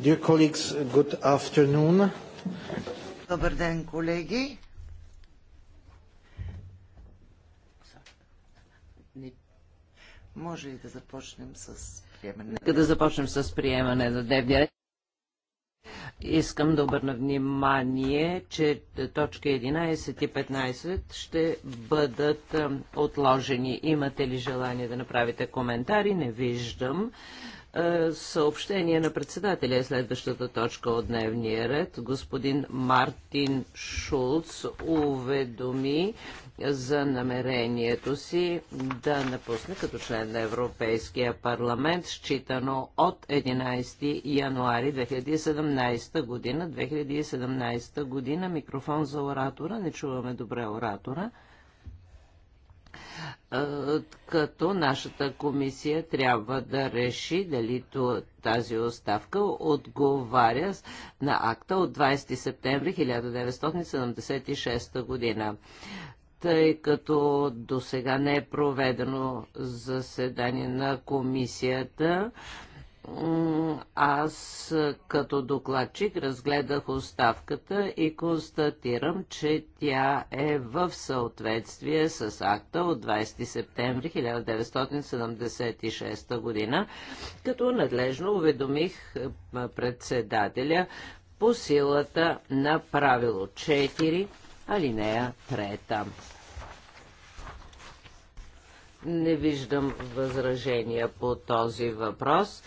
Dear colleagues, good afternoon. Добър ден, колеги. Може ли да започнем с приемане? Нека да започнем с приемане на дневния ред. Искам да обърна внимание, че точки 11 и 15 ще бъдат отложени. Имате ли желание да направите коментари? Не виждам. Е, съобщение на председателя е следващата точка от дневния ред. Господин Мартин Шулц уведоми за намерението си да напусне като член на Европейския парламент, считано от 11 януари 2017 година. 2017 година микрофон за оратора. Не чуваме добре оратора като нашата комисия трябва да реши дали тази оставка отговаря на акта от 20 септември 1976 година тъй като до сега не е проведено заседание на комисията, аз като докладчик разгледах оставката и констатирам, че тя е в съответствие с акта от 20 септември 1976 година, като надлежно уведомих е, председателя по силата на правило 4, алинея 3. Не виждам възражения по този въпрос.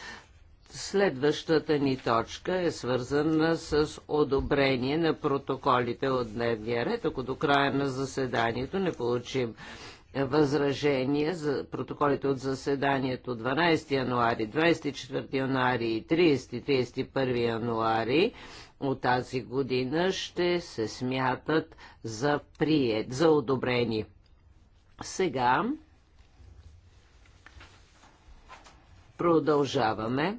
Следващата ни точка е свързана с одобрение на протоколите от дневния ред. Ако до края на заседанието не получим възражения за протоколите от заседанието 12 януари, 24 януари и 30, 31 януари от тази година ще се смятат за прият, за одобрени. Сега продължаваме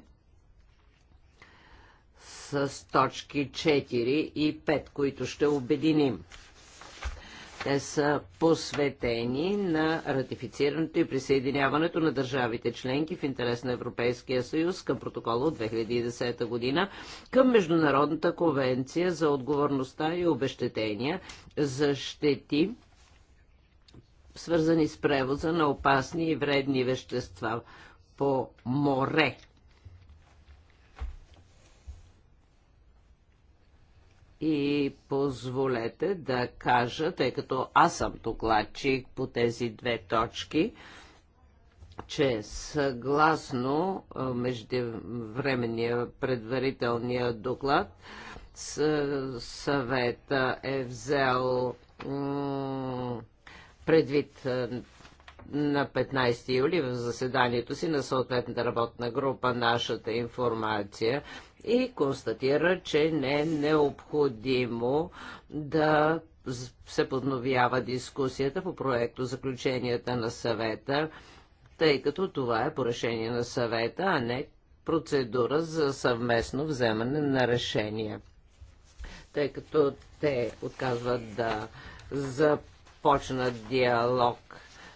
с точки 4 и 5, които ще обединим. Те са посветени на ратифицирането и присъединяването на държавите членки в интерес на Европейския съюз към протокола от 2010 година към Международната конвенция за отговорността и обещетения за щети, свързани с превоза на опасни и вредни вещества по море И позволете да кажа, тъй като аз съм докладчик по тези две точки, че съгласно междувременния предварителния доклад, съвета е взел предвид на 15 юли в заседанието си на съответната работна група нашата информация и констатира, че не е необходимо да се подновява дискусията по проекто заключенията на съвета, тъй като това е по решение на съвета, а не процедура за съвместно вземане на решение. Тъй като те отказват да започнат диалог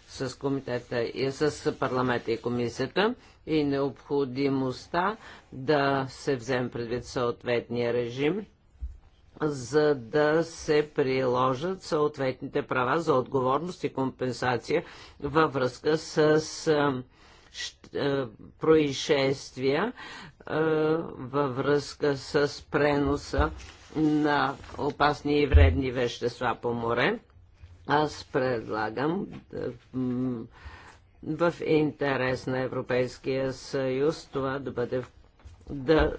с комитета и с парламента и комисията, и необходимостта да се вземе предвид съответния режим, за да се приложат съответните права за отговорност и компенсация във връзка с происшествия във връзка с преноса на опасни и вредни вещества по море. Аз предлагам в интерес на Европейския съюз това да бъде да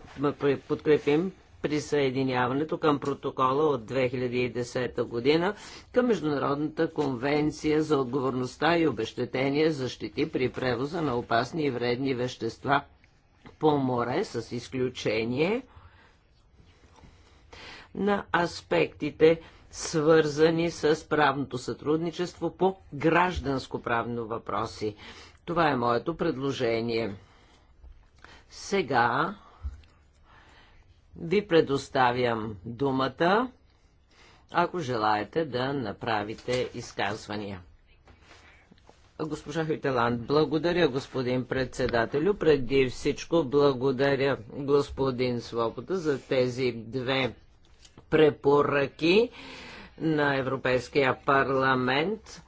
подкрепим присъединяването към протокола от 2010 година към Международната конвенция за отговорността и обещетение за щети при превоза на опасни и вредни вещества по море, с изключение на аспектите, свързани с правното сътрудничество по гражданско-правно въпроси. Това е моето предложение. Сега ви предоставям думата, ако желаете да направите изказвания. Госпожа Хютеланд, благодаря, господин председателю. Преди всичко благодаря, господин Свобода, за тези две препоръки на Европейския парламент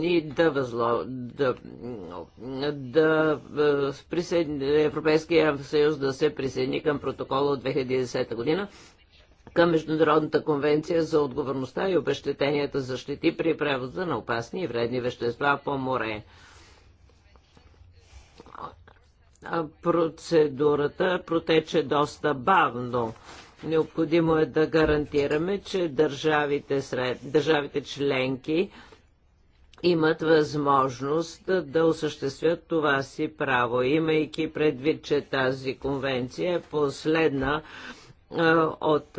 и да, възло, да, да е, присъедини, Европейския съюз да се присъедини към протокола от 2010 година към Международната конвенция за отговорността и обещетенията за щети при превоза на опасни и вредни вещества по море процедурата протече доста бавно. Необходимо е да гарантираме, че държавите, сред, държавите членки имат възможност да, да осъществят това си право, имайки предвид, че тази конвенция е последна от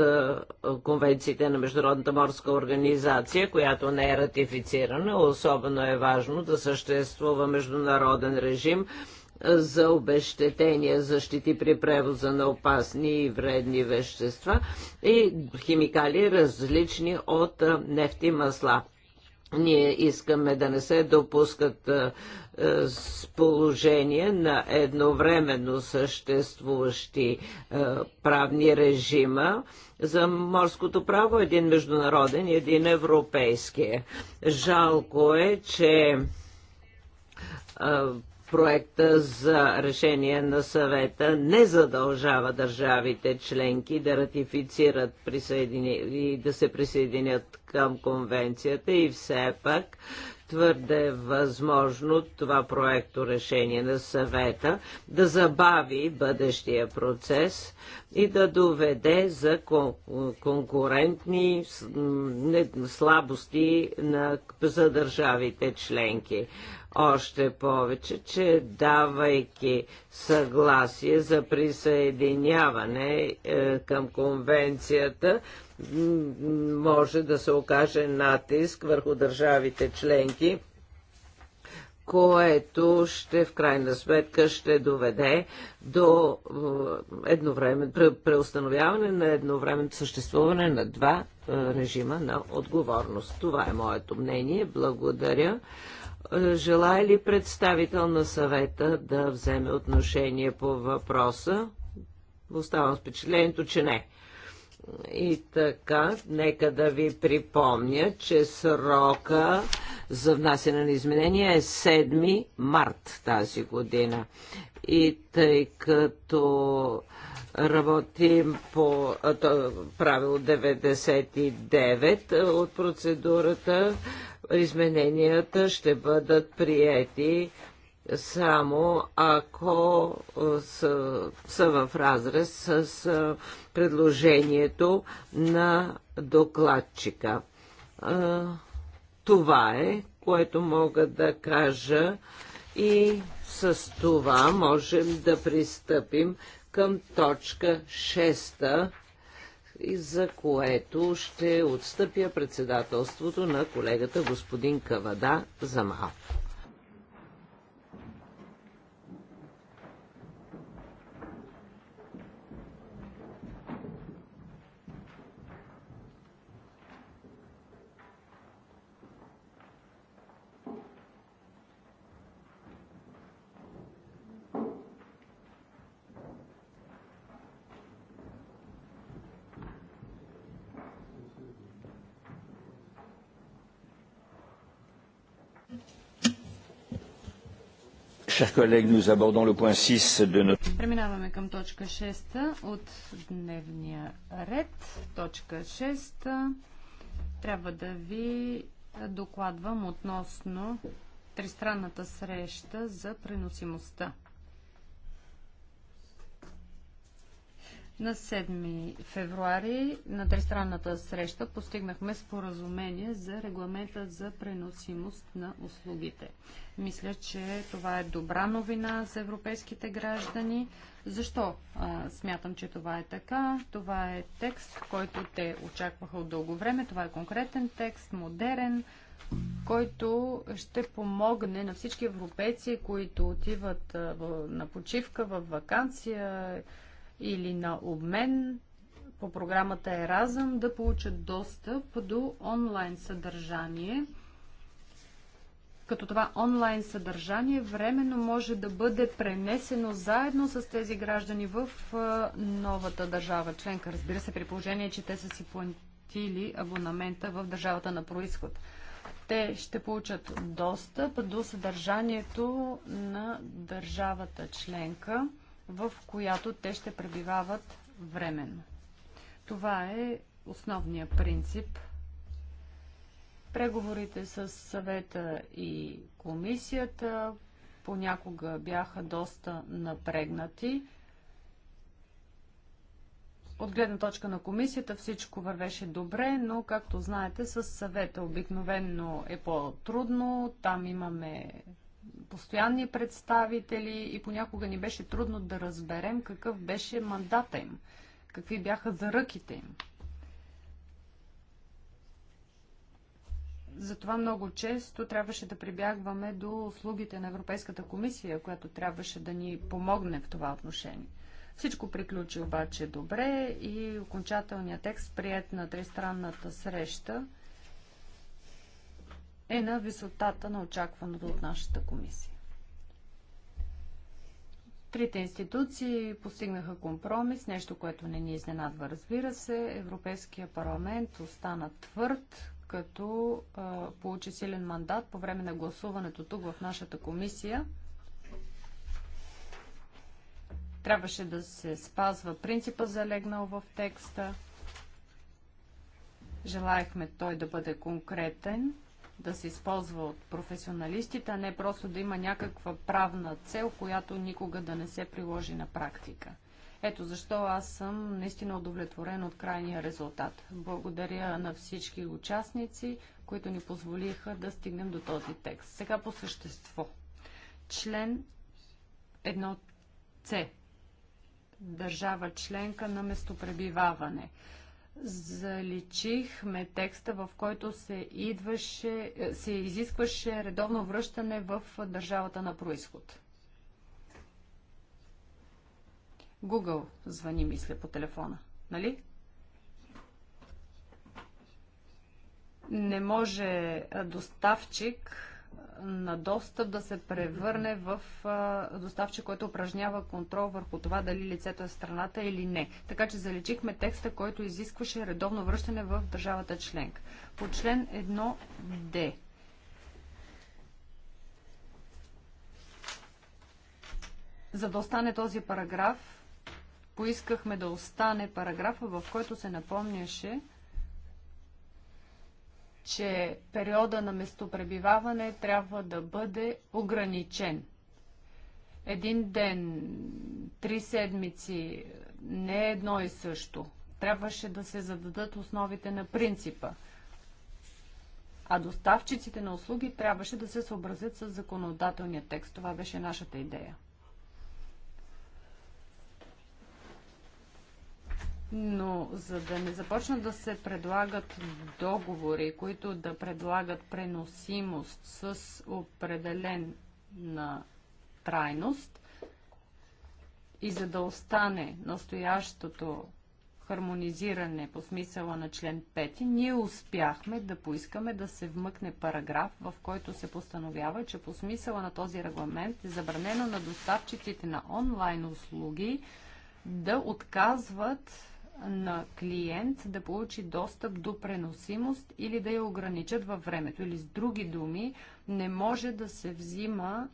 конвенциите на Международната морска организация, която не е ратифицирана. Особено е важно да съществува международен режим, за обещетения защити при превоза на опасни и вредни вещества и химикали различни от нефти и масла. Ние искаме да не се допускат с положение на едновременно съществуващи правни режима за морското право, един международен и един европейски. Жалко е, че проекта за решение на съвета не задължава държавите членки да ратифицират присъедини... и да се присъединят към конвенцията и все пак твърде е възможно това проекто решение на съвета да забави бъдещия процес и да доведе за конкурентни слабости на, за държавите членки. Още повече, че давайки съгласие за присъединяване е, към конвенцията, може да се окаже натиск върху държавите членки, което ще в крайна сметка ще доведе до е, преустановяване на едновременно съществуване на два е, режима на отговорност. Това е моето мнение. Благодаря. Е, Желая ли представител на съвета да вземе отношение по въпроса? Оставам с впечатлението, че не. И така, нека да ви припомня, че срока за внасяне на изменения е 7 март тази година. И тъй като Работим по правило 99 от процедурата. Измененията ще бъдат приети само ако са, са в разрез с предложението на докладчика. Това е, което мога да кажа и с това можем да пристъпим към точка 6, за което ще отстъпя председателството на колегата господин Кавада за малко. Chers collègues, nous abordons le point 6 de notre... Преминаваме към точка 6 от дневния ред. Точка 6 трябва да ви докладвам относно тристранната среща за преносимостта. На 7 февруари на тристранната среща постигнахме споразумение за регламента за преносимост на услугите. Мисля, че това е добра новина за европейските граждани. Защо а, смятам, че това е така? Това е текст, който те очакваха от дълго време. Това е конкретен текст, модерен, който ще помогне на всички европейци, които отиват а, в, на почивка, в вакансия или на обмен по програмата Еразъм да получат достъп до онлайн съдържание като това онлайн съдържание временно може да бъде пренесено заедно с тези граждани в новата държава членка. Разбира се, при положение, че те са си платили абонамента в държавата на происход. Те ще получат достъп до съдържанието на държавата членка в която те ще пребивават временно. Това е основният принцип. Преговорите с съвета и комисията понякога бяха доста напрегнати. От гледна точка на комисията всичко вървеше добре, но както знаете с съвета обикновенно е по-трудно. Там имаме постоянни представители и понякога ни беше трудно да разберем какъв беше мандата им, какви бяха заръките им. Затова много често трябваше да прибягваме до услугите на Европейската комисия, която трябваше да ни помогне в това отношение. Всичко приключи обаче добре и окончателният текст, прият на тристранната среща, е на висотата на очакваното от нашата комисия. Трите институции постигнаха компромис, нещо, което не ни изненадва, разбира се. Европейския парламент остана твърд, като а, получи силен мандат по време на гласуването тук в нашата комисия. Трябваше да се спазва принципа залегнал в текста. Желаехме той да бъде конкретен да се използва от професионалистите, а не просто да има някаква правна цел, която никога да не се приложи на практика. Ето защо аз съм наистина удовлетворен от крайния резултат. Благодаря на всички участници, които ни позволиха да стигнем до този текст. Сега по същество. Член 1 С. Държава членка на местопребиваване заличихме текста, в който се, идваше, се изискваше редовно връщане в държавата на происход. Google звъни, мисля, по телефона. Нали? Не може доставчик на достъп да се превърне в доставчик, който упражнява контрол върху това дали лицето е страната или не. Така че заличихме текста, който изискваше редовно връщане в държавата членка. По член 1D. За да остане този параграф, поискахме да остане параграфа, в който се напомняше, че периода на местопребиваване трябва да бъде ограничен. Един ден, три седмици не е едно и също. Трябваше да се зададат основите на принципа. А доставчиците на услуги трябваше да се съобразят с законодателния текст. Това беше нашата идея. но за да не започнат да се предлагат договори, които да предлагат преносимост с определен на трайност и за да остане настоящото хармонизиране по смисъла на член 5, ние успяхме да поискаме да се вмъкне параграф, в който се постановява, че по смисъла на този регламент е забранено на доставчиците на онлайн услуги да отказват на клиент да получи достъп до преносимост или да я ограничат във времето. Или с други думи, не може да се взима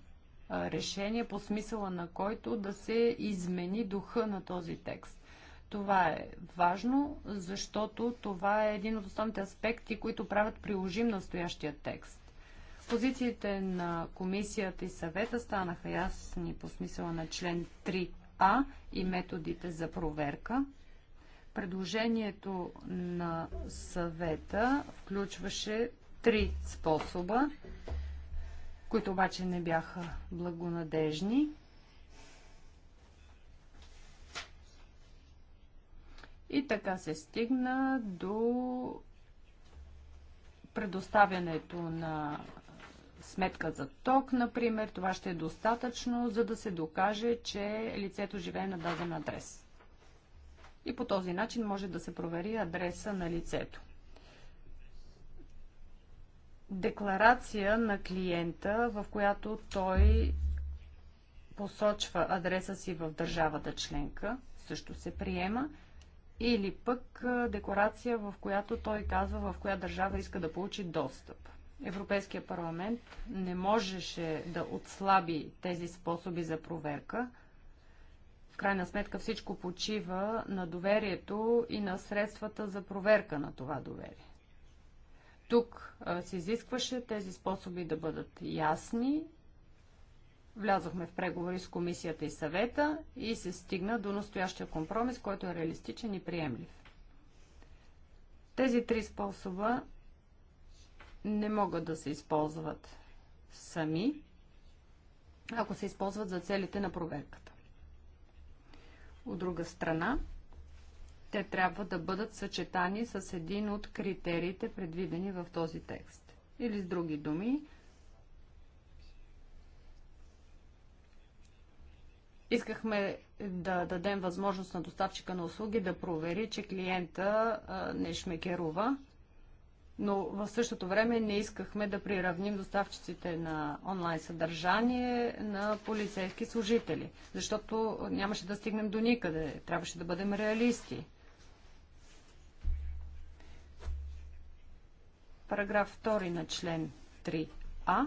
решение по смисъла на който да се измени духа на този текст. Това е важно, защото това е един от основните аспекти, които правят приложим настоящия текст. Позициите на комисията и съвета станаха ясни по смисъла на член 3а и методите за проверка. Предложението на съвета включваше три способа, които обаче не бяха благонадежни. И така се стигна до предоставянето на сметка за ток, например. Това ще е достатъчно, за да се докаже, че лицето живее на даден адрес и по този начин може да се провери адреса на лицето. Декларация на клиента, в която той посочва адреса си в държавата членка, също се приема. Или пък декларация, в която той казва в коя държава иска да получи достъп. Европейския парламент не можеше да отслаби тези способи за проверка – в крайна сметка всичко почива на доверието и на средствата за проверка на това доверие. Тук се изискваше тези способи да бъдат ясни. Влязохме в преговори с комисията и съвета и се стигна до настоящия компромис, който е реалистичен и приемлив. Тези три способа не могат да се използват сами, ако се използват за целите на проверка. От друга страна, те трябва да бъдат съчетани с един от критериите, предвидени в този текст. Или с други думи, искахме да дадем възможност на доставчика на услуги да провери, че клиента не шмекерува, но в същото време не искахме да приравним доставчиците на онлайн съдържание на полицейски служители, защото нямаше да стигнем до никъде. Трябваше да бъдем реалисти. Параграф 2 на член 3а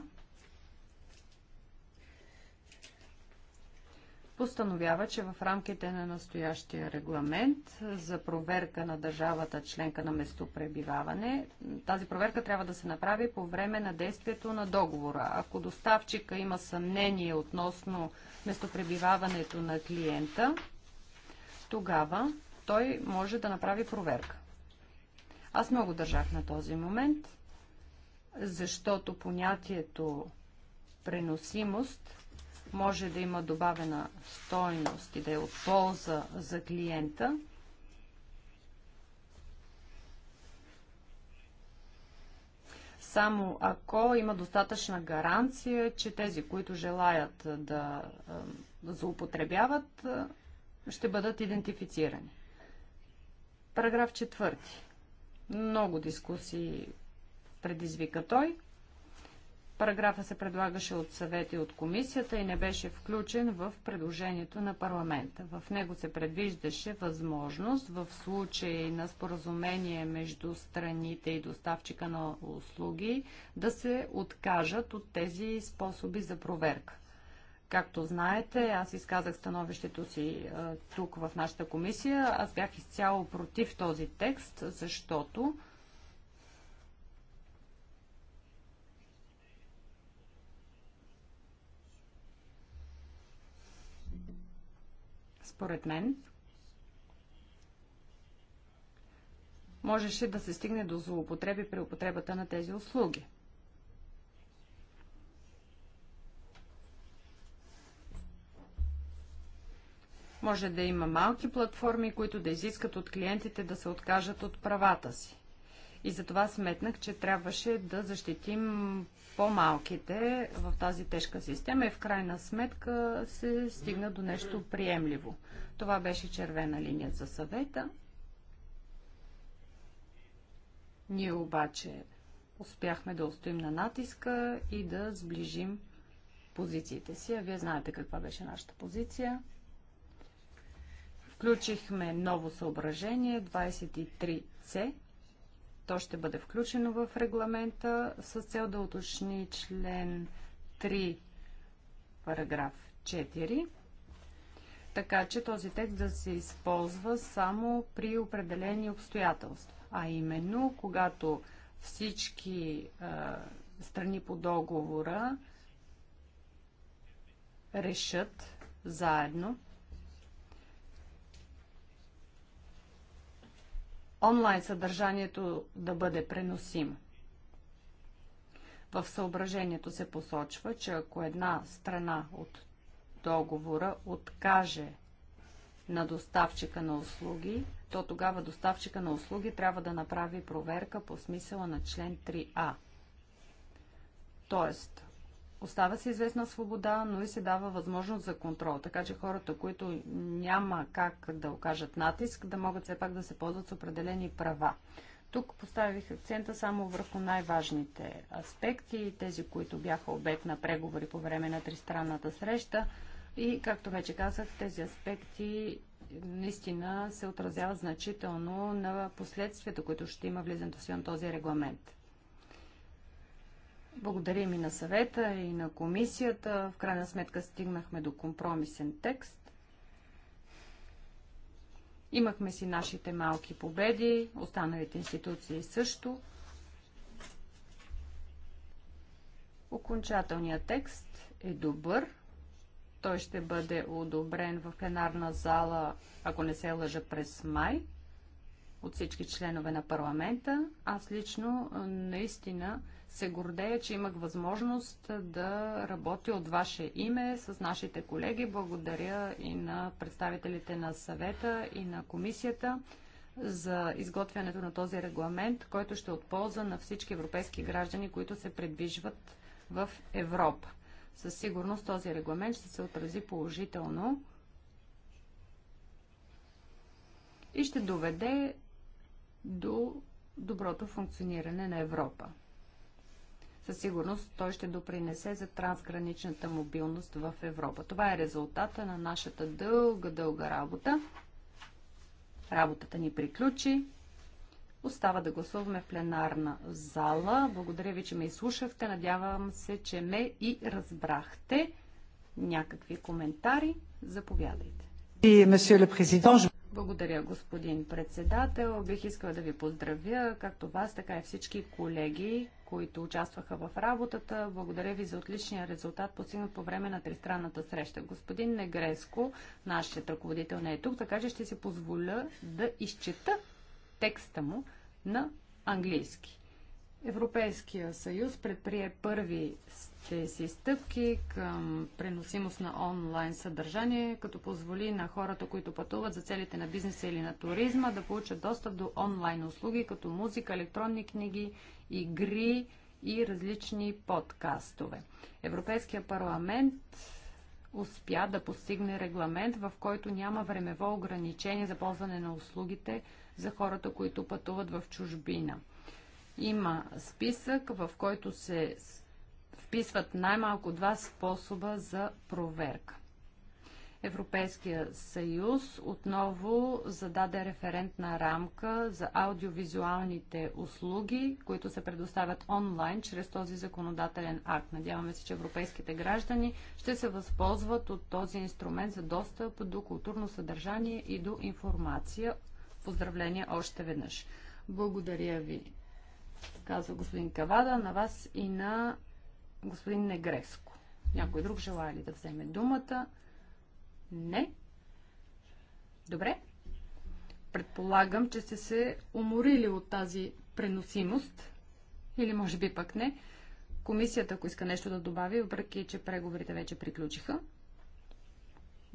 постановява, че в рамките на настоящия регламент за проверка на държавата членка на местопребиваване, тази проверка трябва да се направи по време на действието на договора. Ако доставчика има съмнение относно местопребиваването на клиента, тогава той може да направи проверка. Аз много държах на този момент, защото понятието преносимост може да има добавена стойност и да е от полза за клиента, само ако има достатъчна гаранция, че тези, които желаят да злоупотребяват, ще бъдат идентифицирани. Параграф 4. Много дискусии предизвика той. Параграфа се предлагаше от съвет и от комисията и не беше включен в предложението на парламента. В него се предвиждаше възможност в случай на споразумение между страните и доставчика на услуги да се откажат от тези способи за проверка. Както знаете, аз изказах становището си а, тук в нашата комисия. Аз бях изцяло против този текст, защото Според мен, можеше да се стигне до злоупотреби при употребата на тези услуги. Може да има малки платформи, които да изискат от клиентите да се откажат от правата си. И затова сметнах, че трябваше да защитим по-малките в тази тежка система и в крайна сметка се стигна до нещо приемливо. Това беше червена линия за съвета. Ние обаче успяхме да устоим на натиска и да сближим позициите си. А вие знаете каква беше нашата позиция. Включихме ново съображение 23C, то ще бъде включено в регламента с цел да уточни член 3, параграф 4 така че този текст да се използва само при определени обстоятелства, а именно когато всички е, страни по договора решат заедно онлайн съдържанието да бъде преносимо. В съображението се посочва, че ако една страна от договора откаже на доставчика на услуги, то тогава доставчика на услуги трябва да направи проверка по смисъла на член 3а. Тоест, Остава се известна свобода, но и се дава възможност за контрол, така че хората, които няма как да окажат натиск, да могат все пак да се ползват с определени права. Тук поставих акцента само върху най-важните аспекти, тези, които бяха обект на преговори по време на тристранната среща. И, както вече казах, тези аспекти наистина се отразяват значително на последствията, които ще има влизането си на този регламент. Благодарим и на съвета, и на комисията. В крайна сметка стигнахме до компромисен текст. Имахме си нашите малки победи, останалите институции също. Окончателният текст е добър. Той ще бъде одобрен в пленарна зала, ако не се лъжа, през май от всички членове на парламента. Аз лично наистина се гордея, че имах възможност да работя от ваше име с нашите колеги. Благодаря и на представителите на съвета и на комисията за изготвянето на този регламент, който ще е отполза на всички европейски граждани, които се предвижват в Европа. Със сигурност този регламент ще се отрази положително и ще доведе до доброто функциониране на Европа. Със сигурност той ще допринесе за трансграничната мобилност в Европа. Това е резултата на нашата дълга-дълга работа. Работата ни приключи. Остава да гласуваме в пленарна зала. Благодаря ви, че ме изслушахте. Надявам се, че ме и разбрахте. Някакви коментари? Заповядайте. Благодаря, господин председател. Бих искала да ви поздравя, както вас, така и всички колеги, които участваха в работата. Благодаря ви за отличния резултат, постигнат по време на тристранната среща. Господин Негреско, нашият ръководител не е тук, така че ще си позволя да изчета текста му на английски. Европейския съюз предприе първи стъпки първите си стъпки към преносимост на онлайн съдържание, като позволи на хората, които пътуват за целите на бизнеса или на туризма, да получат достъп до онлайн услуги, като музика, електронни книги, игри и различни подкастове. Европейския парламент успя да постигне регламент, в който няма времево ограничение за ползване на услугите за хората, които пътуват в чужбина. Има списък, в който се вписват най-малко два способа за проверка. Европейския съюз отново зададе референтна рамка за аудиовизуалните услуги, които се предоставят онлайн чрез този законодателен акт. Надяваме се, че европейските граждани ще се възползват от този инструмент за достъп до културно съдържание и до информация. Поздравления още веднъж. Благодаря ви, казва господин Кавада, на вас и на господин Негреско. Някой друг желая ли да вземе думата? Не. Добре. Предполагам, че сте се уморили от тази преносимост. Или може би пък не. Комисията, ако иска нещо да добави, въпреки че преговорите вече приключиха.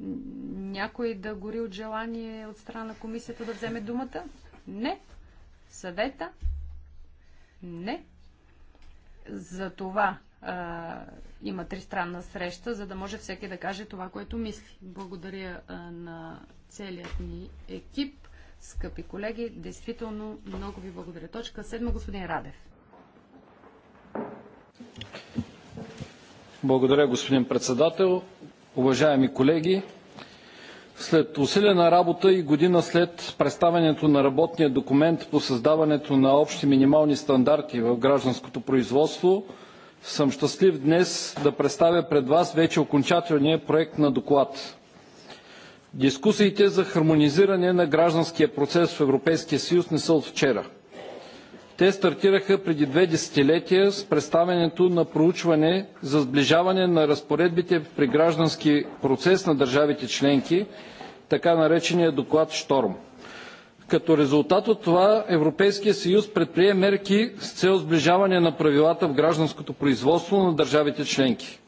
Някой да гори от желание от страна на комисията да вземе думата? Не. Съвета? Не. За това а, има тристранна среща, за да може всеки да каже това, което мисли. Благодаря а, на целият ни екип. Скъпи колеги, действително много ви благодаря. Точка 7, господин Радев. Благодаря, господин председател. Уважаеми колеги, след усилена работа и година след представянето на работния документ по създаването на общи минимални стандарти в гражданското производство – съм щастлив днес да представя пред Вас вече окончателния проект на доклад. Дискусиите за хармонизиране на гражданския процес в Европейския съюз не са от вчера. Те стартираха преди две десетилетия с представянето на проучване за сближаване на разпоредбите при граждански процес на държавите членки, така наречения доклад Шторм. Като резултат от това Европейският съюз предприе мерки с цел сближаване на правилата в гражданското производство на държавите членки.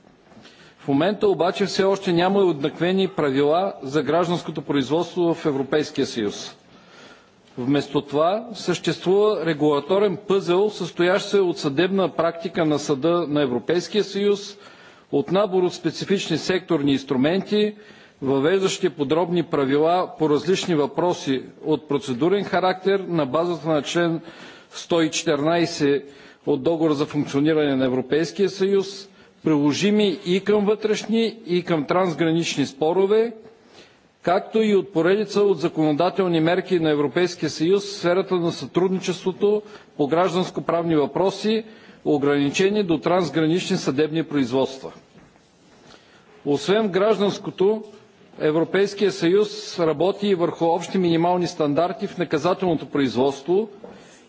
В момента обаче все още няма уеднаквени правила за гражданското производство в Европейския съюз. Вместо това съществува регулаторен пъзел, състоящ се от съдебна практика на Съда на Европейския съюз, от набор от специфични секторни инструменти, въвеждащи подробни правила по различни въпроси от процедурен характер на базата на член 114 от Договора за функциониране на Европейския съюз, приложими и към вътрешни, и към трансгранични спорове, както и от поредица от законодателни мерки на Европейския съюз в сферата на сътрудничеството по гражданско-правни въпроси, ограничени до трансгранични съдебни производства. Освен гражданското, Европейския съюз работи и върху общи минимални стандарти в наказателното производство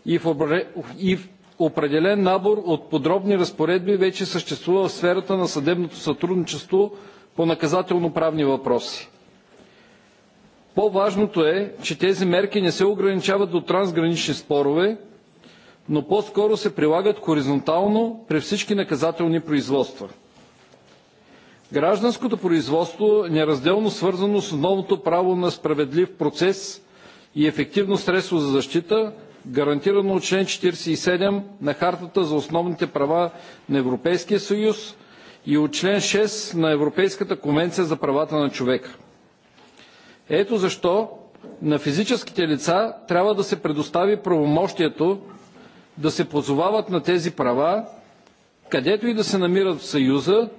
и в определен набор от подробни разпоредби вече съществува в сферата на съдебното сътрудничество по наказателно-правни въпроси. По-важното е, че тези мерки не се ограничават до трансгранични спорове, но по-скоро се прилагат хоризонтално при всички наказателни производства. Гражданското производство е неразделно свързано с основното право на справедлив процес и ефективно средство за защита, гарантирано от член 47 на Хартата за основните права на Европейския съюз и от член 6 на Европейската конвенция за правата на човека. Ето защо на физическите лица трябва да се предостави правомощието да се позовават на тези права, където и да се намират в Съюза,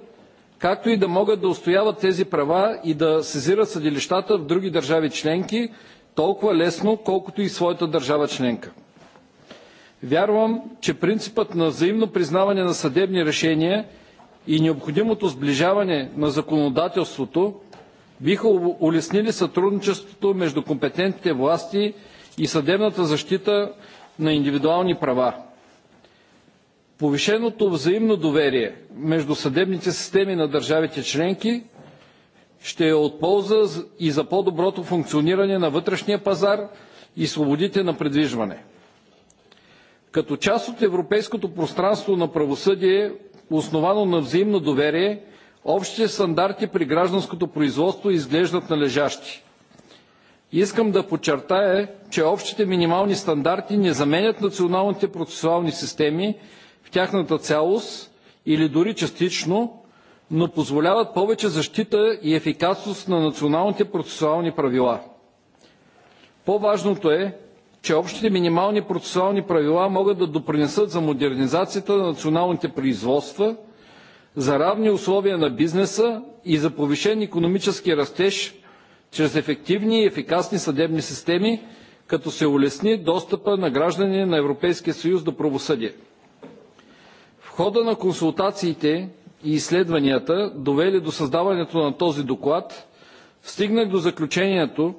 както и да могат да отстояват тези права и да сезират съдилищата в други държави членки толкова лесно, колкото и своята държава членка. Вярвам, че принципът на взаимно признаване на съдебни решения и необходимото сближаване на законодателството биха улеснили сътрудничеството между компетентните власти и съдебната защита на индивидуални права. Повишеното взаимно доверие между съдебните системи на държавите членки ще е от полза и за по-доброто функциониране на вътрешния пазар и свободите на предвижване. Като част от европейското пространство на правосъдие, основано на взаимно доверие, общите стандарти при гражданското производство изглеждат належащи. Искам да подчертая, че общите минимални стандарти не заменят националните процесуални системи, в тяхната цялост или дори частично, но позволяват повече защита и ефикасност на националните процесуални правила. По-важното е, че общите минимални процесуални правила могат да допринесат за модернизацията на националните производства, за равни условия на бизнеса и за повишен економически растеж чрез ефективни и ефикасни съдебни системи, като се улесни достъпа на граждани на Европейския съюз до правосъдие хода на консултациите и изследванията, довели до създаването на този доклад, стигнах до заключението,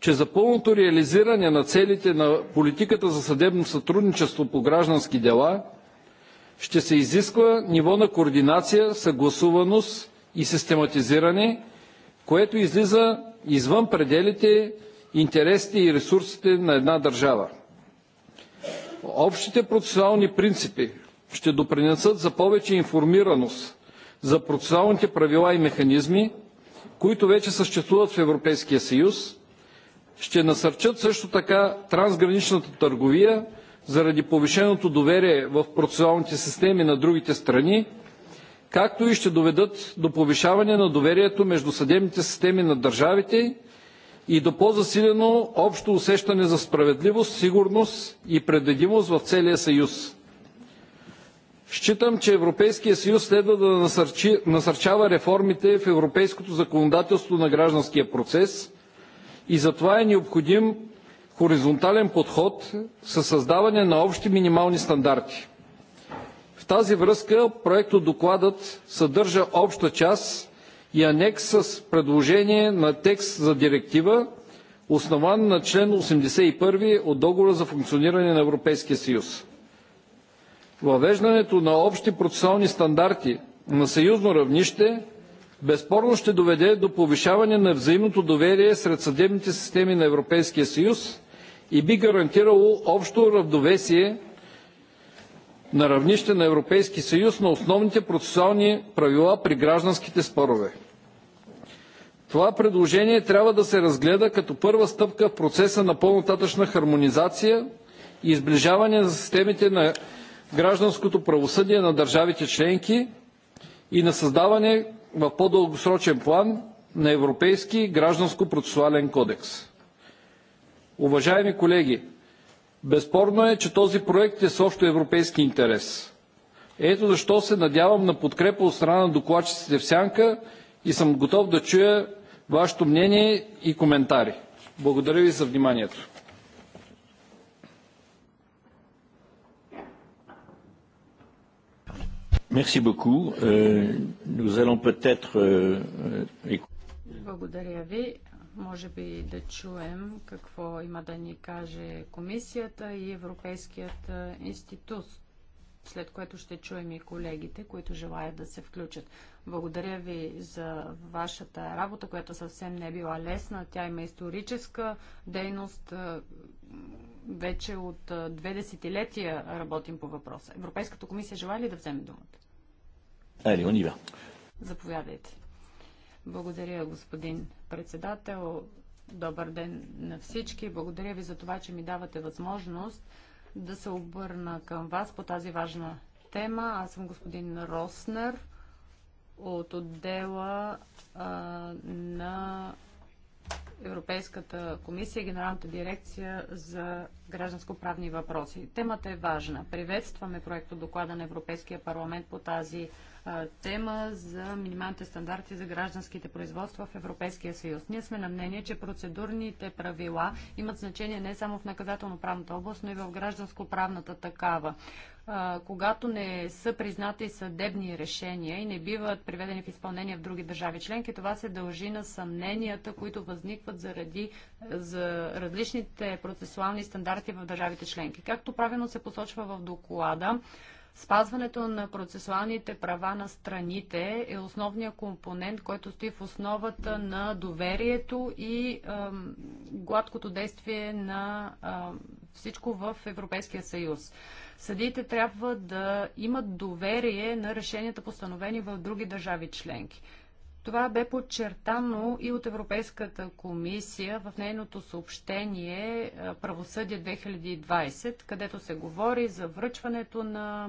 че за пълното реализиране на целите на политиката за съдебно сътрудничество по граждански дела ще се изисква ниво на координация, съгласуваност и систематизиране, което излиза извън пределите, интересите и ресурсите на една държава. Общите процесуални принципи, ще допринесат за повече информираност за процесуалните правила и механизми, които вече съществуват в Европейския съюз, ще насърчат също така трансграничната търговия заради повишеното доверие в процесуалните системи на другите страни, както и ще доведат до повишаване на доверието между съдебните системи на държавите и до по-засилено общо усещане за справедливост, сигурност и предвидимост в целия Съюз. Считам, че Европейският съюз следва да насърчи, насърчава реформите в европейското законодателство на гражданския процес и затова е необходим хоризонтален подход със създаване на общи минимални стандарти. В тази връзка проектодокладът съдържа обща част и анекс с предложение на текст за директива, основан на член 81 от Договора за функциониране на Европейския съюз. Въвеждането на общи процесуални стандарти на съюзно равнище безспорно ще доведе до повишаване на взаимното доверие сред съдебните системи на Европейския съюз и би гарантирало общо равновесие на равнище на Европейския съюз на основните процесуални правила при гражданските спорове. Това предложение трябва да се разгледа като първа стъпка в процеса на по-нататъчна хармонизация и изближаване на системите на гражданското правосъдие на държавите членки и на създаване в по-дългосрочен план на Европейски гражданско-процесуален кодекс. Уважаеми колеги, безспорно е, че този проект е с общо европейски интерес. Ето защо се надявам на подкрепа от страна на докладчиците в Сянка и съм готов да чуя вашето мнение и коментари. Благодаря ви за вниманието. Merci beaucoup. Euh, nous allons peut-être... Euh, Благодаря ви. Може би да чуем какво има да ни каже комисията и Европейският е, институт, след което ще чуем и колегите, които желаят да се включат. Благодаря ви за вашата работа, която съвсем не е била лесна. Тя има историческа дейност. Е, вече от е, две десетилетия работим по въпроса. Европейската комисия желая ли да вземе думата? Ели, он Заповядайте. Благодаря, господин председател. Добър ден на всички. Благодаря ви за това, че ми давате възможност да се обърна към вас по тази важна тема. Аз съм господин Роснер от отдела а, на Европейската комисия, Генералната дирекция за гражданско-правни въпроси. Темата е важна. Приветстваме проекто доклада на Европейския парламент по тази тема за минималните стандарти за гражданските производства в Европейския съюз. Ние сме на мнение, че процедурните правила имат значение не само в наказателно-правната област, но и в гражданско-правната такава когато не са признати съдебни решения и не биват приведени в изпълнение в други държави членки, това се дължи на съмненията, които възникват заради за различните процесуални стандарти в държавите членки. Както правилно се посочва в доклада, Спазването на процесуалните права на страните е основният компонент, който стои в основата на доверието и ам, гладкото действие на ам, всичко в Европейския съюз. Съдиите трябва да имат доверие на решенията, постановени в други държави членки. Това бе подчертано и от Европейската комисия в нейното съобщение Правосъдие 2020, където се говори за връчването на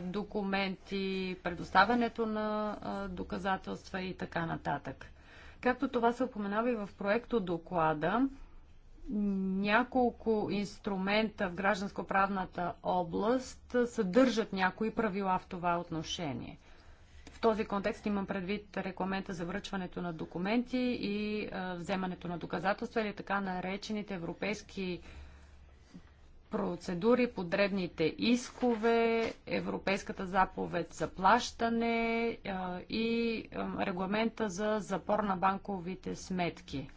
документи, предоставянето на доказателства и така нататък. Както това се упоменава и в проекто доклада, няколко инструмента в гражданско-правната област съдържат някои правила в това отношение. В този контекст имам предвид регламента за връчването на документи и вземането на доказателства или така наречените европейски процедури подредните искове, Европейската заповед за плащане и регламента за запор на банковите сметки.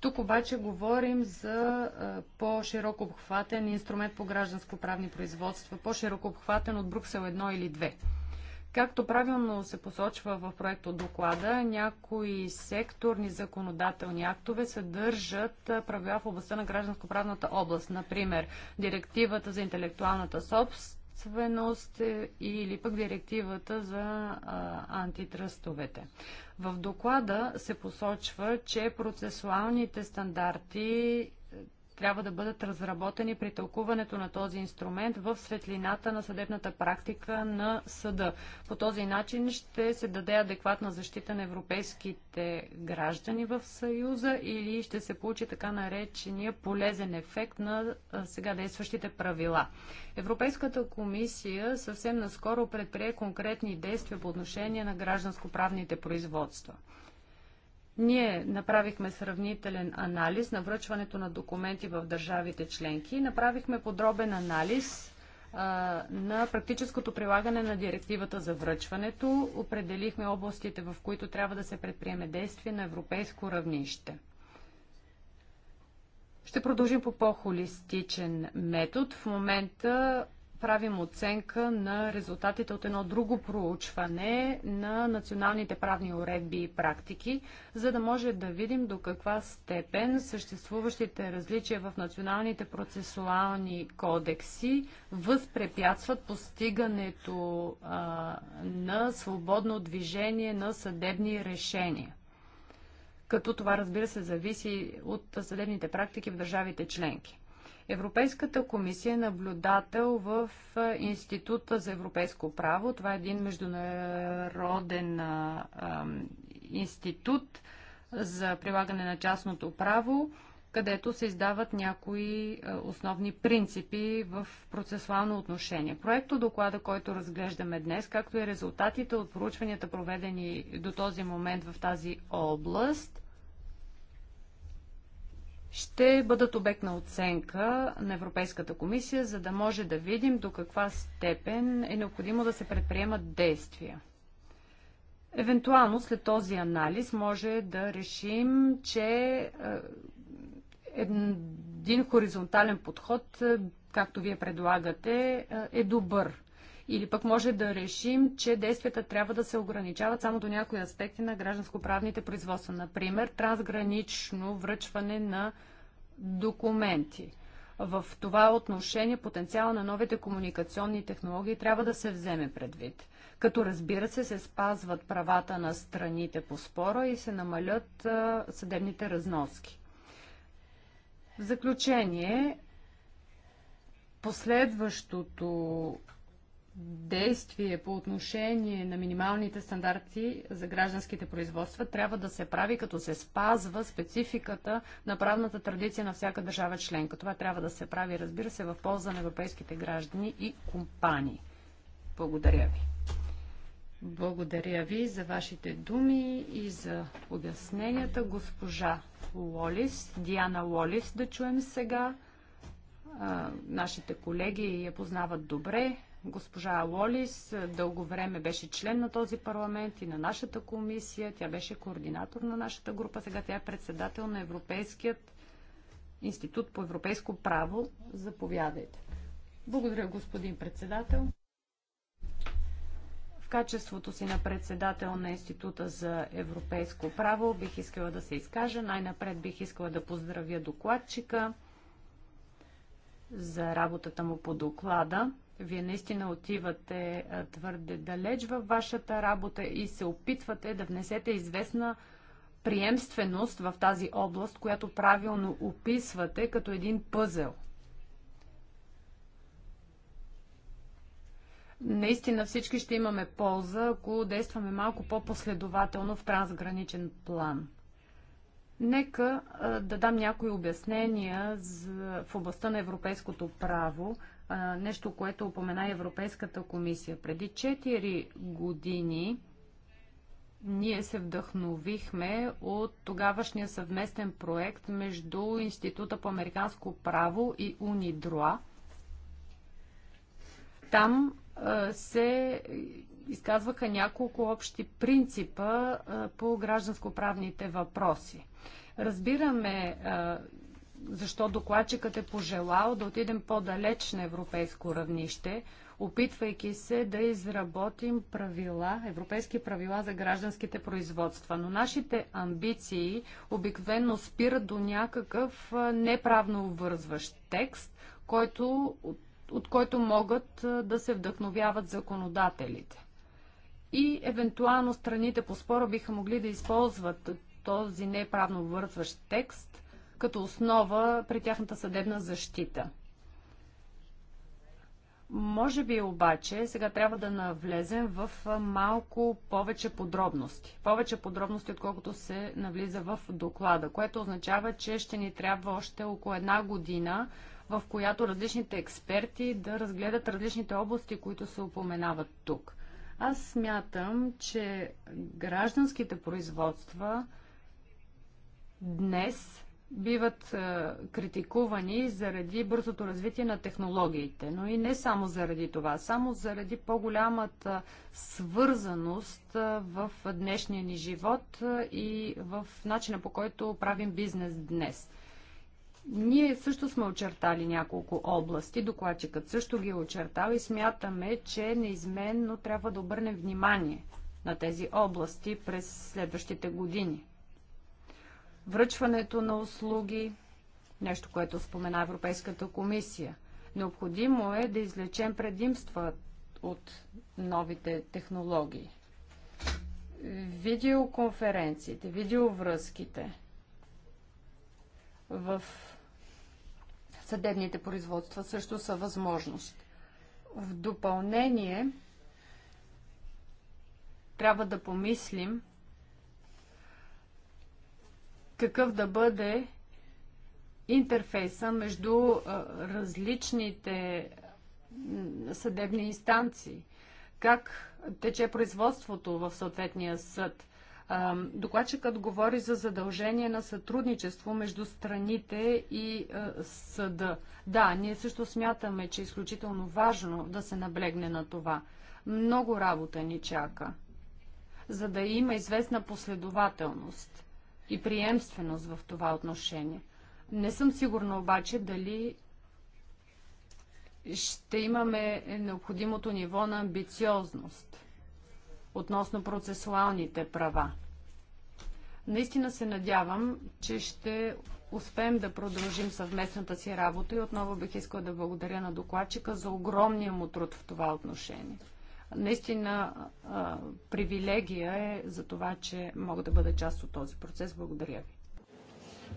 Тук обаче говорим за по-широко обхватен инструмент по гражданско-правни производства, по-широко обхватен от Бруксел 1 или 2. Както правилно се посочва в от доклада, някои секторни законодателни актове съдържат правила в областта на гражданско-правната област. Например, директивата за интелектуалната собственост е, или пък директивата за а, антитръстовете. В доклада се посочва, че процесуалните стандарти трябва да бъдат разработени при тълкуването на този инструмент в светлината на съдебната практика на съда. По този начин ще се даде адекватна защита на европейските граждани в Съюза или ще се получи така наречения полезен ефект на сега действащите правила. Европейската комисия съвсем наскоро предприе конкретни действия по отношение на гражданско-правните производства. Ние направихме сравнителен анализ на връчването на документи в държавите членки и направихме подробен анализ на практическото прилагане на директивата за връчването. Определихме областите, в които трябва да се предприеме действие на европейско равнище. Ще продължим по по-холистичен метод. В момента правим оценка на резултатите от едно друго проучване на националните правни уредби и практики, за да може да видим до каква степен съществуващите различия в националните процесуални кодекси възпрепятстват постигането а, на свободно движение на съдебни решения. Като това, разбира се, зависи от съдебните практики в държавите членки. Европейската комисия е наблюдател в Института за европейско право. Това е един международен институт за прилагане на частното право, където се издават някои основни принципи в процесуално отношение. Проекто доклада, който разглеждаме днес, както и резултатите от проучванията, проведени до този момент в тази област – ще бъдат обект на оценка на Европейската комисия, за да може да видим до каква степен е необходимо да се предприемат действия. Евентуално след този анализ може да решим, че е, един хоризонтален подход, е, както вие предлагате, е, е добър. Или пък може да решим, че действията трябва да се ограничават само до някои аспекти на гражданско-правните производства. Например, трансгранично връчване на документи. В това отношение потенциала на новите комуникационни технологии трябва да се вземе предвид. Като разбира се, се спазват правата на страните по спора и се намалят съдебните разноски. В заключение, последващото действие по отношение на минималните стандарти за гражданските производства трябва да се прави, като се спазва спецификата на правната традиция на всяка държава членка. Това трябва да се прави, разбира се, в полза на европейските граждани и компании. Благодаря ви. Благодаря ви за вашите думи и за обясненията. Госпожа Лолис, Диана Лолис да чуем сега. А, нашите колеги я познават добре. Госпожа Лолис дълго време беше член на този парламент и на нашата комисия. Тя беше координатор на нашата група. Сега тя е председател на Европейският институт по европейско право. Заповядайте. Благодаря, господин председател. В качеството си на председател на Института за европейско право бих искала да се изкажа. Най-напред бих искала да поздравя докладчика за работата му по доклада. Вие наистина отивате твърде далеч във вашата работа и се опитвате да внесете известна приемственост в тази област, която правилно описвате като един пъзел. Наистина всички ще имаме полза, ако действаме малко по-последователно в трансграничен план. Нека да дам някои обяснения в областта на европейското право, нещо, което упомена Европейската комисия. Преди 4 години ние се вдъхновихме от тогавашния съвместен проект между Института по американско право и Унидроа. Там а, се изказваха няколко общи принципа а, по гражданско-правните въпроси. Разбираме а, защо докладчикът е пожелал да отидем по-далеч на европейско равнище, опитвайки се да изработим правила, европейски правила за гражданските производства. Но нашите амбиции обикновено спират до някакъв неправно обвързващ текст, който, от, от който могат да се вдъхновяват законодателите. И евентуално страните по спора биха могли да използват този неправно обвързващ текст – като основа при тяхната съдебна защита. Може би обаче сега трябва да навлезем в малко повече подробности. Повече подробности, отколкото се навлиза в доклада, което означава, че ще ни трябва още около една година, в която различните експерти да разгледат различните области, които се упоменават тук. Аз смятам, че гражданските производства днес биват критикувани заради бързото развитие на технологиите, но и не само заради това, само заради по-голямата свързаност в днешния ни живот и в начина по който правим бизнес днес. Ние също сме очертали няколко области, докладчикът също ги е очертал и смятаме, че неизменно трябва да обърнем внимание на тези области през следващите години връчването на услуги, нещо, което спомена Европейската комисия. Необходимо е да излечем предимства от новите технологии. Видеоконференциите, видеовръзките в съдебните производства също са възможност. В допълнение трябва да помислим какъв да бъде интерфейса между различните съдебни инстанции, как тече производството в съответния съд. Докладчикът говори за задължение на сътрудничество между страните и съда. Да, ние също смятаме, че е изключително важно да се наблегне на това. Много работа ни чака, за да има известна последователност и приемственост в това отношение. Не съм сигурна обаче дали ще имаме необходимото ниво на амбициозност относно процесуалните права. Наистина се надявам, че ще успеем да продължим съвместната си работа и отново бих искала да благодаря на докладчика за огромния му труд в това отношение. Наистина привилегия е за това, че мога да бъда част от този процес. Благодаря ви.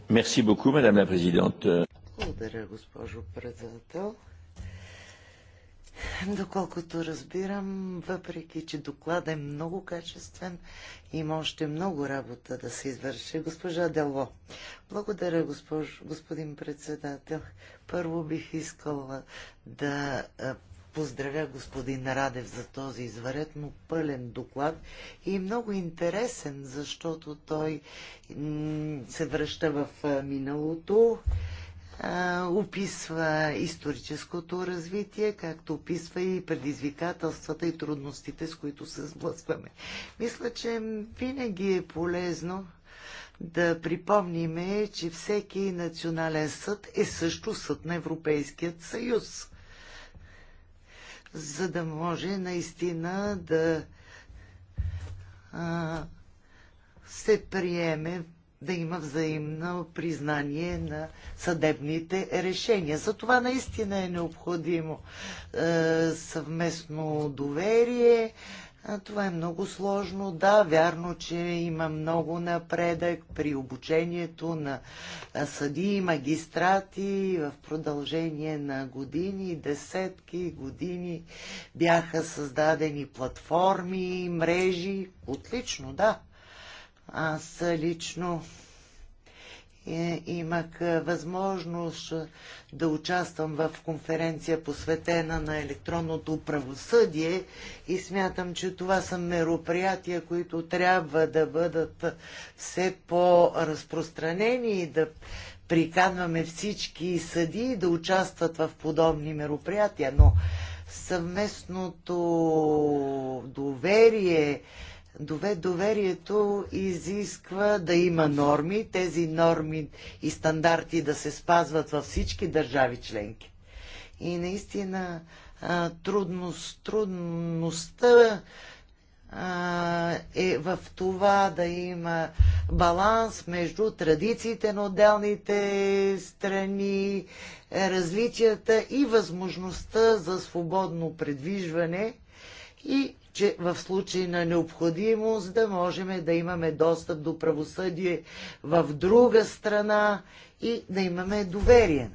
Мерси beaucoup, мадам la президент. Благодаря, госпожо председател. Доколкото разбирам, въпреки че доклад е много качествен, има още много работа да се извърши. Госпожа Делво. Благодаря, госпож, господин председател. Първо бих искала да поздравя господин Радев за този изваредно пълен доклад и много интересен, защото той се връща в миналото, описва историческото развитие, както описва и предизвикателствата и трудностите, с които се сблъскваме. Мисля, че винаги е полезно да припомниме, че всеки национален съд е също съд на Европейският съюз за да може наистина да а, се приеме да има взаимно признание на съдебните решения. За това наистина е необходимо е, съвместно доверие, това е много сложно. Да, вярно, че има много напредък при обучението на съдии, магистрати в продължение на години, десетки години бяха създадени платформи, мрежи. Отлично, да. Аз лично е, имах е, възможност е, да участвам в конференция посветена на електронното правосъдие и смятам, че това са мероприятия, които трябва да бъдат все по-разпространени и да приканваме всички съди да участват в подобни мероприятия, но съвместното доверие, доверието изисква да има норми, тези норми и стандарти да се спазват във всички държави членки. И наистина трудност, трудността е в това да има баланс между традициите на отделните страни, различията и възможността за свободно предвижване и че в случай на необходимост да можем да имаме достъп до правосъдие в друга страна и да имаме доверие.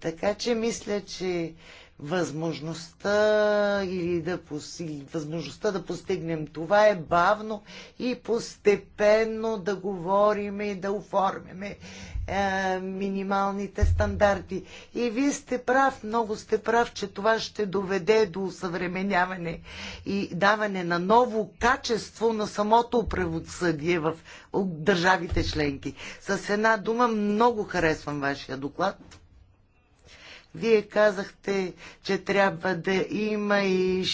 Така че мисля, че възможността или да, възможността да постигнем това е бавно и постепенно да говорим и да оформяме е, минималните стандарти. И вие сте прав, много сте прав, че това ще доведе до съвременяване и даване на ново качество на самото правосъдие в държавите членки. С една дума много харесвам вашия доклад. Вие казахте, че трябва да има и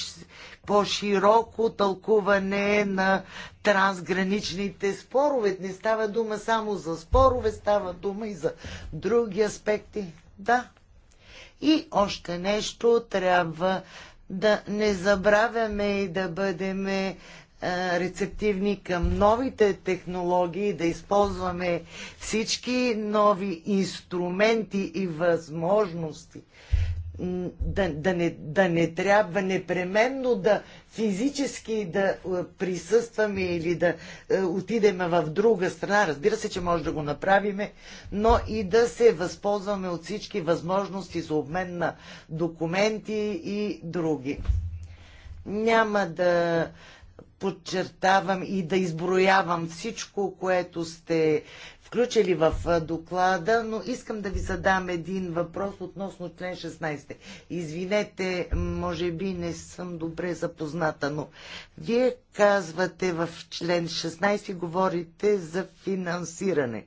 по-широко тълкуване на трансграничните спорове. Не става дума само за спорове, става дума и за други аспекти. Да. И още нещо трябва да не забравяме и да бъдем е, рецептивни към новите технологии, да използваме всички нови инструменти и възможности да, да, не, да не трябва непременно да физически да присъстваме или да отидеме в друга страна. Разбира се, че може да го направиме, но и да се възползваме от всички възможности за обмен на документи и други. Няма да подчертавам и да изброявам всичко, което сте включили в доклада, но искам да ви задам един въпрос относно член 16. Извинете, може би не съм добре запозната, но вие казвате в член 16, говорите за финансиране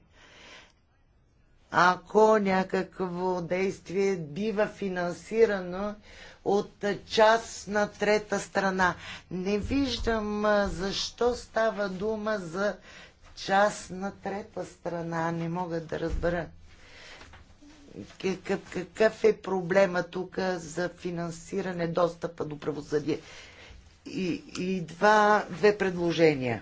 ако някакво действие бива финансирано от част на трета страна. Не виждам защо става дума за част на трета страна. Не мога да разбера какъв, какъв е проблема тук за финансиране достъпа до правосъдие. И, и два, две предложения.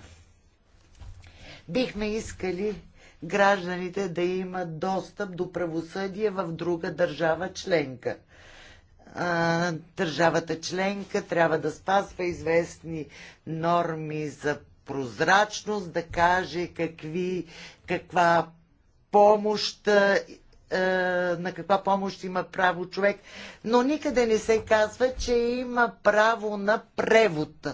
Бихме искали гражданите да имат достъп до правосъдие в друга държава членка. Държавата членка трябва да спазва известни норми за прозрачност, да каже какви, каква помощ е, на каква помощ има право човек, но никъде не се казва, че има право на превод.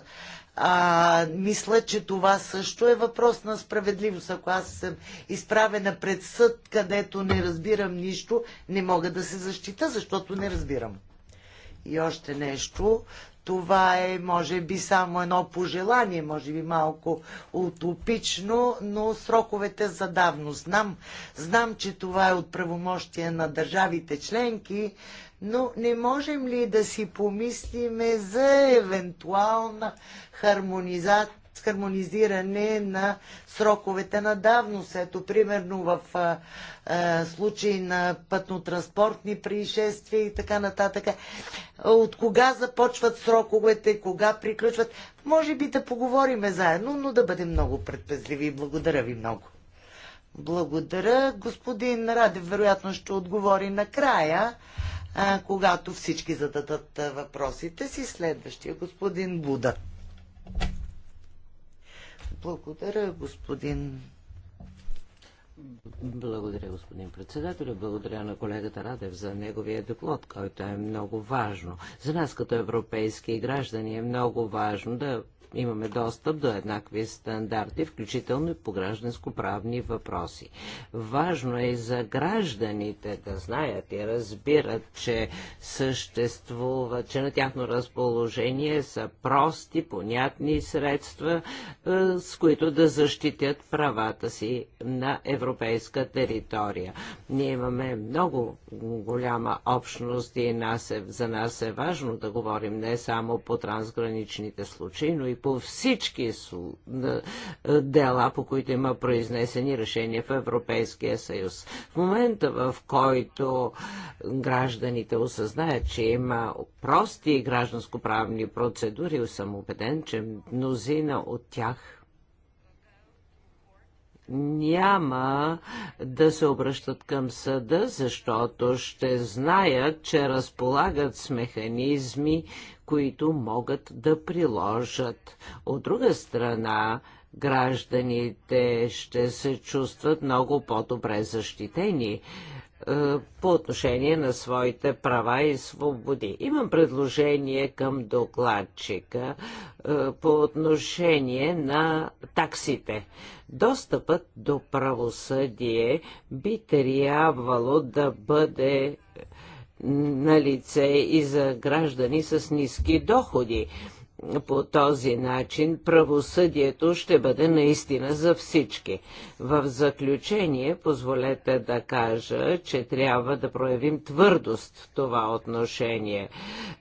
А, мисля, че това също е въпрос на справедливост. Ако аз съм изправена пред съд, където не разбирам нищо, не мога да се защита, защото не разбирам. И още нещо. Това е, може би, само едно пожелание, може би малко утопично, но сроковете за давно. Знам, знам, че това е от правомощие на държавите членки, но не можем ли да си помислиме за евентуална хармонизация хармонизиране на сроковете на давност. Ето, примерно в а, а, случай на пътно-транспортни происшествия и така нататък. От кога започват сроковете, кога приключват. Може би да поговориме заедно, но да бъдем много предпазливи. Благодаря ви много. Благодаря. Господин Радев вероятно ще отговори накрая а, когато всички зададат въпросите си. Следващия господин Буда. Благодаря, господин. Благодаря, господин председател. Благодаря на колегата Радев за неговия доклад, който е много важно. За нас като европейски граждани е много важно да имаме достъп до еднакви стандарти, включително и по гражданско-правни въпроси. Важно е и за гражданите да знаят и разбират, че съществува, че на тяхно разположение са прости, понятни средства, е, с които да защитят правата си на европейска територия. Ние имаме много голяма общност и нас е, за нас е важно да говорим не само по трансграничните случаи, но и по всички дела, по които има произнесени решения в Европейския съюз. В момента, в който гражданите осъзнаят, че има прости гражданско-правни процедури, съм убеден, че мнозина от тях няма да се обръщат към съда, защото ще знаят, че разполагат с механизми, които могат да приложат. От друга страна, гражданите ще се чувстват много по-добре защитени е, по отношение на своите права и свободи. Имам предложение към докладчика е, по отношение на таксите. Достъпът до правосъдие би трябвало да бъде на лице и за граждани с ниски доходи по този начин правосъдието ще бъде наистина за всички. В заключение, позволете да кажа, че трябва да проявим твърдост в това отношение.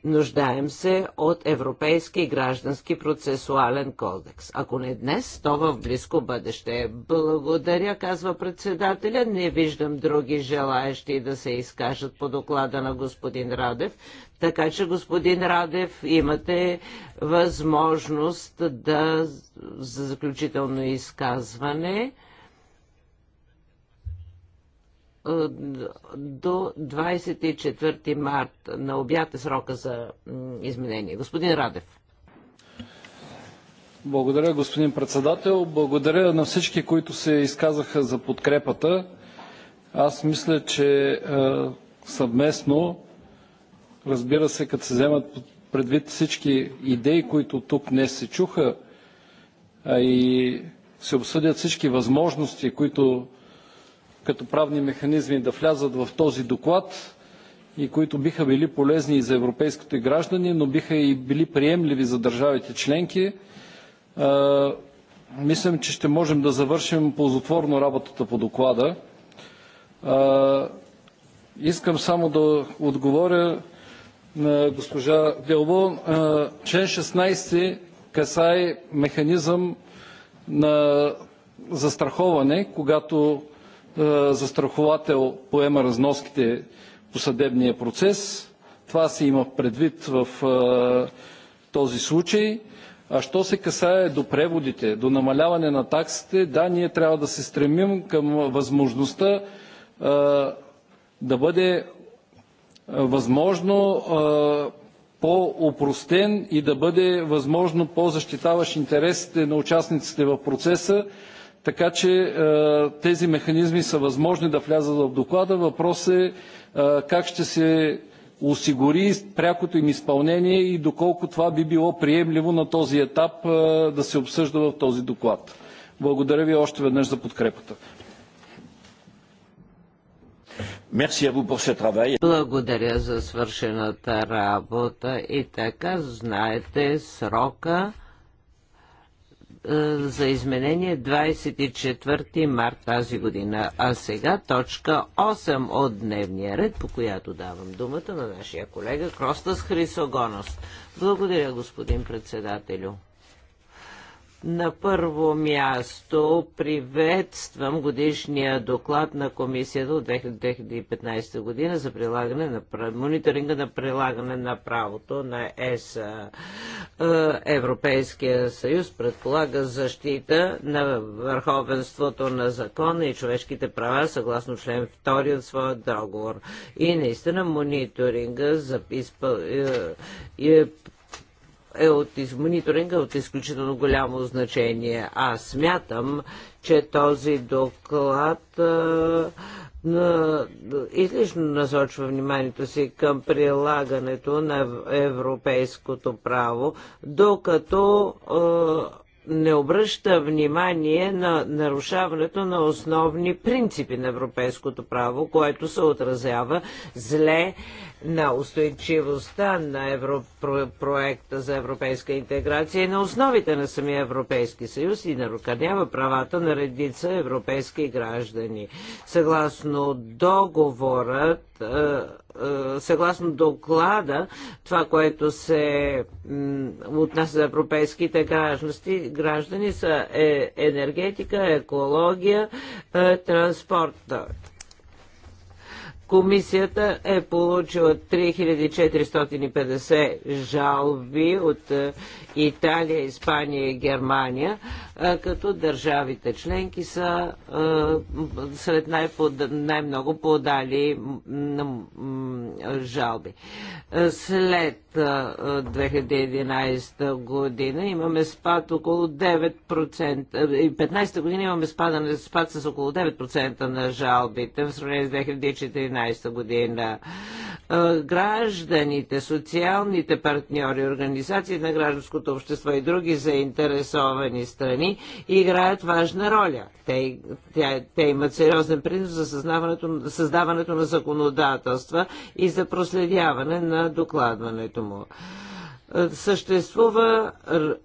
Нуждаем се от Европейски граждански процесуален кодекс. Ако не днес, то в близко бъдеще. Благодаря, казва председателя. Не виждам други желаящи да се изкажат по доклада на господин Радев. Така че, господин Радев, имате възможност да за заключително изказване е, до 24 март на обяд е срока за изменение. Господин Радев. Благодаря, господин председател. Благодаря на всички, които се изказаха за подкрепата. Аз мисля, че е, съвместно Разбира се, като се вземат предвид всички идеи, които тук днес се чуха, а и се обсъдят всички възможности, които като правни механизми да влязат в този доклад и които биха били полезни и за европейските граждани, но биха и били приемливи за държавите членки. Мислям, че ще можем да завършим ползотворно работата по доклада. Искам само да отговоря на госпожа Делво, член 16 касае механизъм на застраховане, когато застраховател поема разноските по съдебния процес. Това се има предвид в този случай. А що се касае до преводите, до намаляване на таксите, да, ние трябва да се стремим към възможността да бъде е, възможно е, по-опростен и да бъде възможно по-защитаващ интересите на участниците в процеса, така че е, тези механизми са възможни да влязат в доклада. Въпрос е как ще се осигури прякото им изпълнение и доколко това би било приемливо на този етап да се обсъжда в този доклад. Благодаря ви още веднъж за подкрепата. Благодаря за свършената работа и така знаете срока е, за изменение 24 е март тази година. А сега точка 8 от дневния ред, по която давам думата на нашия колега Кростас Хрисогонос. Благодаря, господин председателю. На първо място приветствам годишния доклад на комисията от 2015 година за прилагане на мониторинга на прилагане на правото на ЕС. Е, Европейския съюз предполага защита на върховенството на закона и човешките права съгласно член 2 от своя договор. И наистина мониторинга за изпъл... Е, е, е от мониторинга е от изключително голямо значение. Аз смятам, че този доклад а, на, излишно насочва вниманието си към прилагането на европейското право, докато а, не обръща внимание на нарушаването на основни принципи на европейското право, което се отразява зле на устойчивостта на евро, проекта за европейска интеграция и на основите на самия Европейски съюз и наруканява правата на редица европейски граждани. Съгласно договорът, е, е, съгласно доклада, това, което се отнася за европейските граждани, граждани са е, енергетика, екология, транспорта Комисията е получила 3450 жалби от е, Италия, Испания и Германия, като държавите членки са сред най-много подали жалби. След 2011 година имаме спад около 9%, и 15 година имаме спадане, спад с около 9% на жалбите в сравнение с 2014 година. Гражданите, социалните партньори, организации на гражданското гражданското общество и други заинтересовани страни играят важна роля. Те, тя, те имат сериозен принос за създаването, създаването на законодателства и за проследяване на докладването му. Е, съществува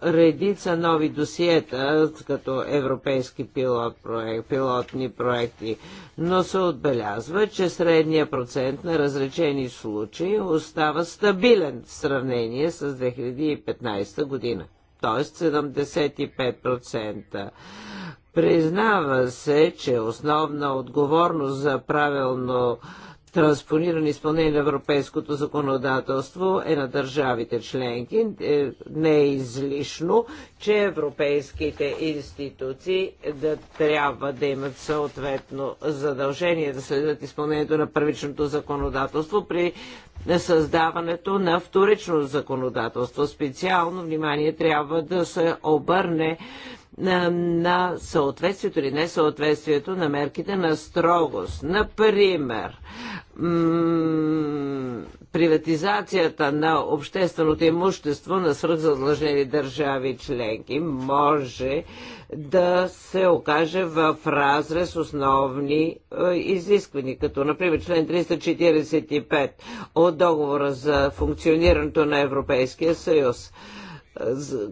редица нови досиета, като европейски пилот проект, пилотни проекти, но се отбелязва, че средният процент на разречени случаи остава стабилен в сравнение с 2015 година, т.е. 75%. Признава се, че основна отговорност за правилно транспониране изпълнение на европейското законодателство е на държавите членки. Е, не е излишно, че европейските институции да трябва да имат съответно задължение да следят изпълнението на първичното законодателство при създаването на вторично законодателство. Специално внимание трябва да се обърне на съответствието или несъответствието на мерките на строгост. Например, приватизацията на общественото имущество на свръхзадлъжнени държави членки може да се окаже в разрез основни е, изисквания, като например член 345 от договора за функционирането на Европейския съюз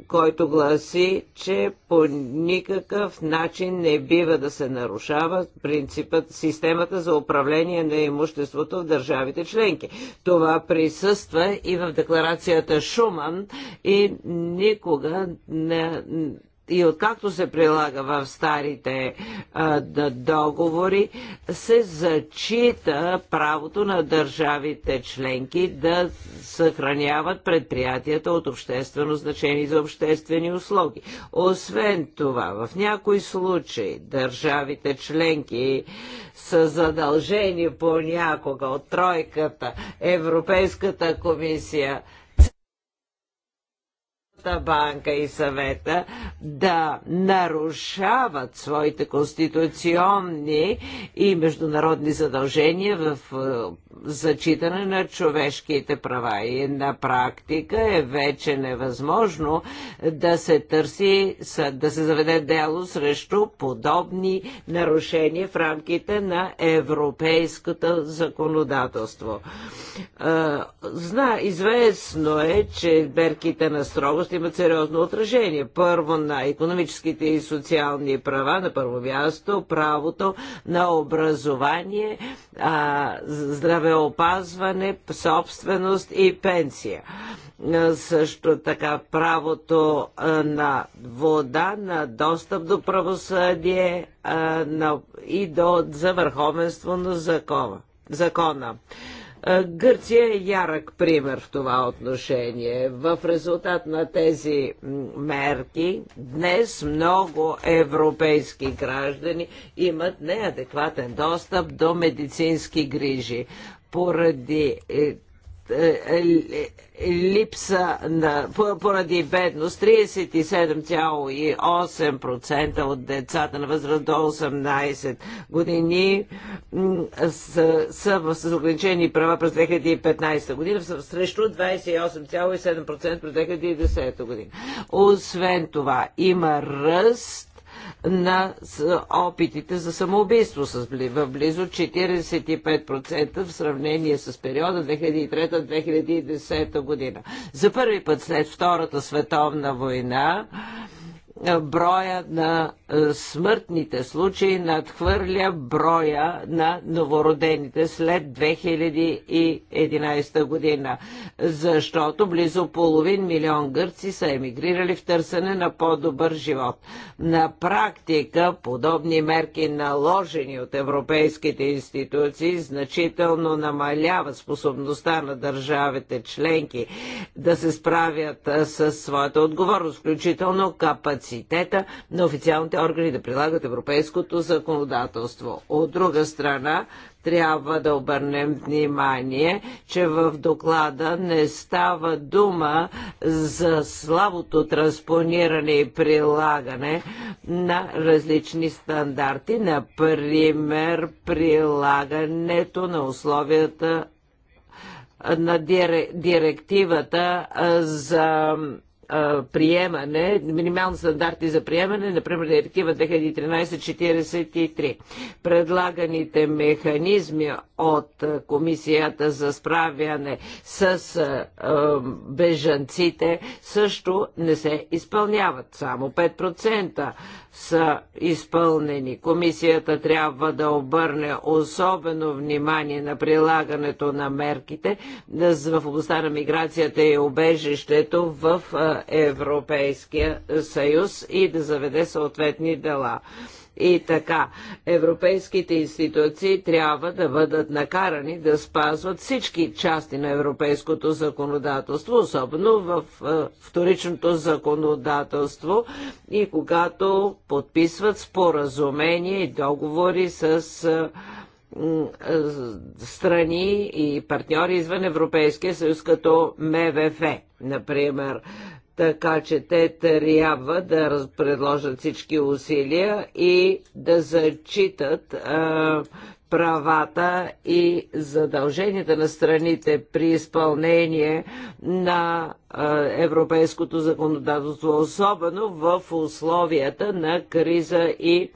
който гласи, че по никакъв начин не бива да се нарушава принципът, системата за управление на имуществото в държавите членки. Това присъства и в декларацията Шуман и никога не, и откакто се прилага в старите а, договори, се зачита правото на държавите членки да съхраняват предприятията от обществено значение за обществени услуги. Освен това, в някои случаи държавите членки са задължени понякога от тройката, Европейската комисия, банка и съвета да нарушават своите конституционни и международни задължения в е, зачитане на човешките права. И на практика е вече невъзможно да се търси, да се заведе дело срещу подобни нарушения в рамките на европейското законодателство. Е, зна, известно е, че берките на строго ще имат сериозно отражение. Първо на економическите и социални права, на първо място, правото на образование, здравеопазване, собственост и пенсия също така правото на вода, на достъп до правосъдие и до, за върховенство на закона. закона. Е, Гърция е ярък пример в това отношение. В резултат на тези мерки днес много европейски граждани имат неадекватен достъп до медицински грижи поради е, е, е, е, липса на, поради бедност 37,8% от децата на възраст до 18 години са, са в с ограничени права през 2015 година срещу 28,7% през 2010 година. Освен това има ръст на опитите за самоубийство с в близо 45% в сравнение с периода 2003-2010 година. За първи път след Втората световна война броя на е, смъртните случаи надхвърля броя на новородените след 2011 година, защото близо половин милион гърци са емигрирали в търсене на по-добър живот. На практика подобни мерки, наложени от европейските институции, значително намаляват способността на държавите членки да се справят е, с своята отговорност, включително капацитет капацитета на официалните органи да прилагат европейското законодателство. От друга страна, трябва да обърнем внимание, че в доклада не става дума за слабото транспониране и прилагане на различни стандарти, например прилагането на условията на директивата за приемане, минимални стандарти за приемане, например Директива 2013-43. Предлаганите механизми от Комисията за справяне с бежанците също не се изпълняват. Само 5% са изпълнени. Комисията трябва да обърне особено внимание на прилагането на мерките в областта на миграцията и обежището в Европейския съюз и да заведе съответни дела. И така, европейските институции трябва да бъдат накарани да спазват всички части на европейското законодателство, особено в е, вторичното законодателство и когато подписват споразумения и договори с е, е, страни и партньори извън Европейския съюз, като МВФ, например. Така че те трябва да предложат всички усилия и да зачитат а, правата и задълженията на страните при изпълнение на европейското законодателство, особено в условията на криза и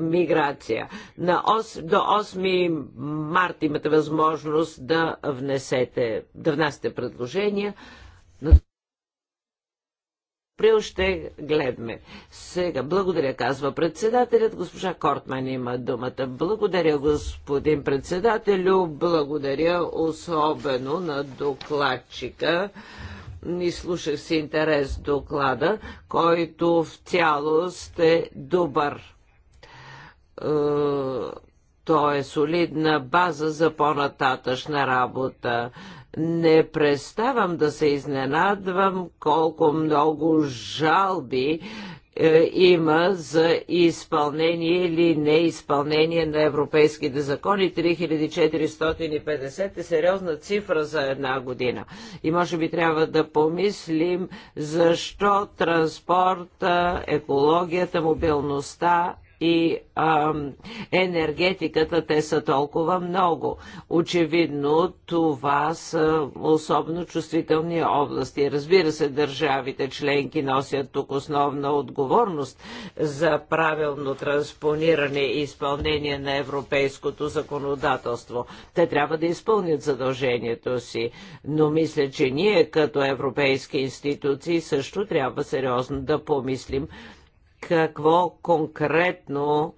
миграция. На 8, до 8 март имате възможност да внесете, да внасяте предложения. На април ще гледме. Сега, благодаря, казва председателят. Госпожа Кортман има думата. Благодаря, господин председателю. Благодаря особено на докладчика ни слушах с интерес доклада, който в цялост е добър. Е, то е солидна база за по-нататъчна работа. Не преставам да се изненадвам колко много жалби е, има за изпълнение или неизпълнение на европейските закони. 3450 е сериозна цифра за една година. И може би трябва да помислим защо транспорта, екологията, мобилността и а, енергетиката, те са толкова много. Очевидно, това са особено чувствителни области. Разбира се, държавите членки носят тук основна отговорност за правилно транспониране и изпълнение на европейското законодателство. Те трябва да изпълнят задължението си, но мисля, че ние като европейски институции също трябва сериозно да помислим какво конкретно,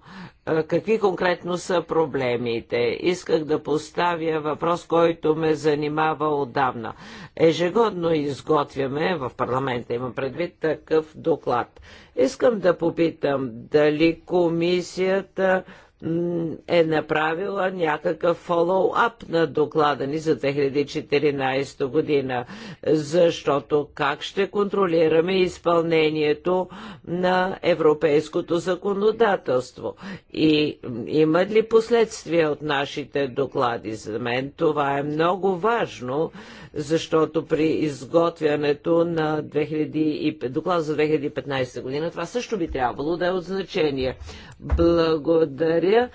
какви конкретно са проблемите. Исках да поставя въпрос, който ме занимава отдавна. Ежегодно изготвяме, в парламента има предвид такъв доклад. Искам да попитам дали комисията е направила някакъв фоллоуап на доклада ни за 2014 година, защото как ще контролираме изпълнението на европейското законодателство и имат ли последствия от нашите доклади. За мен това е много важно, защото при изготвянето на 2000, доклада за 2015 година това също би трябвало да е от значение. Благодаря благодаря.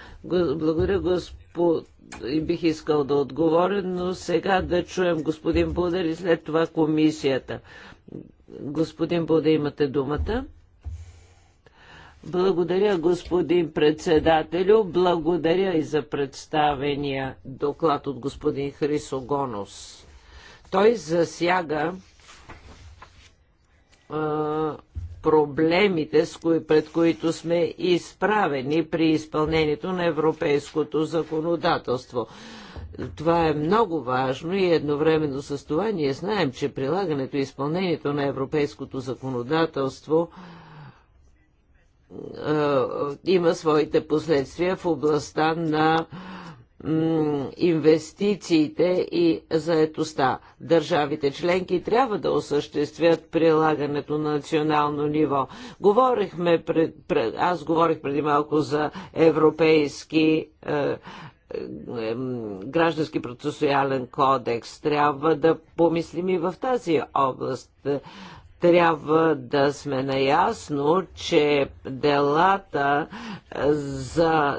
Благодаря, господ... И бих искал да отговоря, но сега да чуем господин Буда и след това комисията. Господин Буда, имате думата. Благодаря, господин председателю. Благодаря и за представения доклад от господин Хрисогонос. Той засяга а, проблемите, пред които сме изправени при изпълнението на европейското законодателство. Това е много важно и едновременно с това ние знаем, че прилагането и изпълнението на европейското законодателство е, има своите последствия в областта на инвестициите и заетостта. Държавите членки трябва да осъществят прилагането на национално ниво. Говорихме пред, пред, аз говорих преди малко за европейски е, е, граждански процесуален кодекс. Трябва да помислим и в тази област трябва да сме наясно, че делата е, за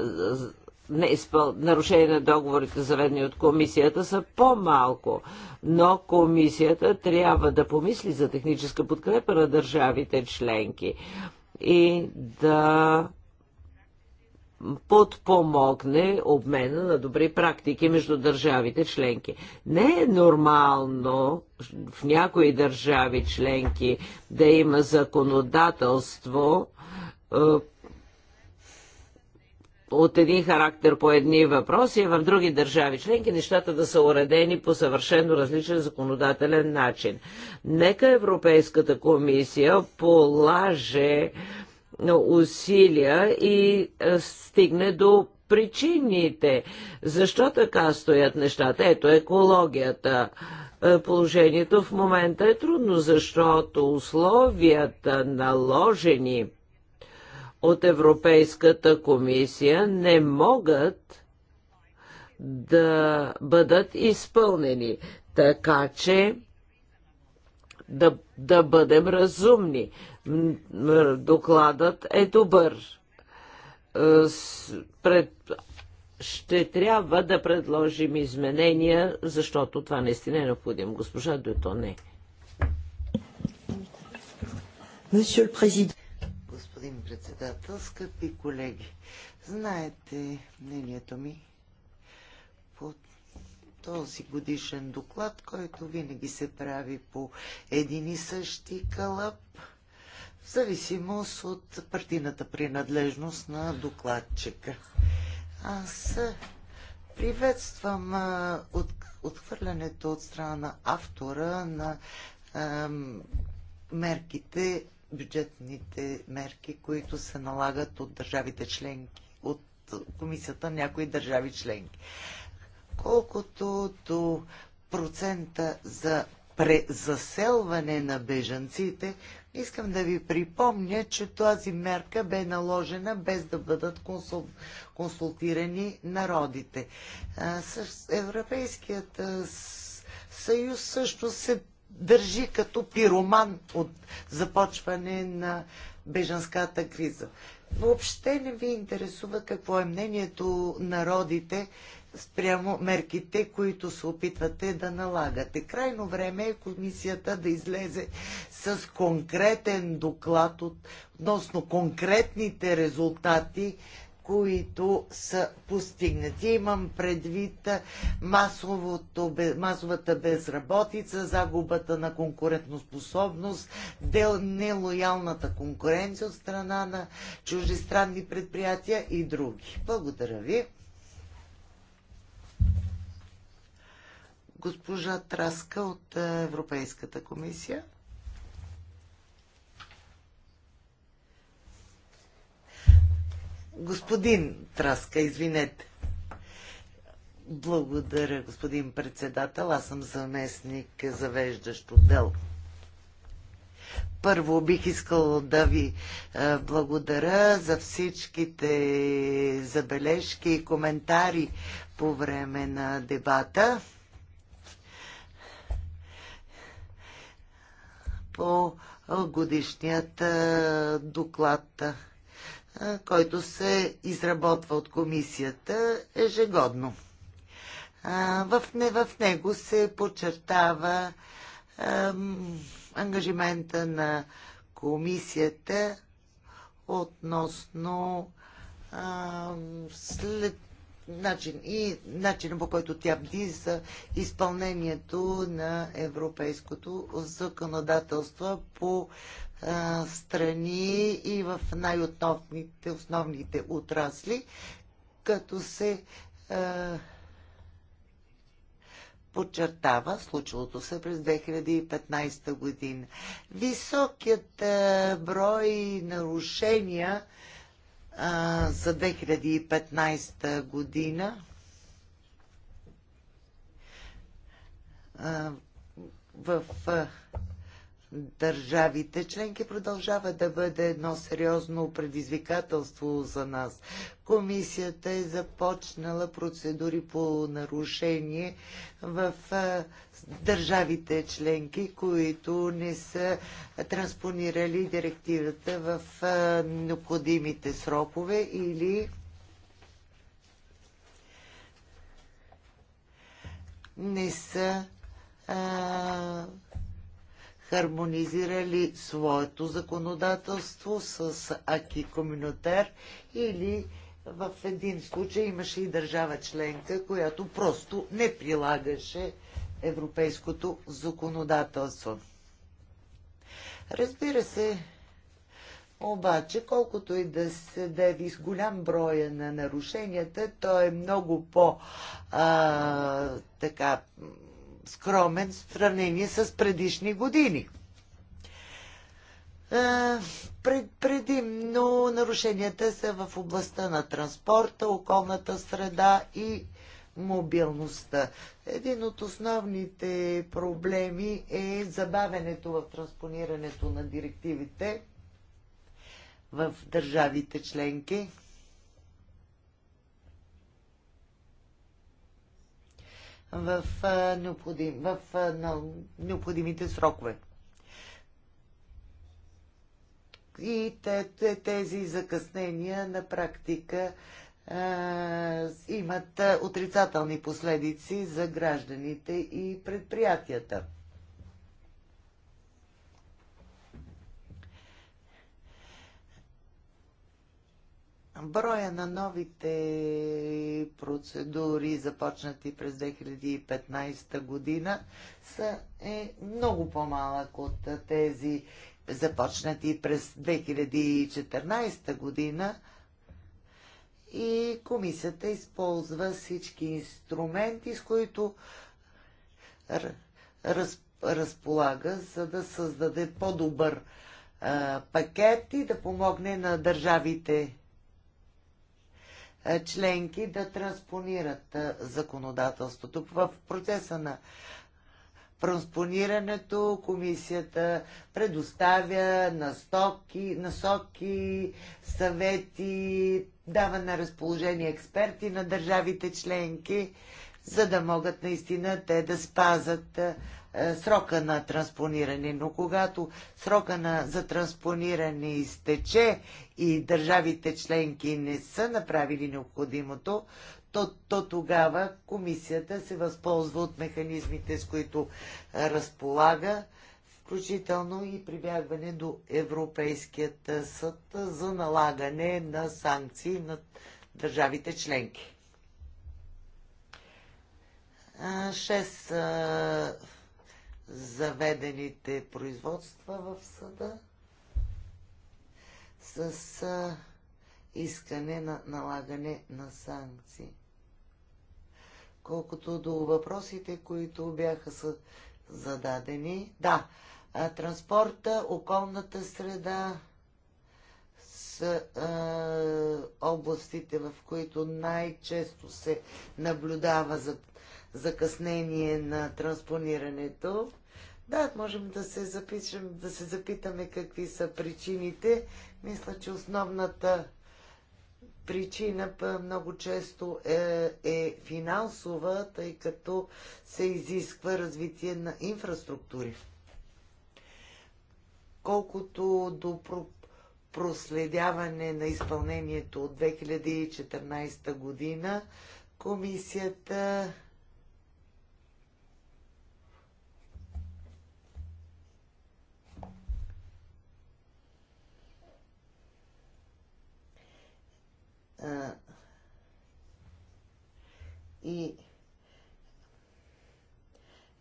неизпъл... нарушение на договорите, заведени от комисията, са по-малко. Но комисията трябва да помисли за техническа подкрепа на държавите членки и да подпомогне обмена на добри практики между държавите членки. Не е нормално в някои държави членки да има законодателство, е, от един характер по едни въпроси, а в други държави членки нещата да са уредени по съвършено различен законодателен начин. Нека Европейската комисия полаже е, усилия и е, стигне до причините. Защо така стоят нещата? Ето екологията. Е, положението в момента е трудно, защото условията наложени от Европейската комисия не могат да бъдат изпълнени. Така че да, да бъдем разумни. Докладът е добър. Е, пред... Ще трябва да предложим изменения, защото това наистина е необходимо. Госпожа Дютоне. Monsieur le Président господин председател, скъпи колеги. Знаете мнението ми по този годишен доклад, който винаги се прави по един и същи кълъп, в зависимост от партийната принадлежност на докладчика. Аз приветствам от, отхвърлянето от страна на автора на мерките бюджетните мерки, които се налагат от държавите членки, от комисията някои държави членки. Колкото до процента за презаселване на бежанците, искам да ви припомня, че тази мерка бе наложена без да бъдат консул... консултирани народите. Европейският съюз също се държи като пироман от започване на бежанската криза. Въобще не ви интересува какво е мнението народите спрямо мерките, които се опитвате да налагате. Крайно време е комисията да излезе с конкретен доклад относно конкретните резултати които са постигнати. Имам предвид масовото, масовата безработица, загубата на конкурентоспособност, дел, нелоялната конкуренция от страна на чуждестранни предприятия и други. Благодаря ви. Госпожа Траска от е, Европейската комисия. Господин Траска, извинете. Благодаря, господин председател. Аз съм заместник веждащо отдел. Първо бих искал да ви е, благодаря за всичките забележки и коментари по време на дебата. По годишният е, доклад който се изработва от комисията ежегодно. В, не, в него се подчертава ангажимента на комисията относно а, след начин и начина по който тя бди за изпълнението на европейското законодателство по а, страни и в най-основните основните отрасли, като се а, подчертава случилото се през 2015 година. Високият а, брой нарушения а, за 2015 година а, в а, държавите членки продължава да бъде едно сериозно предизвикателство за нас. Комисията е започнала процедури по нарушение в държавите членки, които не са транспонирали директивата в необходимите срокове или не са а, хармонизирали своето законодателство с Аки Коминотер или в един случай имаше и държава членка, която просто не прилагаше европейското законодателство. Разбира се, обаче, колкото и да се деви с голям броя на нарушенията, то е много по а, така скромен в сравнение с предишни години. Е, пред, предимно нарушенията са в областта на транспорта, околната среда и мобилността. Един от основните проблеми е забавенето в транспонирането на директивите в държавите членки. в, необходим, в на необходимите срокове. И тези закъснения на практика имат отрицателни последици за гражданите и предприятията. Броя на новите процедури, започнати през 2015 година, са, е много по-малък от тези, започнати през 2014 година. И комисията използва всички инструменти, с които разполага, за да създаде по-добър пакет и да помогне на държавите е, членки да транспонират е, законодателството. В процеса на транспонирането комисията предоставя настоки, насоки, съвети, дава на разположение експерти на държавите членки, за да могат наистина те да спазат е, е, срока на транспониране, но когато срока на, за транспониране изтече и държавите членки не са направили необходимото, то, то тогава комисията се възползва от механизмите, с които е, разполага, включително и прибягване до Европейският е, съд за налагане на санкции на държавите членки. Шест заведените производства в съда с а, искане на налагане на санкции. Колкото до въпросите, които бяха зададени, да, а, транспорта, околната среда с а, областите, в които най-често се наблюдава за закъснение на транспонирането. Да, можем да се, запишем, да се запитаме какви са причините. Мисля, че основната причина много често е, е финансова, тъй като се изисква развитие на инфраструктури. Колкото до проследяване на изпълнението от 2014 година, комисията А, и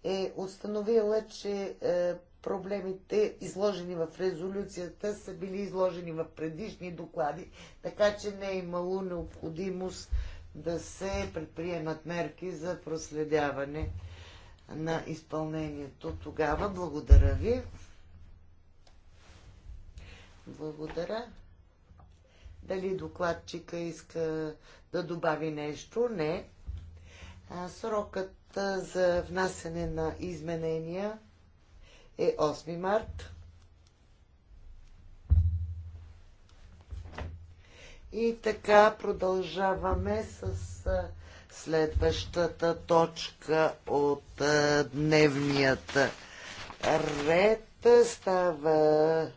е установила, че е, проблемите, изложени в резолюцията, са били изложени в предишни доклади, така че не е имало необходимост да се предприемат мерки за проследяване на изпълнението. Тогава благодаря ви. Благодаря. Дали докладчика иска да добави нещо? Не. Срокът за внасене на изменения е 8 март. И така продължаваме с следващата точка от дневният ред. Става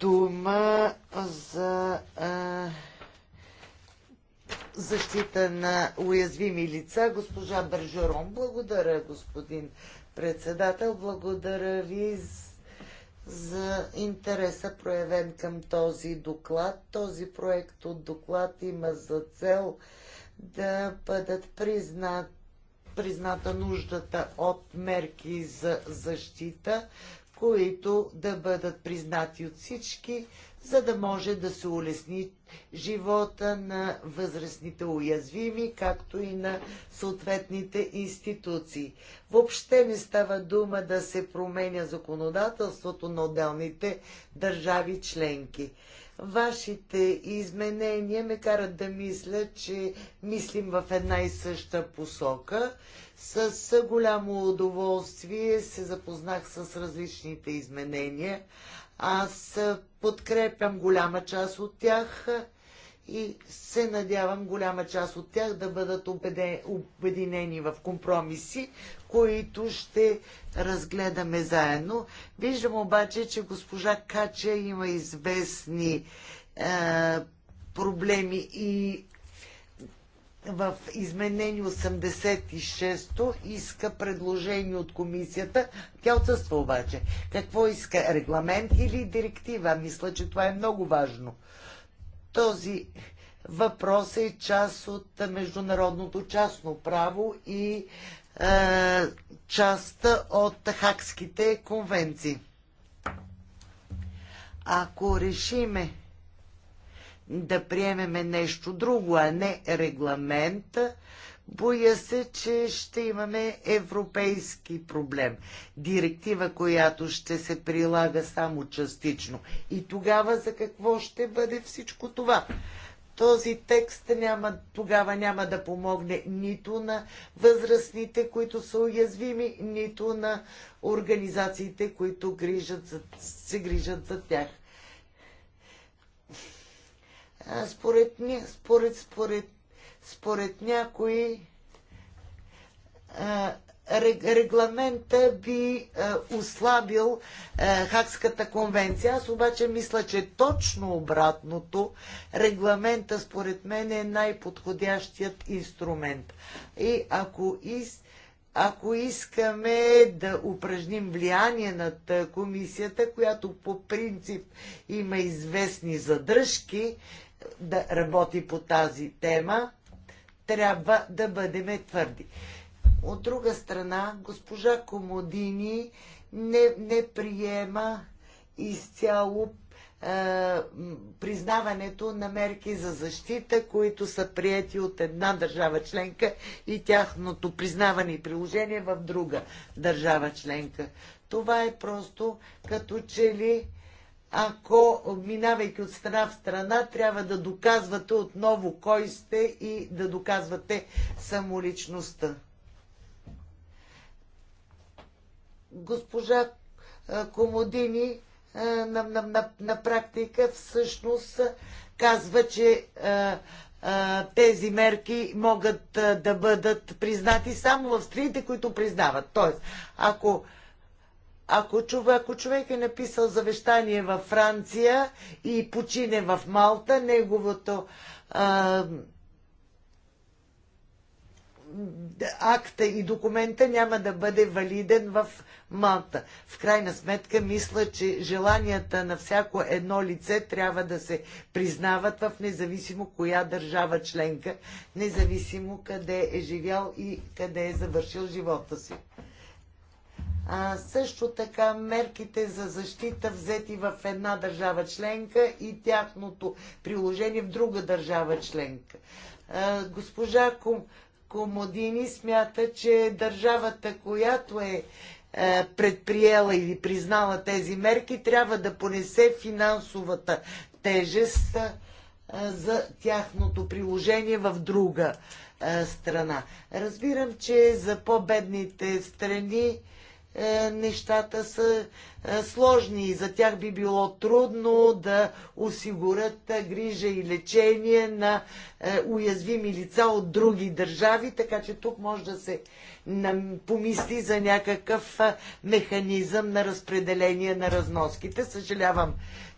дума за а, защита на уязвими лица. Госпожа Бержерон, благодаря, господин председател. Благодаря ви за интереса проявен към този доклад. Този проект от доклад има за цел да бъдат признат, призната нуждата от мерки за защита, които да бъдат признати от всички, за да може да се улесни живота на възрастните уязвими, както и на съответните институции. Въобще не става дума да се променя законодателството на отделните държави членки. Вашите изменения ме карат да мисля, че мислим в една и съща посока. С голямо удоволствие се запознах с различните изменения. Аз подкрепям голяма част от тях и се надявам голяма част от тях да бъдат обединени в компромиси, които ще разгледаме заедно. Виждам обаче, че госпожа Кача има известни е, проблеми и в изменени 86-то иска предложение от комисията. Тя отсъства обаче. Какво иска? Регламент или директива? Мисля, че това е много важно. Този въпрос е част от международното частно право и е, част от хакските конвенции. Ако решиме да приемеме нещо друго, а не регламент, Боя се, че ще имаме европейски проблем. Директива, която ще се прилага само частично. И тогава за какво ще бъде всичко това? Този текст няма, тогава няма да помогне нито на възрастните, които са уязвими, нито на организациите, които грижат за, се грижат за тях. А според, според, според според някои е, регламента би е, ослабил е, Хакската конвенция. Аз обаче мисля, че точно обратното регламента според мен е най-подходящият инструмент. И ако, из, ако искаме да упражним влияние над комисията, която по принцип има известни задръжки да работи по тази тема, трябва да бъдем твърди. От друга страна, госпожа Комодини не, не приема изцяло е, признаването на мерки за защита, които са прияти от една държава членка и тяхното признаване и приложение в друга държава членка. Това е просто като че ли ако минавайки от страна в страна, трябва да доказвате отново кой сте и да доказвате самоличността. Госпожа Комодини на, на, на, на практика всъщност казва, че тези мерки могат да бъдат признати само в страните, които признават. Тоест, ако ако, човек, ако човек е написал завещание във Франция и почине в Малта, неговото а, акта и документа няма да бъде валиден в Малта. В крайна сметка, мисля, че желанията на всяко едно лице трябва да се признават в независимо коя държава членка, независимо къде е живял и къде е завършил живота си а, също така мерките за защита взети в една държава членка и тяхното приложение в друга държава членка. А, госпожа Ком, Комодини смята, че държавата, която е, е предприела или признала тези мерки, трябва да понесе финансовата тежест е, за тяхното приложение в друга е, страна. Разбирам, че за по-бедните страни е, нещата са е, сложни и за тях би било трудно да осигурят е, грижа и лечение на уязвими лица от други държави, така че тук може да се помисли за някакъв механизъм на разпределение на разноските. Съжалявам,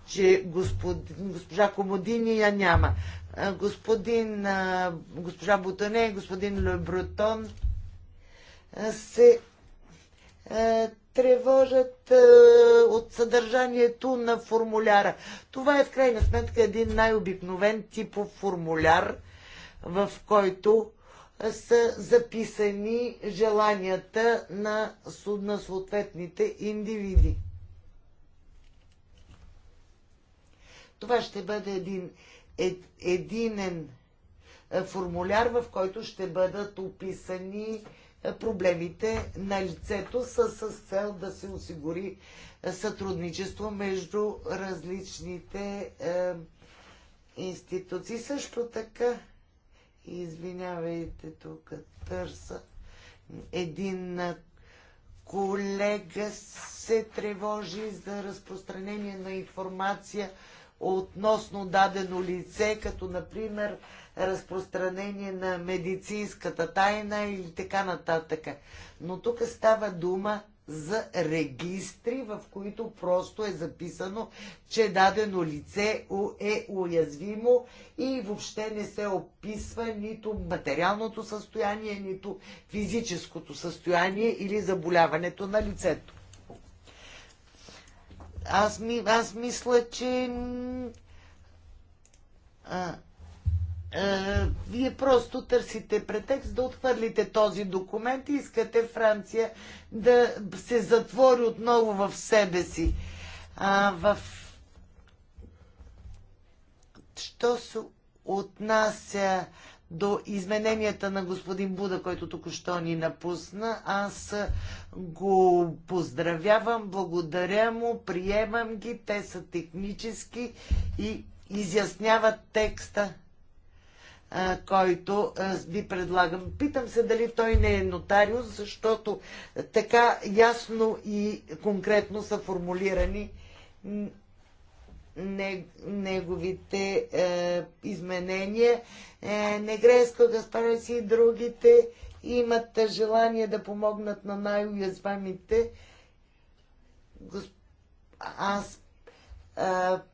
че господ... госпожа Комодини я няма. Господин, госпожа Бутане, господин Лебрутон се е, тревожат е, от съдържанието на формуляра. Това е в крайна сметка един най-обикновен типов формуляр, в който са записани желанията на, на съответните индивиди. Това ще бъде един ед, единен е, формуляр, в който ще бъдат описани проблемите на лицето са с цел да се осигури е, сътрудничество между различните е, институции. Също така, извинявайте, тук търса един колега се тревожи за разпространение на информация относно дадено лице, като например разпространение на медицинската тайна или така нататък. Но тук става дума за регистри, в които просто е записано, че дадено лице е уязвимо и въобще не се описва нито материалното състояние, нито физическото състояние или заболяването на лицето. Аз, ми, аз мисля, че а, е, вие просто търсите претекст да отхвърлите този документ и искате Франция да се затвори отново в себе си. А, в... Що се отнася до измененията на господин Буда, който току-що ни напусна. Аз го поздравявам, благодаря му, приемам ги, те са технически и изясняват текста който ви предлагам. Питам се дали той не е нотариус, защото така ясно и конкретно са формулирани неговите е, изменения. Е, Негреско, си и другите имат желание да помогнат на най-уязвамите. Госп... Аз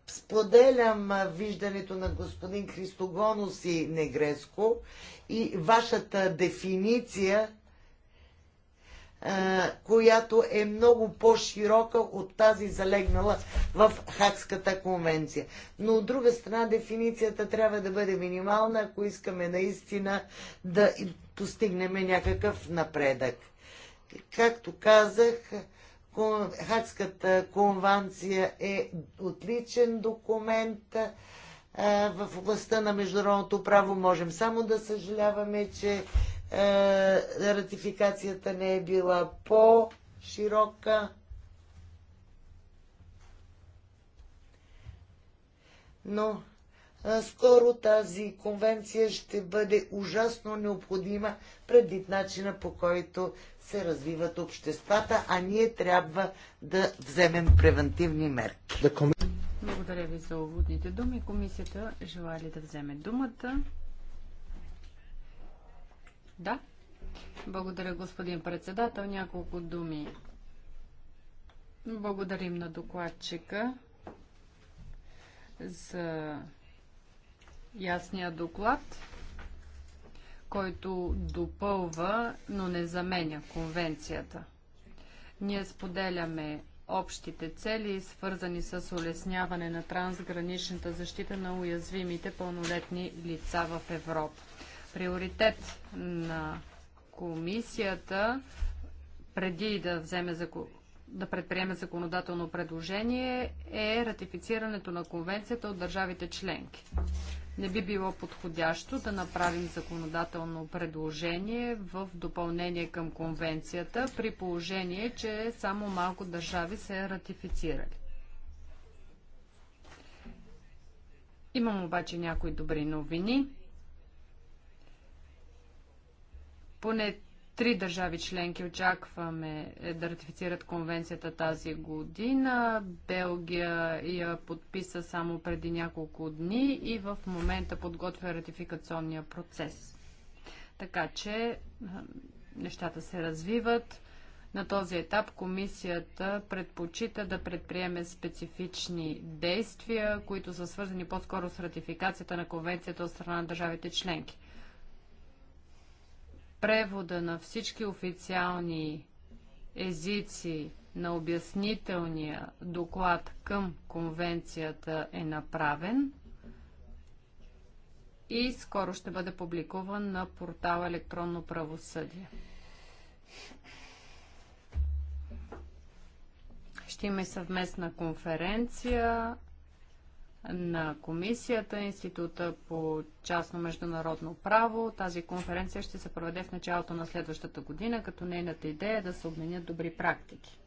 Споделям виждането на господин Христогонос и Негреско и вашата дефиниция, която е много по-широка от тази залегнала в Хакската конвенция. Но от друга страна дефиницията трябва да бъде минимална, ако искаме наистина да постигнем някакъв напредък. Както казах, Хадската конвенция е отличен документ в областта на международното право. Можем само да съжаляваме, че ратификацията не е била по-широка. Но скоро тази конвенция ще бъде ужасно необходима предвид начина по който се развиват обществата, а ние трябва да вземем превентивни мерки. Благодаря ви за уводните думи. Комисията желая ли да вземе думата? Да. Благодаря, господин председател. Няколко думи. Благодарим на докладчика за ясния доклад който допълва, но не заменя конвенцията. Ние споделяме общите цели, свързани с улесняване на трансграничната защита на уязвимите пълнолетни лица в Европа. Приоритет на комисията преди да вземе да предприеме законодателно предложение е ратифицирането на конвенцията от държавите членки не би било подходящо да направим законодателно предложение в допълнение към конвенцията, при положение, че само малко държави се е ратифицирали. Имам обаче някои добри новини. Поне Три държави членки очакваме е, да ратифицират конвенцията тази година. Белгия я подписа само преди няколко дни и в момента подготвя ратификационния процес. Така че е, нещата се развиват. На този етап комисията предпочита да предприеме специфични действия, които са свързани по-скоро с ратификацията на конвенцията от страна на държавите членки превода на всички официални езици на обяснителния доклад към конвенцията е направен и скоро ще бъде публикуван на портала Електронно правосъдие. Ще има и съвместна конференция на комисията, Института по частно международно право. Тази конференция ще се проведе в началото на следващата година, като нейната идея е да се обменят добри практики.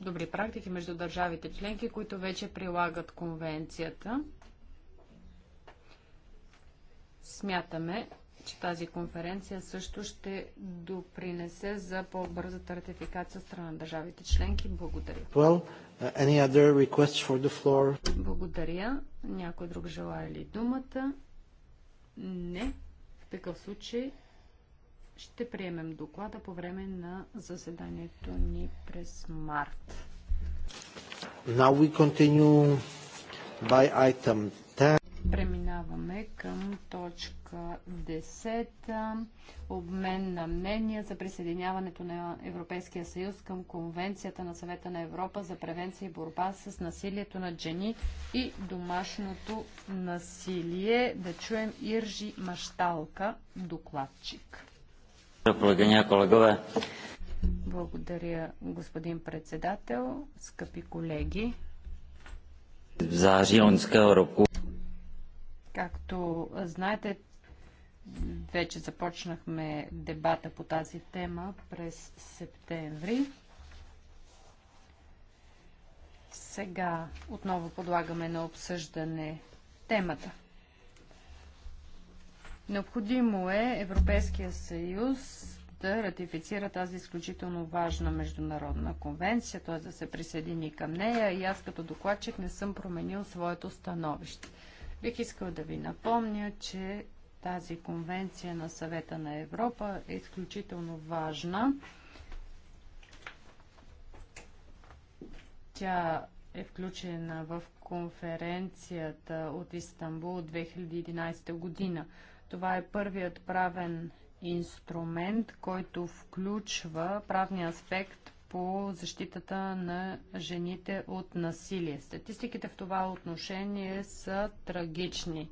Добри практики между държавите членки, които вече прилагат конвенцията. Смятаме, че тази конференция също ще допринесе за по-бързата ратификация страна на държавите членки. Благодаря. Well, uh, any other requests for the floor? Благодаря. Някой друг желая ли думата? Не. В такъв случай ще приемем доклада по време на заседанието ни през март. Now we continue by item Преминаваме към точка 10. Обмен на мнения за присъединяването на Европейския съюз към Конвенцията на съвета на Европа за превенция и борба с насилието на жени и домашното насилие. Да чуем Иржи Машталка, докладчик. Благодаря, господин председател, скъпи колеги. за Жионска Европа. Както знаете, вече започнахме дебата по тази тема през септември. Сега отново подлагаме на обсъждане темата. Необходимо е Европейския съюз да ратифицира тази изключително важна международна конвенция, т.е. да се присъедини към нея и аз като докладчик не съм променил своето становище. Бих искал да ви напомня, че тази конвенция на съвета на Европа е изключително важна. Тя е включена в конференцията от Истанбул 2011 година. Това е първият правен инструмент, който включва правния аспект по защитата на жените от насилие. Статистиките в това отношение са трагични.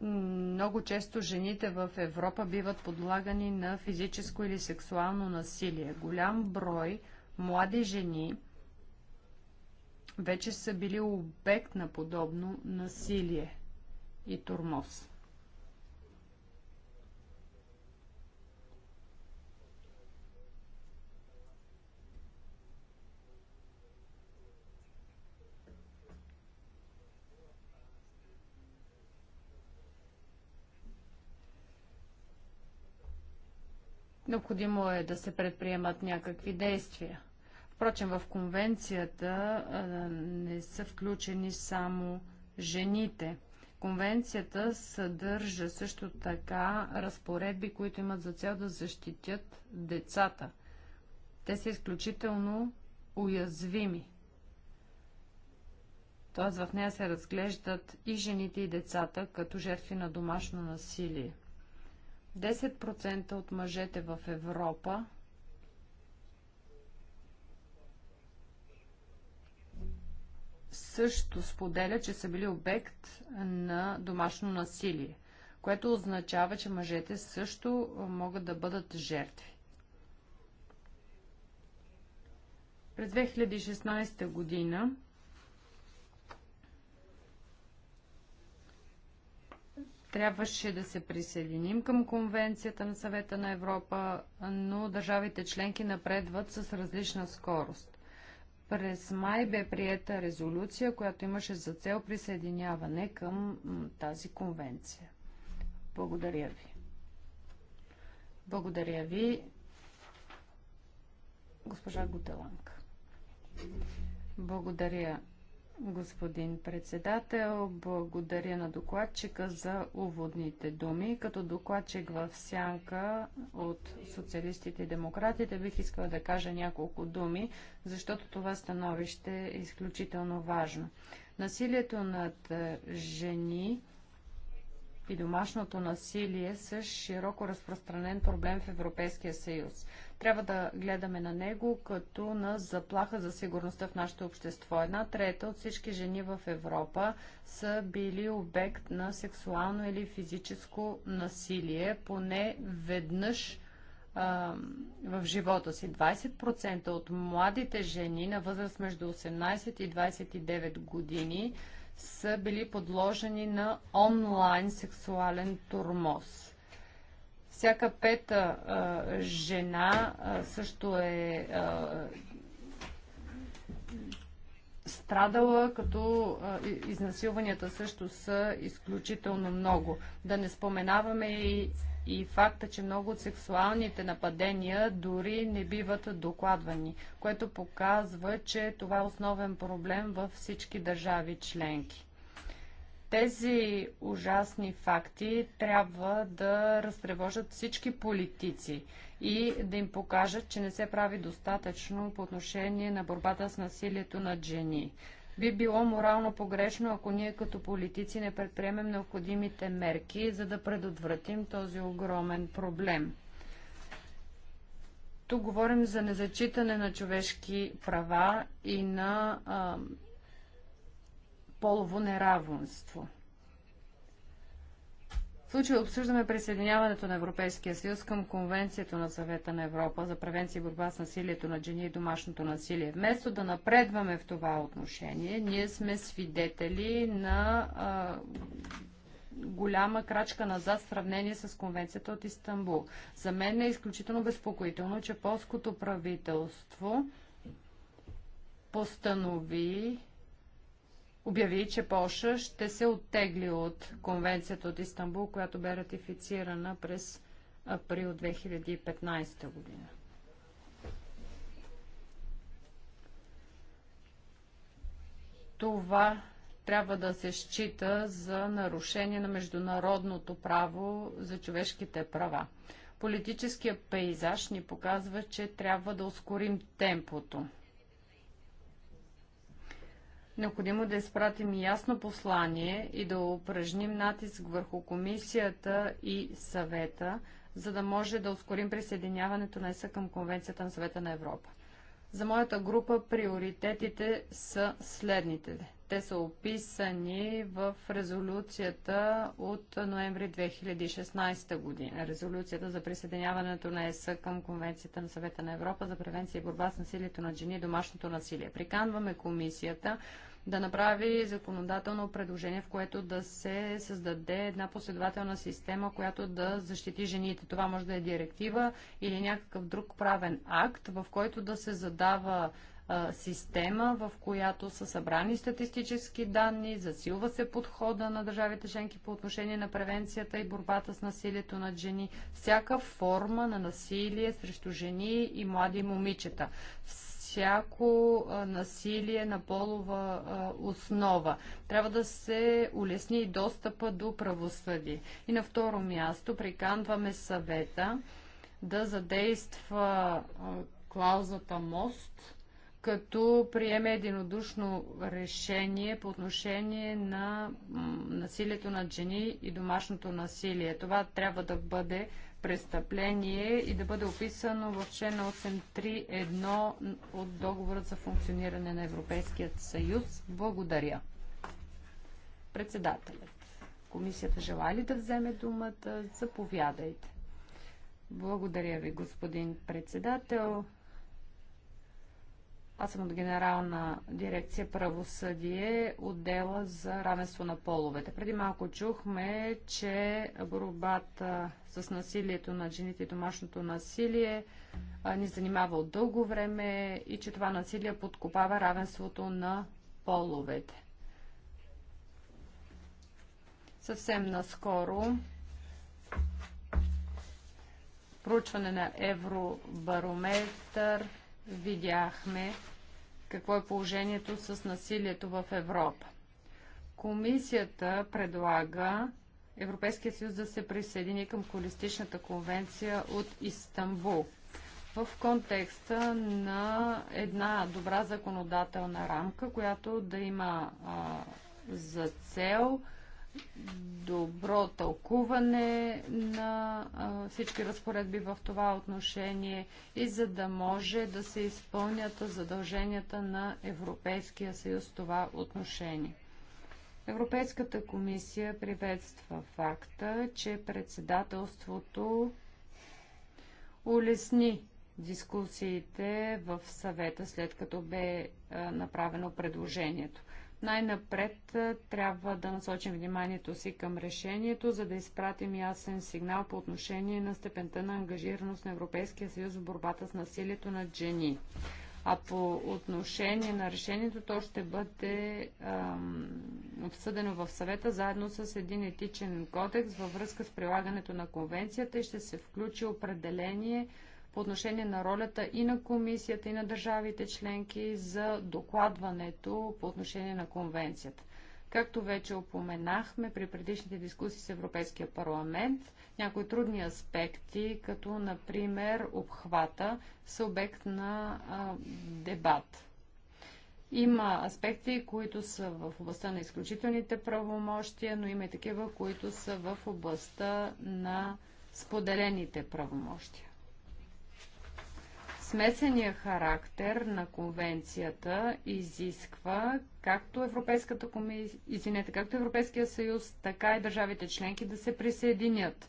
Много често жените в Европа биват подлагани на физическо или сексуално насилие. Голям брой млади жени вече са били обект на подобно насилие и турмоз. Необходимо е да се предприемат някакви действия. Впрочем, в конвенцията не са включени само жените. Конвенцията съдържа също така разпоредби, които имат за цел да защитят децата. Те са изключително уязвими. Т.е. в нея се разглеждат и жените и децата като жертви на домашно насилие. 10% от мъжете в Европа също споделя, че са били обект на домашно насилие, което означава, че мъжете също могат да бъдат жертви. През 2016 година трябваше да се присъединим към Конвенцията на съвета на Европа, но държавите членки напредват с различна скорост. През май бе приета резолюция, която имаше за цел присъединяване към тази конвенция. Благодаря ви. Благодаря ви, госпожа Гутеланка. Благодаря, господин председател. Благодаря на докладчика за уводните думи. Като докладчик в сянка от социалистите и демократите бих искала да кажа няколко думи, защото това становище е изключително важно. Насилието над жени и домашното насилие са широко разпространен проблем в Европейския съюз. Трябва да гледаме на него като на заплаха за сигурността в нашето общество. Една трета от всички жени в Европа са били обект на сексуално или физическо насилие поне веднъж а, в живота си. 20% от младите жени на възраст между 18 и 29 години са били подложени на онлайн сексуален турмоз. Всяка пета а, жена а, също е а, страдала, като изнасилванията също са изключително много. Да не споменаваме и, и факта, че много от сексуалните нападения дори не биват докладвани, което показва, че това е основен проблем във всички държави членки. Тези ужасни факти трябва да разтревожат всички политици и да им покажат, че не се прави достатъчно по отношение на борбата с насилието на жени. Би било морално погрешно, ако ние като политици не предприемем необходимите мерки, за да предотвратим този огромен проблем. Тук говорим за незачитане на човешки права и на а, полово неравенство. В случая обсъждаме присъединяването на Европейския съюз към Конвенцията на Съвета на Европа за превенция и борба с насилието на жени и домашното насилие. Вместо да напредваме в това отношение, ние сме свидетели на а, голяма крачка назад в сравнение с конвенцията от Истанбул. За мен е изключително безпокоително, че полското правителство постанови обяви, че Польша ще се оттегли от конвенцията от Истанбул, която бе ратифицирана през април 2015 година. Това трябва да се счита за нарушение на международното право за човешките права. Политическият пейзаж ни показва, че трябва да ускорим темпото. Необходимо е да изпратим ясно послание и да упражним натиск върху комисията и съвета, за да може да ускорим присъединяването на ЕСА към Конвенцията на съвета на Европа. За моята група приоритетите са следните. Те са описани в резолюцията от ноември 2016 година. Резолюцията за присъединяването на ЕС към Конвенцията на съвета на Европа за превенция и борба с насилието на жени и домашното насилие. Приканваме комисията да направи законодателно предложение, в което да се създаде една последователна система, която да защити жените. Това може да е директива или някакъв друг правен акт, в който да се задава система, в която са събрани статистически данни, засилва се подхода на държавите членки по отношение на превенцията и борбата с насилието над жени, всяка форма на насилие срещу жени и млади момичета всяко насилие на полова основа. Трябва да се улесни и достъпа до правосъдие. И на второ място приканваме съвета да задейства клаузата МОСТ, като приеме единодушно решение по отношение на насилието над жени и домашното насилие. Това трябва да бъде престъпление и да бъде описано в член 8.3.1 от договорът за функциониране на Европейският съюз. Благодаря. Председателят. Комисията желая ли да вземе думата? Заповядайте. Благодаря ви, господин председател. Аз съм от Генерална дирекция правосъдие, отдела за равенство на половете. Преди малко чухме, че борбата с насилието на жените и домашното насилие ни занимава от дълго време и че това насилие подкопава равенството на половете. Съвсем наскоро проучване на Евробарометър видяхме, какво е положението с насилието в Европа. Комисията предлага Европейския съюз да се присъедини към холистичната конвенция от Истанбул в контекста на една добра законодателна рамка, която да има а, за цел добро тълкуване на всички разпоредби в това отношение и за да може да се изпълнят задълженията на Европейския съюз в това отношение. Европейската комисия приветства факта, че председателството улесни дискусиите в съвета, след като бе направено предложението. Най-напред трябва да насочим вниманието си към решението, за да изпратим ясен сигнал по отношение на степента на ангажираност на Европейския съюз в борбата с насилието над жени. А по отношение на решението, то ще бъде ам, обсъдено в съвета заедно с един етичен кодекс във връзка с прилагането на конвенцията и ще се включи определение по отношение на ролята и на комисията, и на държавите членки за докладването по отношение на конвенцията. Както вече опоменахме при предишните дискусии с Европейския парламент, някои трудни аспекти, като например обхвата, са обект на а, дебат. Има аспекти, които са в областта на изключителните правомощия, но има и такива, които са в областта на споделените правомощия. Смесения характер на конвенцията изисква както Европейската комисия, извинете, както Европейския съюз, така и държавите членки да се присъединят.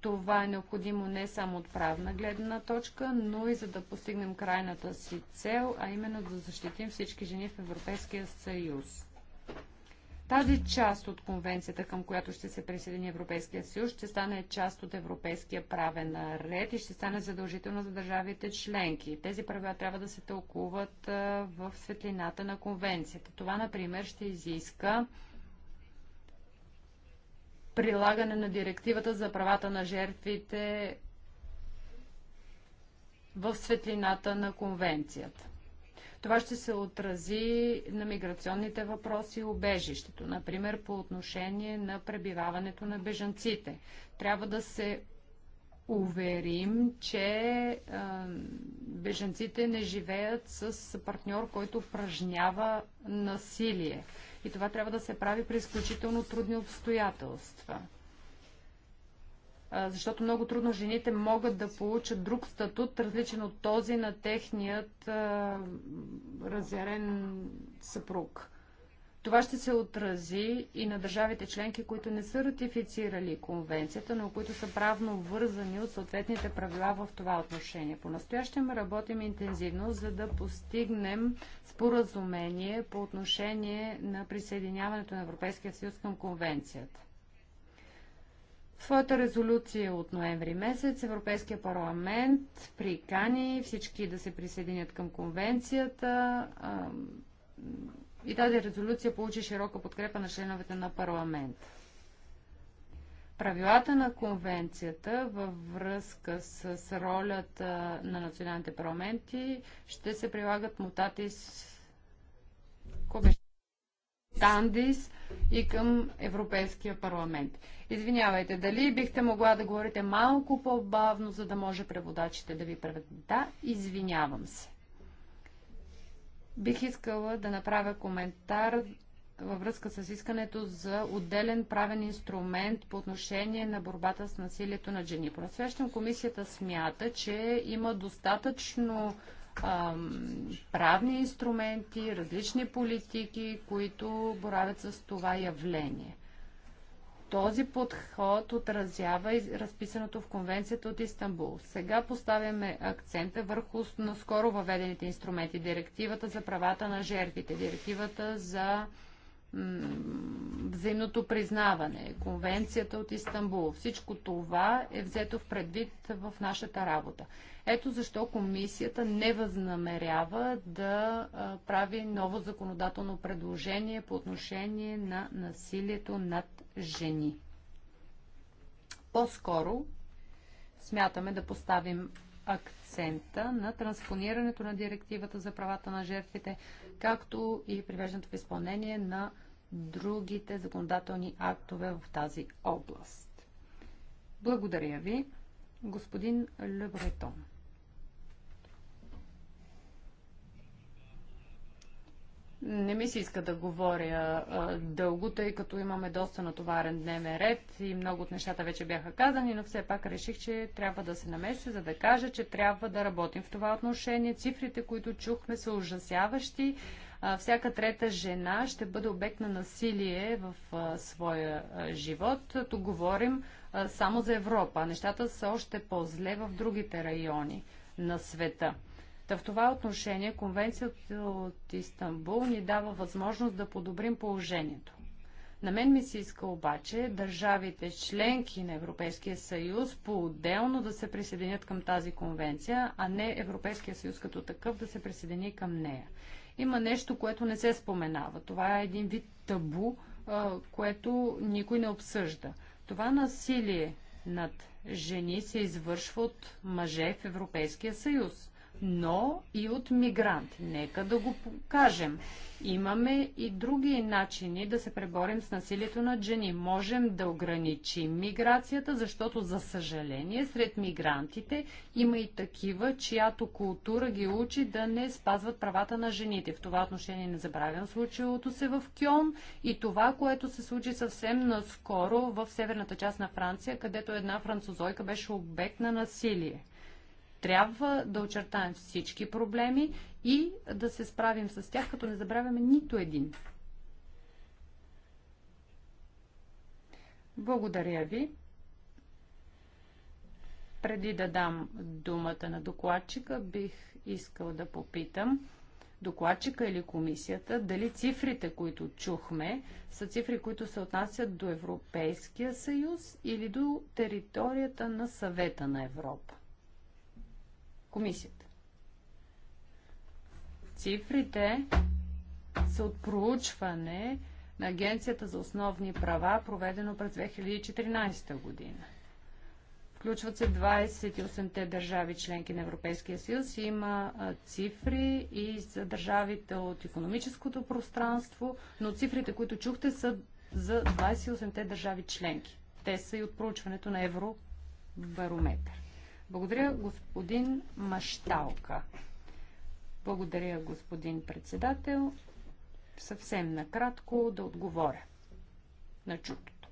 Това е необходимо не само от правна гледна точка, но и за да постигнем крайната си цел, а именно да защитим всички жени в Европейския съюз. Тази част от конвенцията, към която ще се присъедини Европейския съюз, ще стане част от европейския правен ред и ще стане задължително за държавите членки. Тези правила трябва да се тълкуват в светлината на конвенцията. Това, например, ще изиска прилагане на директивата за правата на жертвите в светлината на конвенцията. Това ще се отрази на миграционните въпроси и убежището, например по отношение на пребиваването на бежанците. Трябва да се уверим, че а, беженците не живеят с партньор, който упражнява насилие. И това трябва да се прави при изключително трудни обстоятелства защото много трудно жените могат да получат друг статут, различен от този на техният разярен съпруг. Това ще се отрази и на държавите членки, които не са ратифицирали конвенцията, но които са правно вързани от съответните правила в това отношение. По-настоящем работим интензивно, за да постигнем споразумение по отношение на присъединяването на Европейския съюз към конвенцията. В своята резолюция е от ноември месец Европейския парламент прикани всички да се присъединят към конвенцията и тази резолюция получи широка подкрепа на членовете на парламент. Правилата на конвенцията във връзка с, ролята на националните парламенти ще се прилагат мутатис. комисията. Тандис и към Европейския парламент. Извинявайте, дали бихте могла да говорите малко по-бавно, за да може преводачите да ви преведат? Да, извинявам се. Бих искала да направя коментар във връзка с искането за отделен правен инструмент по отношение на борбата с насилието на жени. Просвещам комисията смята, че има достатъчно правни инструменти, различни политики, които боравят с това явление. Този подход отразява и разписаното в конвенцията от Истанбул. Сега поставяме акцента върху наскоро въведените инструменти. Директивата за правата на жертвите, директивата за взаимното признаване, конвенцията от Истанбул. Всичко това е взето в предвид в нашата работа. Ето защо комисията не възнамерява да прави ново законодателно предложение по отношение на насилието над жени. По-скоро смятаме да поставим акцента на транспонирането на директивата за правата на жертвите, както и привеждането в изпълнение на другите законодателни актове в тази област. Благодаря ви, господин Лебретон. Не ми се иска да говоря а, дълго, тъй като имаме доста натоварен дневен ред и много от нещата вече бяха казани, но все пак реших, че трябва да се намеся, за да кажа, че трябва да работим в това отношение. Цифрите, които чухме, са ужасяващи всяка трета жена ще бъде обект на насилие в своя живот. Тук говорим само за Европа. Нещата са още по-зле в другите райони на света. Та в това отношение конвенцията от Истанбул ни дава възможност да подобрим положението. На мен ми се иска обаче държавите членки на Европейския съюз по-отделно да се присъединят към тази конвенция, а не Европейския съюз като такъв да се присъедини към нея. Има нещо, което не се споменава. Това е един вид табу, което никой не обсъжда. Това насилие над жени се извършва от мъже в Европейския съюз но и от мигрант. Нека да го покажем. Имаме и други начини да се преборим с насилието над жени. Можем да ограничим миграцията, защото, за съжаление, сред мигрантите има и такива, чиято култура ги учи да не спазват правата на жените. В това отношение не забравям случилото се в Кьон и това, което се случи съвсем наскоро в северната част на Франция, където една французойка беше обект на насилие. Трябва да очертаем всички проблеми и да се справим с тях, като не забравяме нито един. Благодаря ви. Преди да дам думата на докладчика, бих искал да попитам докладчика или комисията, дали цифрите, които чухме, са цифри, които се отнасят до Европейския съюз или до територията на съвета на Европа комисията. Цифрите са от проучване на Агенцията за основни права, проведено през 2014 година. Включват се 28-те държави членки на Европейския съюз. Има цифри и за държавите от економическото пространство, но цифрите, които чухте, са за 28-те държави членки. Те са и от проучването на Евробарометър. Благодаря, господин Машталка. Благодаря, господин председател. Съвсем накратко да отговоря на чутото.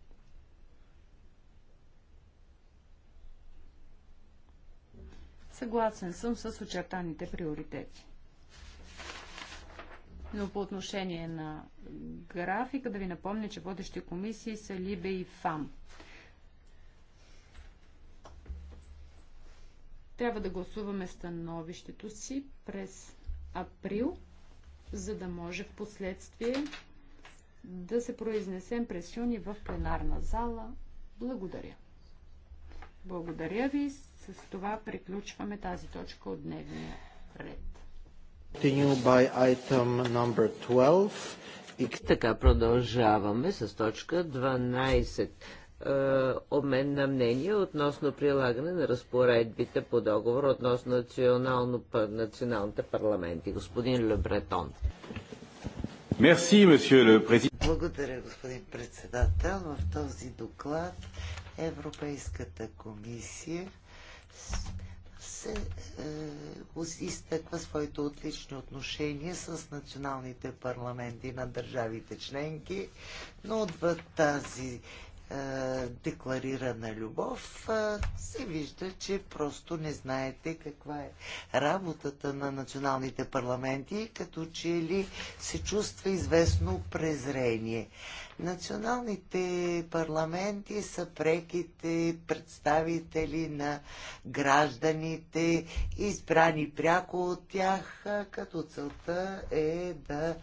Съгласен съм с очертаните приоритети. Но по отношение на графика, да ви напомня, че водещи комисии са Либе и ФАМ. Трябва да гласуваме становището си през април, за да може в последствие да се произнесем през юни в пленарна зала. Благодаря. Благодаря ви. С това приключваме тази точка от дневния ред. Така продължаваме с точка 12. Е, обмен на мнение относно прилагане на разпоредбите по договор относно национално, националните парламенти. Господин Лебретон. Мерси, Благодаря, господин председател. В този доклад Европейската комисия се е, изтъква своите отлични отношения с националните парламенти на държавите членки, но отвъд тази е, декларирана любов, е, се вижда, че просто не знаете каква е работата на националните парламенти, като че ли се чувства известно презрение. Националните парламенти са преките представители на гражданите, избрани пряко от тях, е, като целта е да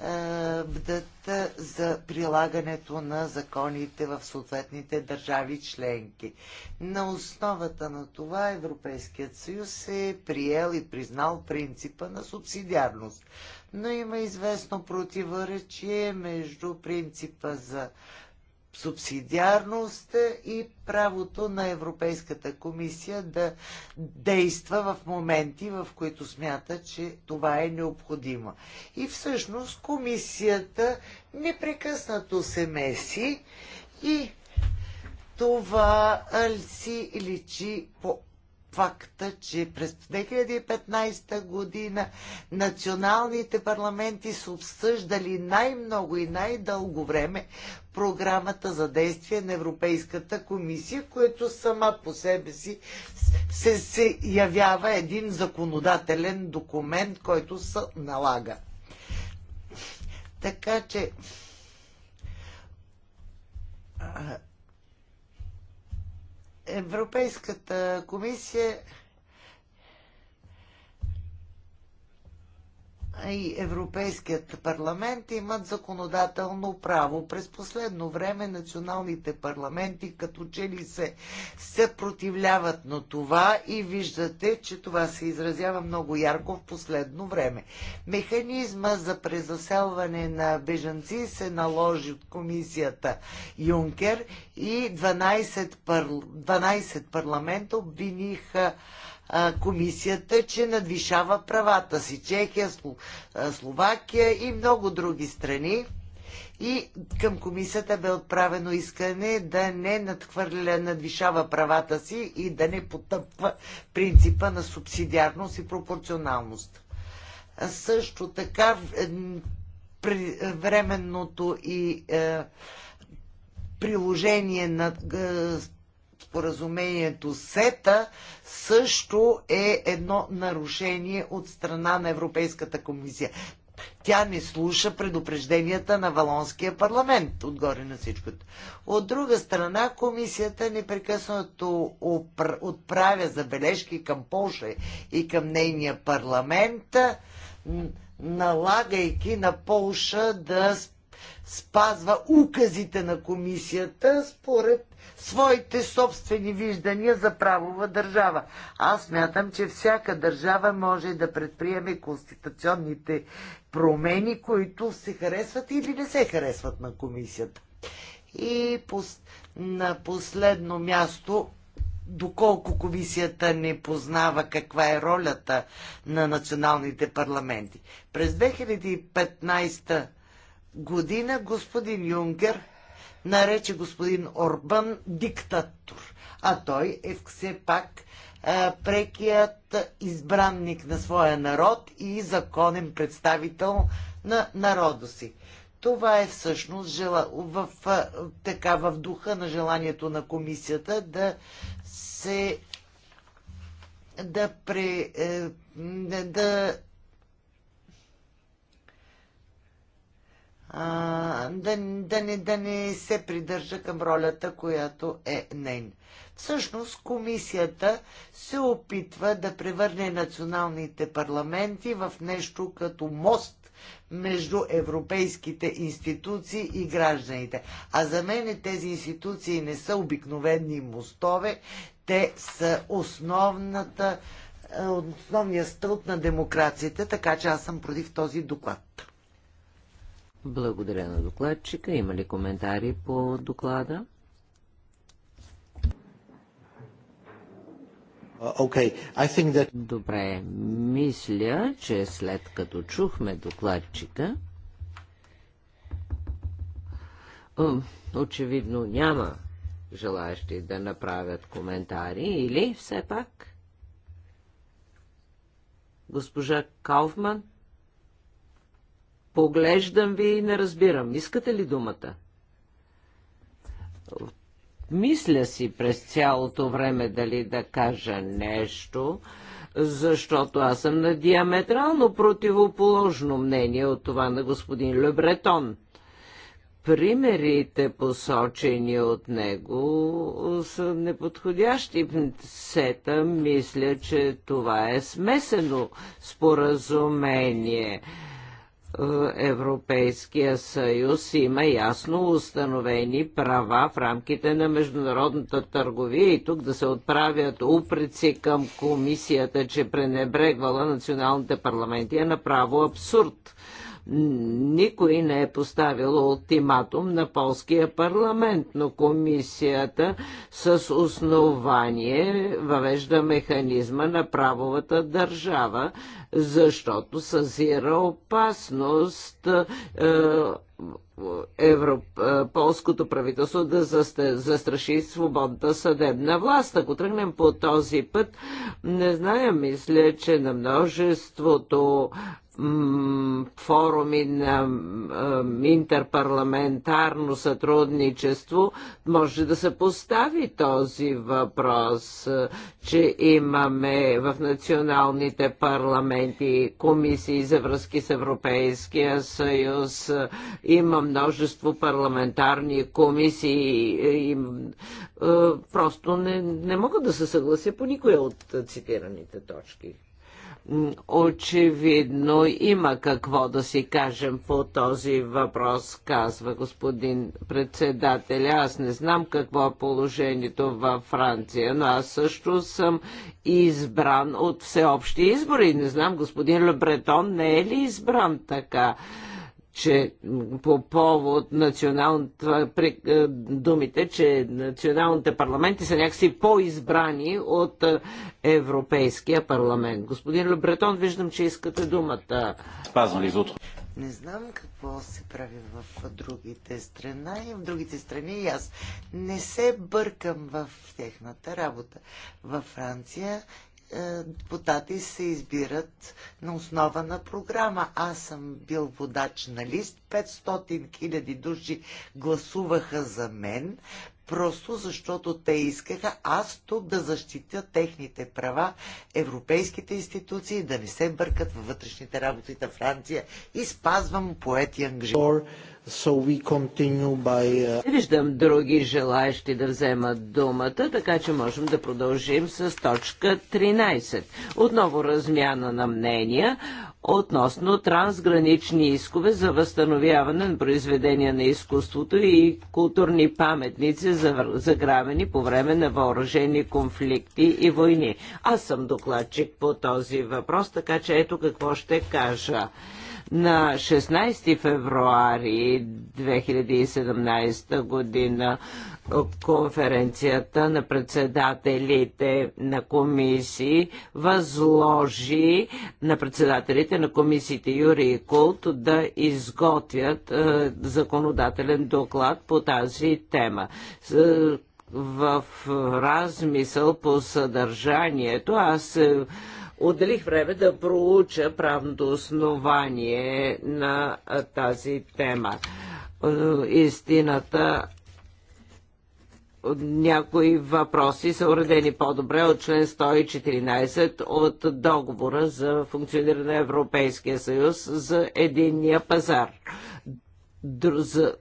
е, бдат е, за прилагането на законите в съответните държави членки. На основата на това Европейският съюз е приел и признал принципа на субсидиарност. Но има известно противоречие между принципа за субсидиарност и правото на Европейската комисия да действа в моменти, в които смята, че това е необходимо. И всъщност комисията непрекъснато се меси и това си личи по факта, че през 2015 година националните парламенти са обсъждали най-много и най-дълго време програмата за действие на Европейската комисия, което сама по себе си се, се явява един законодателен документ, който се налага. Така че Европейската комисия и Европейският парламент имат законодателно право. През последно време националните парламенти като че ли се, се противляват на това и виждате, че това се изразява много ярко в последно време. Механизма за презаселване на бежанци се наложи от комисията Юнкер и 12, пар... 12 парламента обвиниха комисията, че надвишава правата си. Чехия, Словакия и много други страни. И към комисията бе отправено искане да не надхвърля, надвишава правата си и да не потъпва принципа на субсидиарност и пропорционалност. А също така при временното и е, приложение на е, споразумението СЕТА също е едно нарушение от страна на Европейската комисия. Тя не слуша предупрежденията на Валонския парламент, отгоре на всичкото. От друга страна, комисията непрекъснато отправя забележки към Польша и към нейния парламент, налагайки на Полша да спазва указите на комисията, според своите собствени виждания за правова държава. Аз мятам, че всяка държава може да предприеме конституционните промени, които се харесват или не се харесват на комисията. И пос... на последно място доколко комисията не познава каква е ролята на националните парламенти. През 2015 година господин Юнгер нарече господин Орбан диктатор. А той е все пак а, е, прекият избранник на своя народ и законен представител на народа си. Това е всъщност жела... в, в, е, така, в духа на желанието на комисията да се да, пре, е, да а, да, да, не, да не се придържа към ролята, която е нейн. Всъщност комисията се опитва да превърне националните парламенти в нещо като мост между европейските институции и гражданите. А за мен тези институции не са обикновени мостове, те са основната, основния стълб на демокрацията, така че аз съм против този доклад. Благодаря на докладчика. Има ли коментари по доклада? Uh, Добре, мисля, че след като чухме докладчика, очевидно няма желащи да направят коментари или все пак? Госпожа Кауфман? Поглеждам ви и не разбирам. Искате ли думата? Мисля си през цялото време дали да кажа нещо, защото аз съм на диаметрално противоположно мнение от това на господин Лебретон примерите, посочени от него, са неподходящи. Сета мисля, че това е смесено споразумение. Европейския съюз има ясно установени права в рамките на международната търговия и тук да се отправят упреци към комисията, че пренебрегвала националните парламенти е направо абсурд. Никой не е поставил ултиматум на полския парламент, но комисията с основание въвежда механизма на правовата държава защото съзира опасност е, Европ... Е, полското правителство да застраши свободната съдебна власт. Ако тръгнем по този път, не зная, мисля, че на множеството форуми на интерпарламентарно сътрудничество може да се постави този въпрос, че имаме в националните парламенти комисии за връзки с Европейския съюз, има множество парламентарни комисии и просто не, не мога да се съглася по никоя от цитираните точки. Очевидно има какво да си кажем по този въпрос, казва господин председател, Аз не знам какво е положението във Франция, но аз също съм избран от всеобщи избори. Не знам, господин Лебретон не е ли избран така? че по повод националната, е, думите, че националните парламенти са някакси по-избрани от е, Европейския парламент. Господин Лебретон, виждам, че искате думата. Пазна ли не знам какво се прави в другите страна и в другите страни и аз не се бъркам в техната работа. Във Франция е, депутати се избират на основа на програма. Аз съм бил водач на лист. 500 хиляди души гласуваха за мен, просто защото те искаха аз тук да защитя техните права, европейските институции да не се бъркат във вътрешните работи на Франция и спазвам поети ангажимент. So we continue by... Uh, виждам други желаящи да вземат думата, така че можем да продължим с точка 13. Отново размяна на мнения относно трансгранични искове за възстановяване на произведения на изкуството и културни паметници, заграбени по време на въоръжени конфликти и войни. Аз съм докладчик по този въпрос, така че ето какво ще кажа. На 16 февруари 2017 година конференцията на председателите на комисии възложи на председателите на комисиите Юри и Култ да изготвят е, законодателен доклад по тази тема в размисъл по съдържанието. Аз е, Отделих време да проуча правното основание на тази тема. Е, истината някои въпроси са уредени по-добре от член 114 от договора за функциониране на Европейския съюз за единния пазар. Дру, за,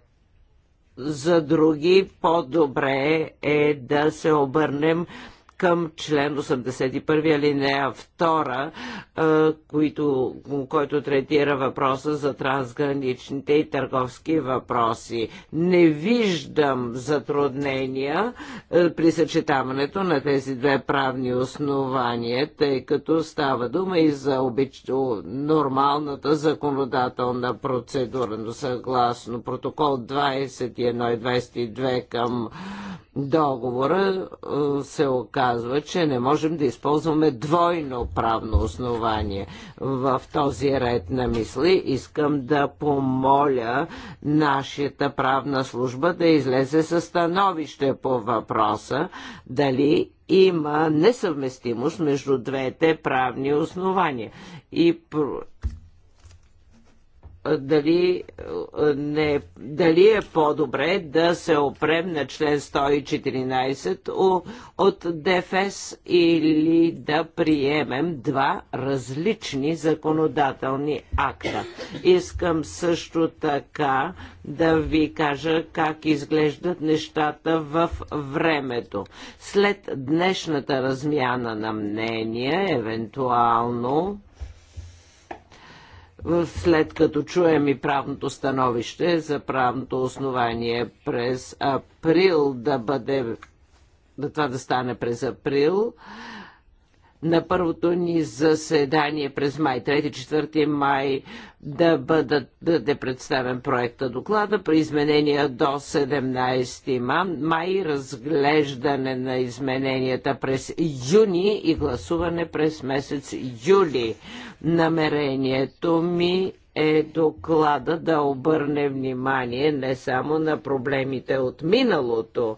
за други по-добре е да се обърнем към член 81 алинея 2, е, който, който третира въпроса за трансграничните и търговски въпроси. Не виждам затруднения е, при съчетаването на тези две правни основания, тъй като става дума и за обич... нормалната законодателна процедура, но съгласно протокол 21 и 22 към договора е, се оказва, че не можем да използваме двойно правно основание. В този ред на мисли искам да помоля нашата правна служба да излезе със становище по въпроса дали има несъвместимост между двете правни основания. И дали, не, дали е по-добре да се опрем на член 114 от ДФС или да приемем два различни законодателни акта. Искам също така да ви кажа как изглеждат нещата в времето. След днешната размяна на мнения, евентуално след като чуем и правното становище за правното основание през април да бъде да това да стане през април на първото ни заседание през май, 3-4 май, да бъдат, бъде представен проекта доклада при изменения до 17 май, разглеждане на измененията през юни и гласуване през месец юли. Намерението ми е доклада да обърне внимание не само на проблемите от миналото,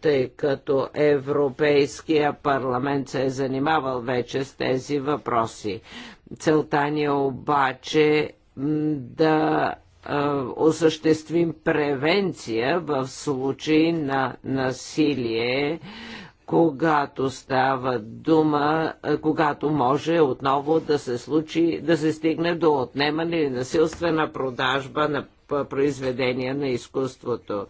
тъй като Европейския парламент се е занимавал вече с тези въпроси. Целта ни е обаче да осъществим превенция в случай на насилие, когато става дума, когато може отново да се случи, да се стигне до отнемане или насилствена продажба на произведения на изкуството.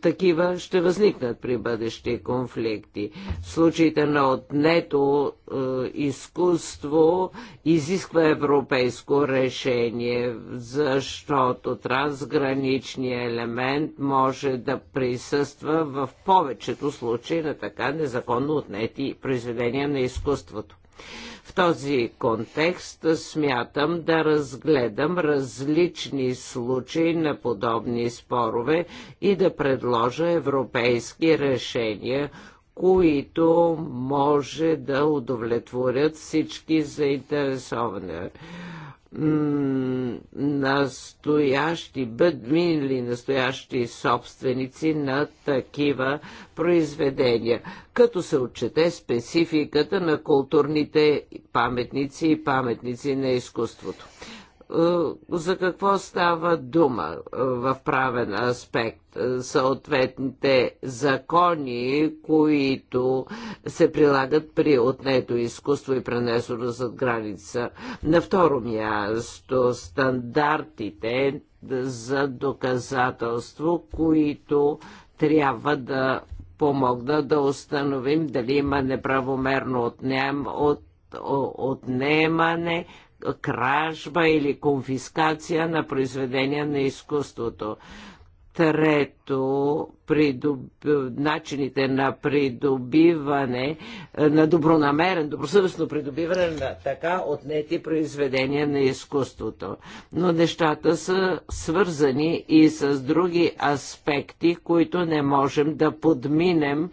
Такива ще възникнат при бъдещи конфликти. В случаите на отнето е, изкуство изисква европейско решение, защото трансграничният елемент може да присъства в повечето случаи на така незаконно отнети произведения на изкуството този контекст смятам да разгледам различни случаи на подобни спорове и да предложа европейски решения, които може да удовлетворят всички заинтересовани настоящи, или настоящи собственици на такива произведения, като се отчете спецификата на културните паметници и паметници на изкуството. Е, за какво става дума е, в правен аспект. Е, съответните закони, които се прилагат при отнето изкуство и пренесено зад граница. На второ място стандартите за доказателство, които трябва да помогна да установим дали има неправомерно отнем, от, отнемане кражба или конфискация на произведения на изкуството. Трето, придоб... начините на придобиване, е, на добронамерен, добросъвестно придобиване на така отнети произведения на изкуството. Но нещата са свързани и с други аспекти, които не можем да подминем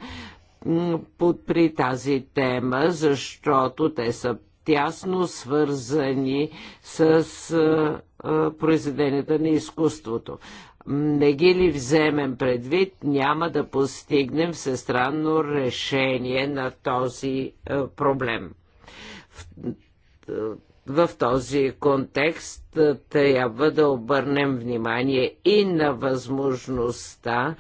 под при тази тема, защото те са тясно свързани с произведенията на изкуството не ги ли вземем предвид, няма да постигнем всестранно решение на този а, проблем. В, в този контекст трябва да обърнем внимание и на възможността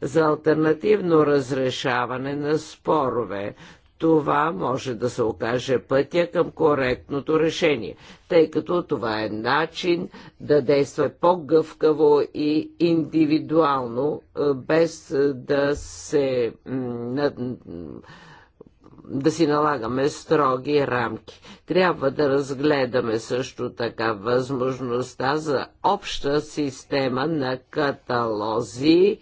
за альтернативно разрешаване на спорове това може да се окаже пътя към коректното решение, тъй като това е начин да действа по-гъвкаво и индивидуално, без да се да си налагаме строги рамки. Трябва да разгледаме също така възможността за обща система на каталози,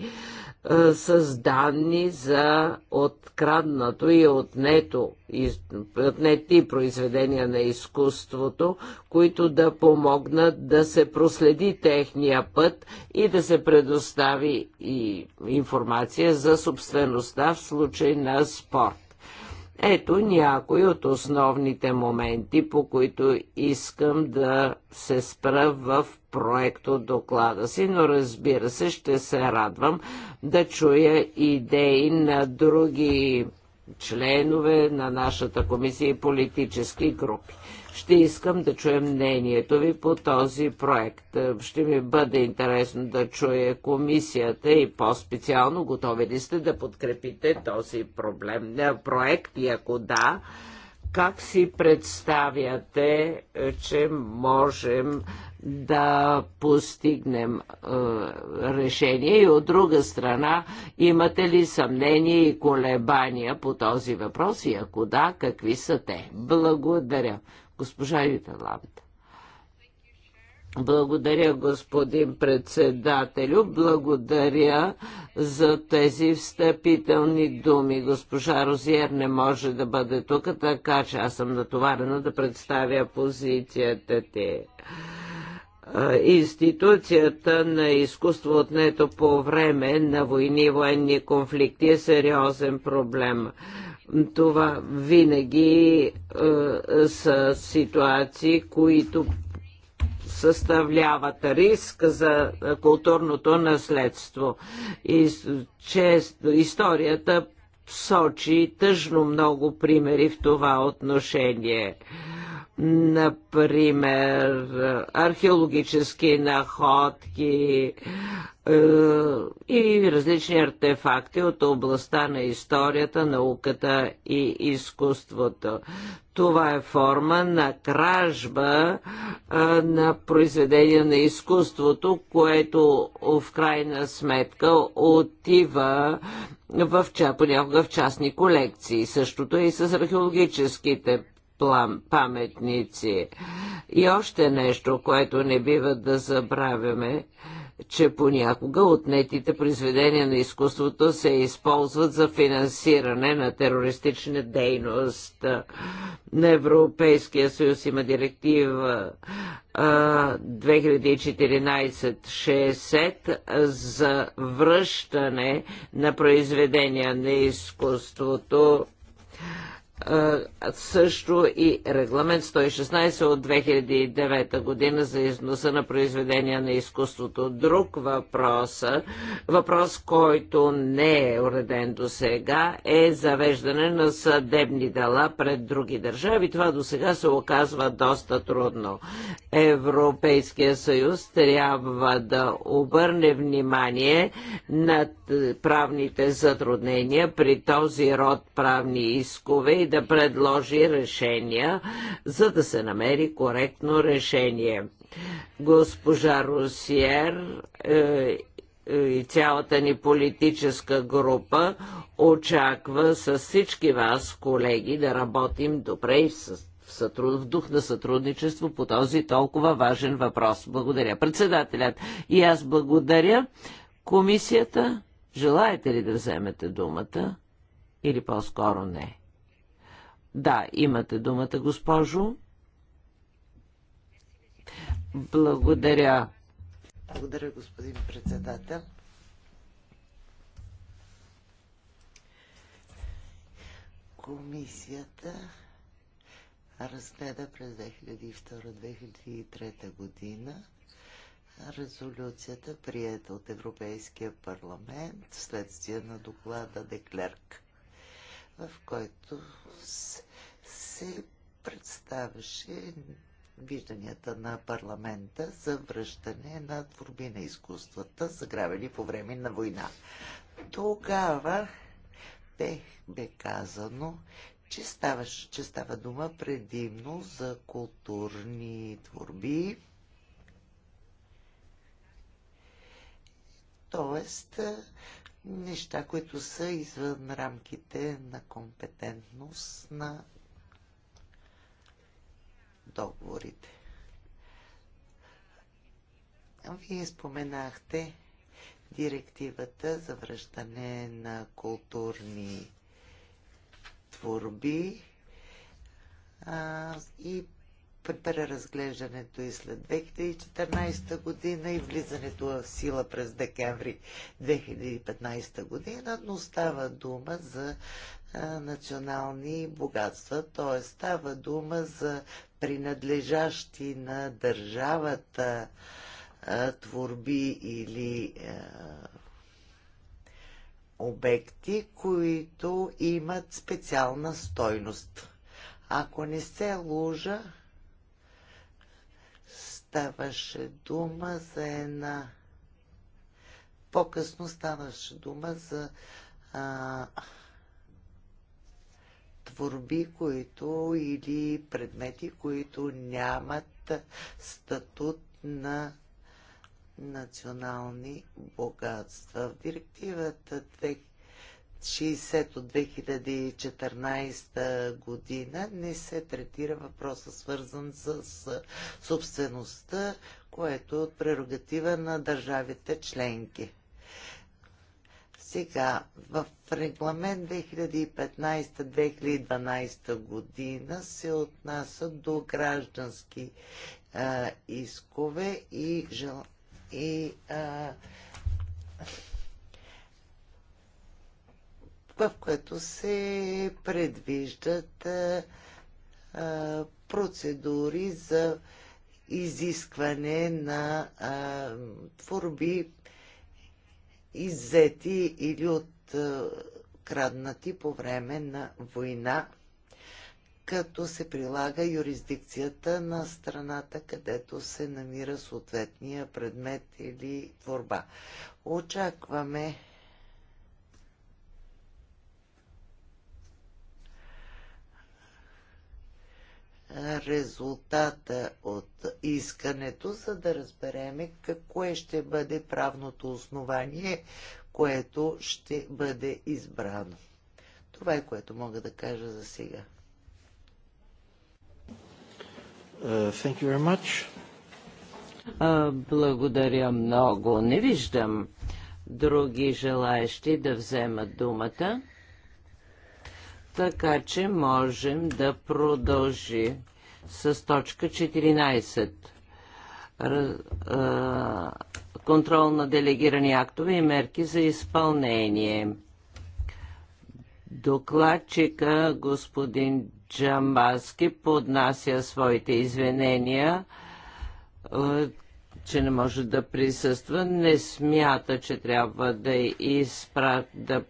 е, с данни за откраднато и отнето, из, отнети произведения на изкуството, които да помогнат да се проследи техния път и да се предостави и информация за собствеността в случай на спор. Ето някои от основните моменти, по които искам да се спра в Проект от доклада си, но разбира се, ще се радвам да чуя идеи на други членове на нашата комисия и политически групи. Ще искам да чуем мнението ви по този проект. Ще ми бъде интересно да чуя комисията и по-специално готови ли сте да подкрепите този проблем, е, проект и ако да, как си представяте, е, че можем да постигнем е, решение и от друга страна имате ли съмнение и колебания по този въпрос и ако да, какви са те? Благодаря. Госпожа Юталанта. Благодаря, господин председателю. Благодаря за тези встъпителни думи. Госпожа Розиер не може да бъде тук, така че аз съм натоварена да представя позицията ти институцията на изкуство отнето по време на войни и военни конфликти е сериозен проблем. Това винаги е, са ситуации, които съставляват риск за културното наследство. И че историята сочи тъжно много примери в това отношение. Например, археологически находки е, и различни артефакти от областта на историята, науката и изкуството. Това е форма на кражба а, на произведения на изкуството, което в крайна сметка отива в, понякога в частни колекции. Същото е и с археологическите плам, паметници. И още нещо, което не бива да забравяме, че понякога отнетите произведения на изкуството се използват за финансиране на терористична дейност. На Европейския съюз има директива 2014-60 за връщане на произведения на изкуството също и регламент 116 от 2009 година за износа на произведения на изкуството. Друг въпрос, въпрос, който не е уреден до сега, е завеждане на съдебни дела пред други държави. Това до сега се оказва доста трудно. Европейския съюз трябва да обърне внимание на правните затруднения при този род правни искове и да предложи решения, за да се намери коректно решение. Госпожа Русиер е, е, и цялата ни политическа група очаква с всички вас, колеги, да работим добре и с в дух на сътрудничество по този толкова важен въпрос. Благодаря. Председателят и аз благодаря. Комисията, желаете ли да вземете думата или по-скоро не? Да, имате думата, госпожо. Благодаря. Благодаря, господин председател. Комисията разгледа през 2002-2003 година резолюцията, приета от Европейския парламент, вследствие на доклада Деклерк в който се представяше вижданията на парламента за връщане на творби на изкуствата, заграбени по време на война. Тогава бе, бе казано, че, става, че става дума предимно за културни творби, т.е неща, които са извън рамките на компетентност на договорите. Вие споменахте директивата за връщане на културни творби а, и преразглеждането и след 2014 година и влизането в сила през декември 2015 година, но става дума за национални богатства, т.е. става дума за принадлежащи на държавата творби или обекти, които имат специална стойност. Ако не се лужа, ставаше дума за една... По-късно ставаше дума за а, творби, които или предмети, които нямат статут на национални богатства. В директивата 60 от 2014 година не се третира въпроса свързан с собствеността, което е от прерогатива на държавите членки. Сега, в регламент 2015-2012 година се отнася до граждански а, искове и, жел... и а, в което се предвиждат а, а, процедури за изискване на а, творби иззети или от а, краднати по време на война, като се прилага юрисдикцията на страната, където се намира съответния предмет или творба. Очакваме резултата от искането, за да разбереме какво ще бъде правното основание, което ще бъде избрано. Това е което мога да кажа за сега. Uh, thank you very much. Uh, благодаря много. Не виждам други желаещи да вземат думата така че можем да продължи с точка 14. Раз, а, контрол на делегирани актове и мерки за изпълнение. Докладчика господин Джамбаски поднася своите извинения, че не може да присъства. Не смята, че трябва да, изпра... да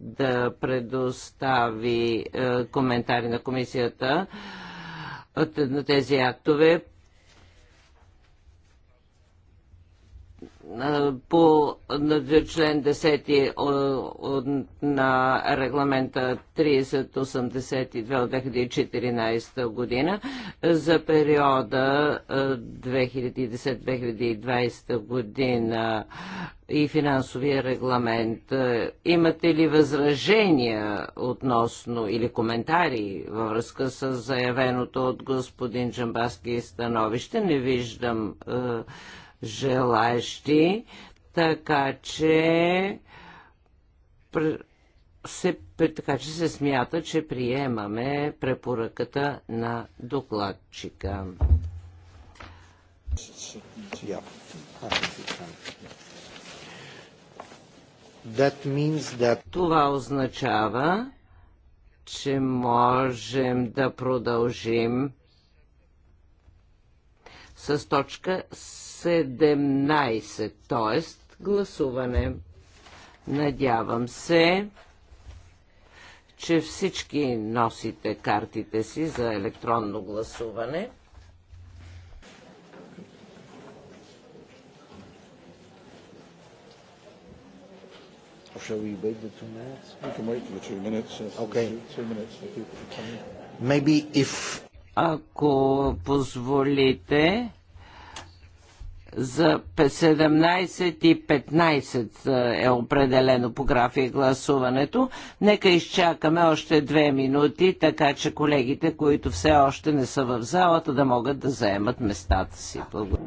да предостави е, коментари на комисията е, на тези актове по член 10 на регламента 3082 от 2014 година за периода 2010-2020 година и финансовия регламент. Имате ли възражения относно или коментари във връзка с заявеното от господин Джамбаски становище? Не виждам желаещи, така че се, така че се смята, че приемаме препоръката на докладчика. That means that... Това означава, че можем да продължим с точка 17, т.е. гласуване. Надявам се, че всички носите картите си за електронно гласуване. Shall we wait the two minutes? We can wait for the two minutes. Okay. Two minutes for people to come in. Maybe if... Ако позволите, за 17 и 15 е, е определено по графия гласуването. Нека изчакаме още две минути, така че колегите, които все още не са в залата, да могат да заемат местата си. Благодаря.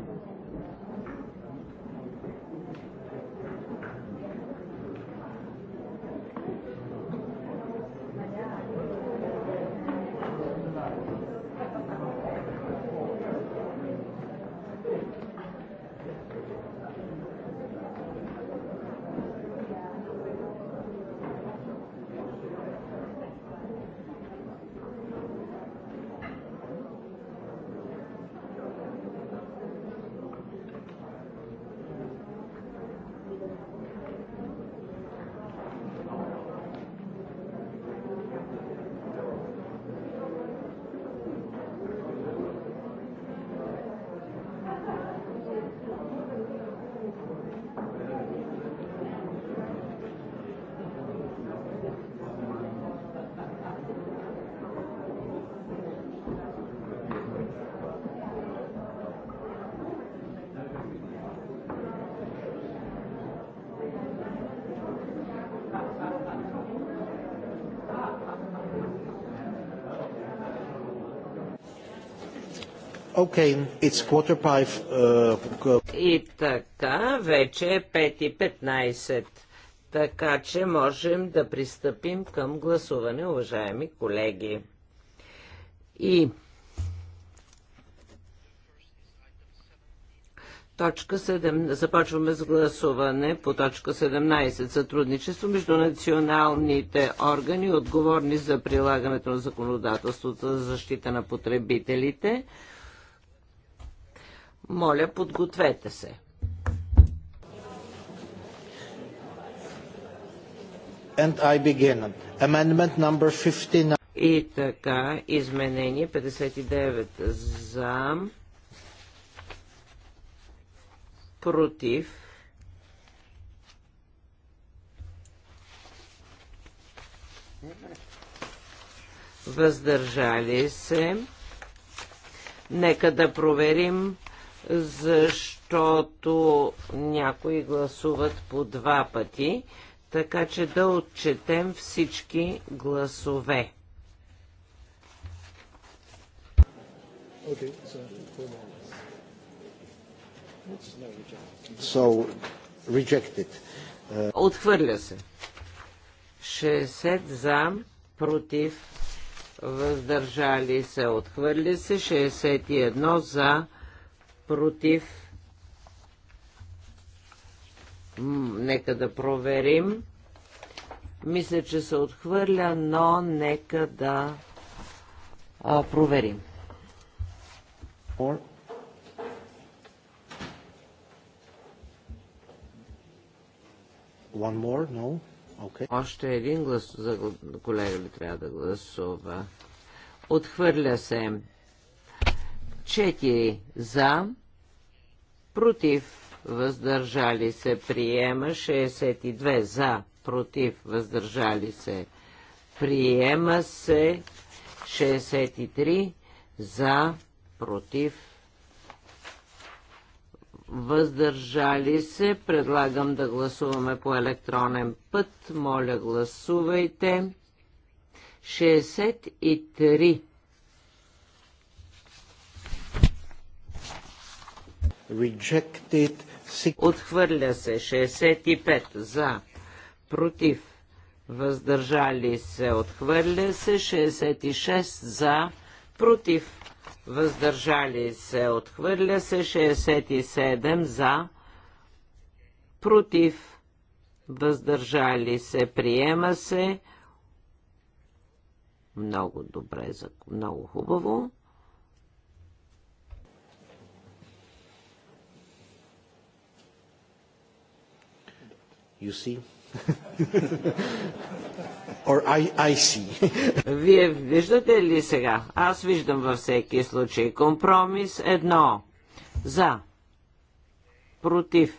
Okay, it's quarter five, uh... И така, вече е 5.15. Така че можем да пристъпим към гласуване, уважаеми колеги. И Точка 7. Започваме с гласуване по точка 17. Сътрудничество между националните органи, отговорни за прилагането на законодателството за защита на потребителите. Моля, подгответе се. And I begin. Amendment number 59. И така, изменение 59 за, против, въздържали се. Нека да проверим защото някои гласуват по два пъти, така че да отчетем всички гласове. so rejected. Uh, отхвърля се. 60 за, против, въздържали се, отхвърля се, 61 за, против. М нека да проверим. Мисля, че се отхвърля, но нека да а, проверим. One more? No? Okay. Още един глас за колега ли трябва да гласува? Отхвърля се. 4 за, против, въздържали се, приема 62 за, против, въздържали се, приема се 63 за, против, въздържали се. Предлагам да гласуваме по електронен път. Моля, гласувайте. 63 Rejected. Отхвърля се 65 за. Против. Въздържали се. Отхвърля се 66 за. Против. Въздържали се. Отхвърля се 67 за. Против. Въздържали се. Приема се. Много добре, много хубаво. You see? Or I, I see. Вие виждате ли сега? Аз виждам във всеки случай. Компромис едно. За. Против.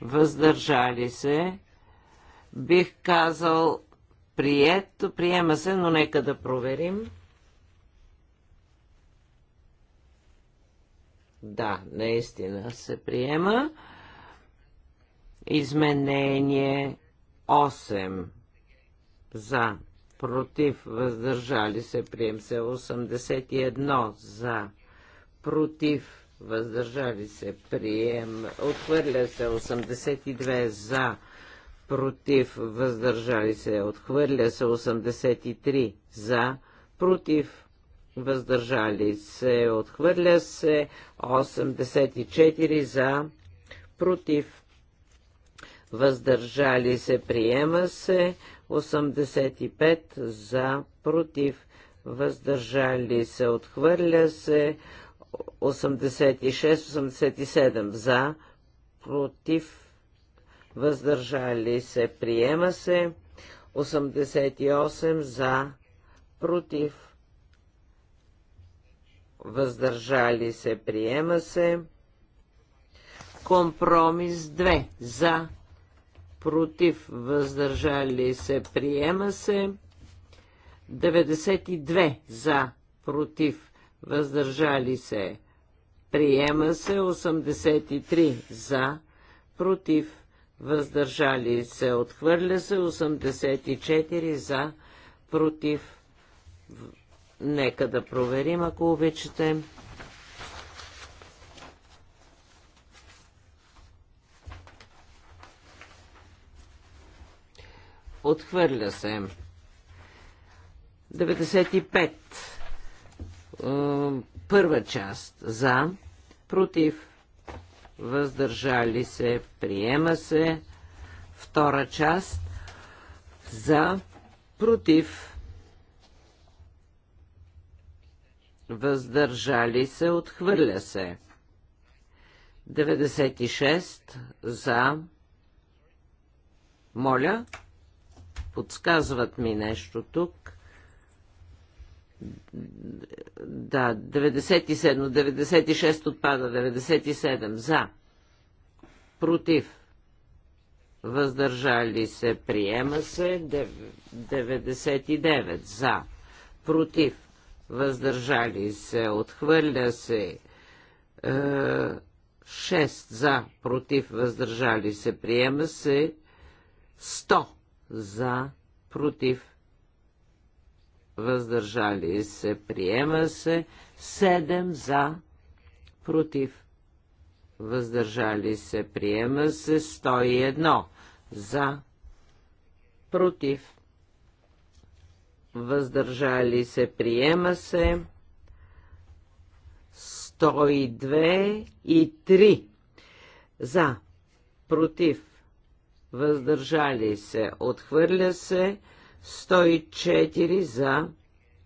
Въздържали се. Бих казал прието, приема се, но нека да проверим. Да, наистина се приема. Изменение 8 за, против, въздържали се, прием се 81 за, против, въздържали се, прием, отхвърля се 82 за, против, въздържали се, отхвърля се 83 за, против, въздържали се, отхвърля се 84 за, против, въздържали се, приема се, 85 за, против, въздържали се, отхвърля се, 86-87 за, против, въздържали се, приема се, 88 за, против, въздържали се, приема се, компромис 2 за, против, въздържали се, приема се. 92 за, против, въздържали се, приема се. 83 за, против, въздържали се, отхвърля се. 84 за, против. Нека да проверим, ако обичате. Отхвърля се. 95. Е, първа част. За. Против. Въздържали се. Приема се. Втора част. За. Против. Въздържали се. Отхвърля се. 96. За. Моля подсказват ми нещо тук. Да, 97, 96 отпада, 97 за. Против. Въздържали се, приема се, 99 за. Против. Въздържали се, отхвърля се. 6 е, за, против, въздържали се, приема се 100 за, против, въздържали се, приема се, 7 за, против, въздържали се, приема се, 101 за, против, въздържали се, приема се, 102 и три за, против, въздържали се, отхвърля се, 104 за,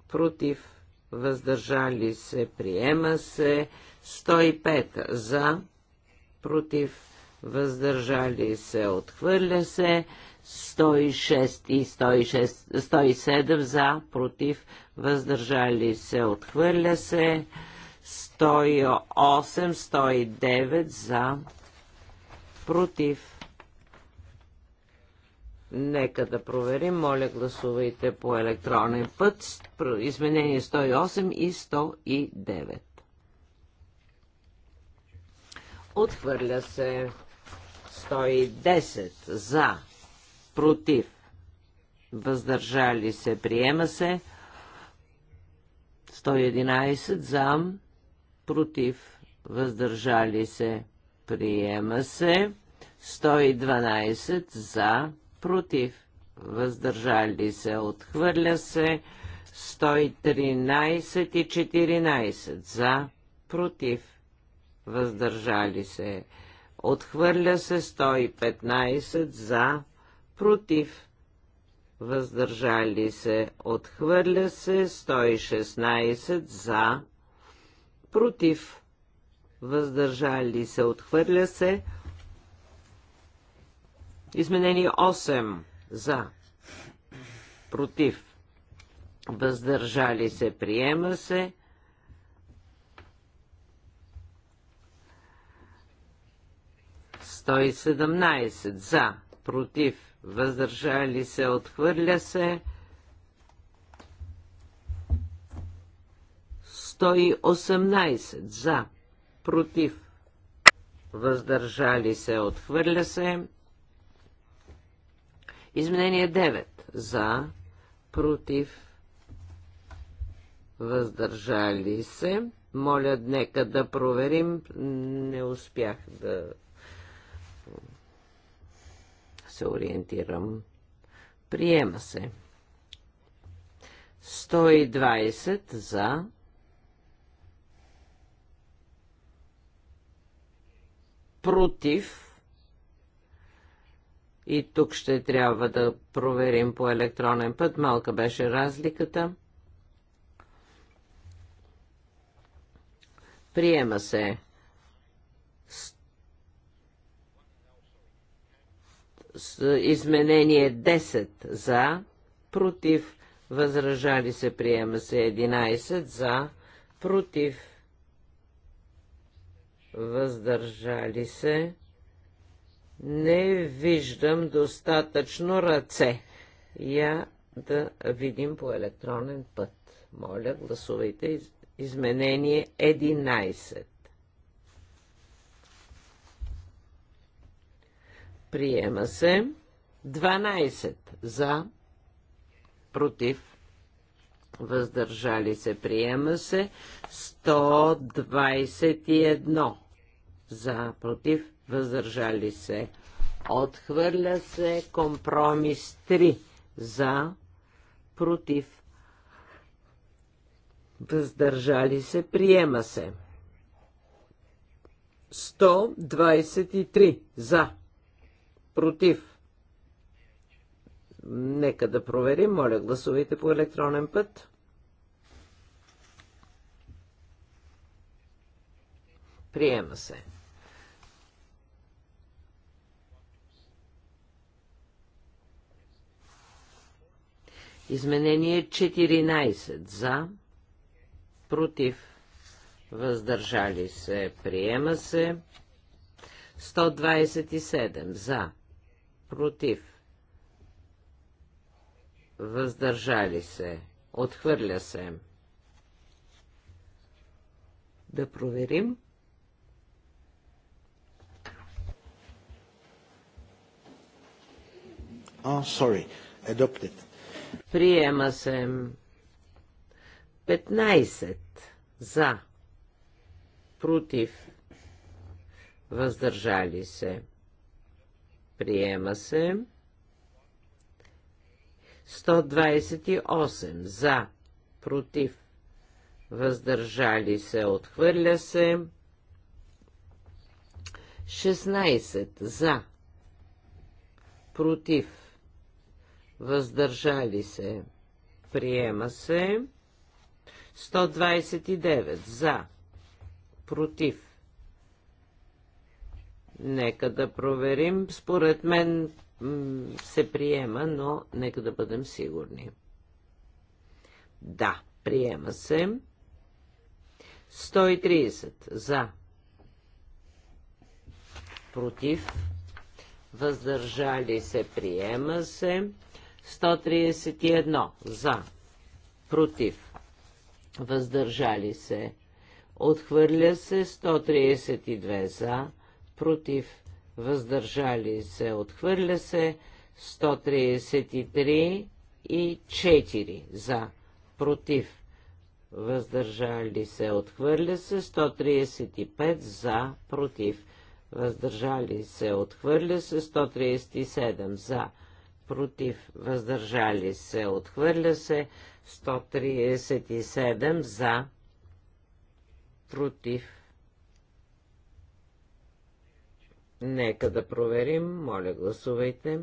против, въздържали се, приема се, 105 за, против, въздържали се, отхвърля се, 106 и 106, 107 за, против, въздържали се, отхвърля се, 108, 109 за, против, Нека да проверим. Моля, гласувайте по електронен път. Изменение 108 и 109. Отхвърля се 110 за, против, въздържали се, приема се 111 за, против, въздържали се, приема се 112 за, против, въздържали се, отхвърля се, 113 и 14 за, против, въздържали се, отхвърля се, 115 за, против, въздържали се, отхвърля се, 116 за, против, въздържали се, отхвърля се, 116 Изменение 8 за, против, въздържали се, приема се. Сто и седемнайсет за, против, въздържали се, отхвърля се. 118 за, против, въздържали се, отхвърля се. Изменение 9. За, против, въздържали се. Моля, нека да проверим. Не успях да се ориентирам. Приема се. 120 за. Против и тук ще трябва да проверим по електронен път. Малка беше разликата. Приема се. 100... Изменение 10 за, против, възражали се, приема се 11 за, против, въздържали се. Не виждам достатъчно ръце. Я да видим по електронен път. Моля, гласувайте изменение 11. Приема се 12 за, против, въздържали се. Приема се 121 за, против, въздържали се. Отхвърля се компромис 3 за, против, въздържали се, приема се. 123 за, против. Нека да проверим. Моля, гласувайте по електронен път. Приема се. Изменение 14 за, против, въздържали се, приема се. 127 за, против, въздържали се, отхвърля се. Да проверим. Oh, sorry. Adopted. Приема се 15 за, против, въздържали се. Приема се 128 за, против, въздържали се, отхвърля се 16 за, против, въздържали се, приема се. 129 за, против. Нека да проверим. Според мен се приема, но нека да бъдем сигурни. Да, приема се. 130 за, против, въздържали се, приема се. 131 за, против, въздържали се. Отхвърля се 132 за, против, въздържали се. Отхвърля се 133 и 4 за, против, въздържали се. Отхвърля се 135 за, против, въздържали се. Отхвърля се 137 за, против, въздържали се, отхвърля се, 137 за, против. Нека да проверим, моля гласувайте.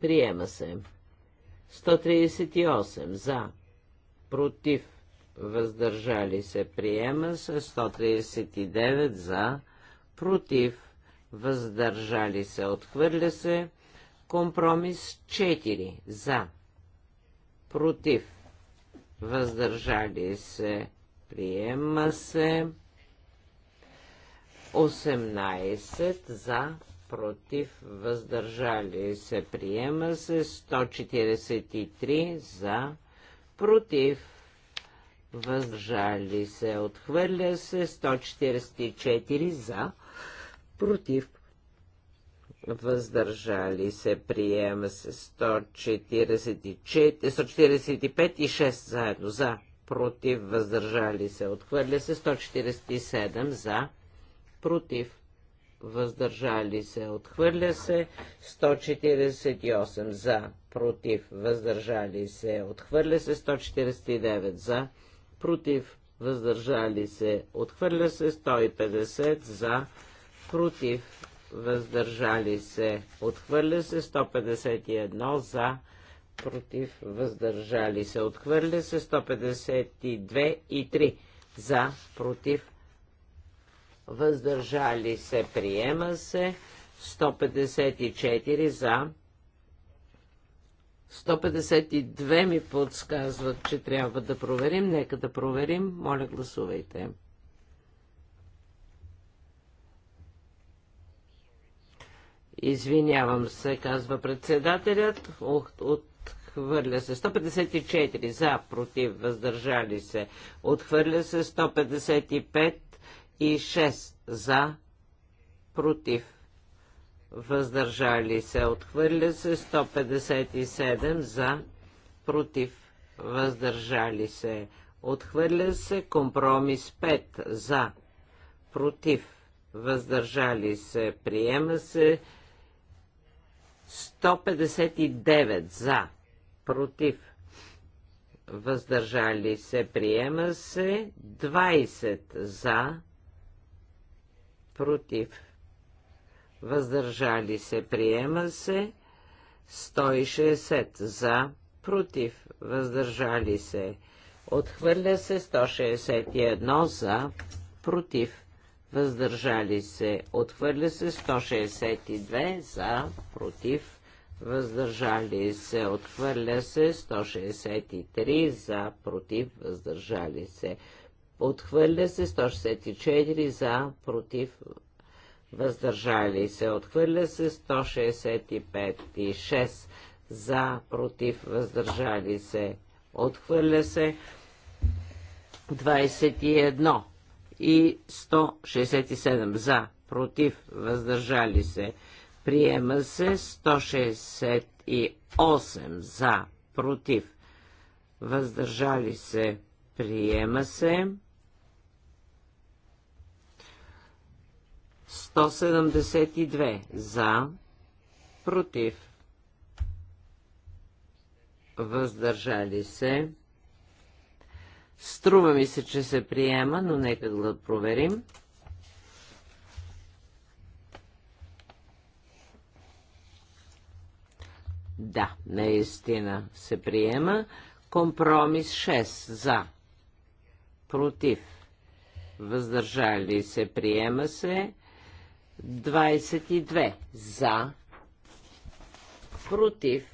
Приема се. 138 за, против, въздържали се, приема се, 139 за, против, въздържали се, отхвърля се. Компромис 4 за, против, въздържали се, приема се. 18 за, против, въздържали се, приема се. 143 за, против, въздържали се, отхвърля се. 144 за, против против, въздържали се, приема се 144, 145 и 6 заедно за, против, въздържали се, отхвърля се 147 за, против, въздържали се, отхвърля се 148 за, против, въздържали се, отхвърля се 149 за, против, въздържали се, отхвърля се 150 за, против, въздържали се, отхвърля се 151 за, против, въздържали се, отхвърля се 152 и 3 за, против, въздържали се, приема се 154 за, 152 ми подсказват, че трябва да проверим. Нека да проверим. Моля, гласувайте. Извинявам се, казва председателят. Отхвърля се. 154 за, против, въздържали се. Отхвърля се 155 и 6 за, против, въздържали се. Отхвърля се 157 за, против, въздържали се. Отхвърля се компромис 5 за, против, въздържали се. Приема се 159 за, против, въздържали се, приема се 20 за, против, въздържали се, приема се 160 за, против, въздържали се, отхвърля се 161 за, против, въздържали се, отхвърля се 162 за, против, въздържали се, отхвърля се 163 за, против, въздържали се, отхвърля се 164 за, против, въздържали се, отхвърля се 165 и 6 за, против, въздържали се, отхвърля се 21 и 167 за, против, въздържали се. Приема се 168 за, против, въздържали се. Приема се 172 за, против, въздържали се. Струва ми се, че се приема, но нека да проверим. Да, наистина се приема. Компромис 6 за. Против. Въздържали се. Приема се. 22 за. Против.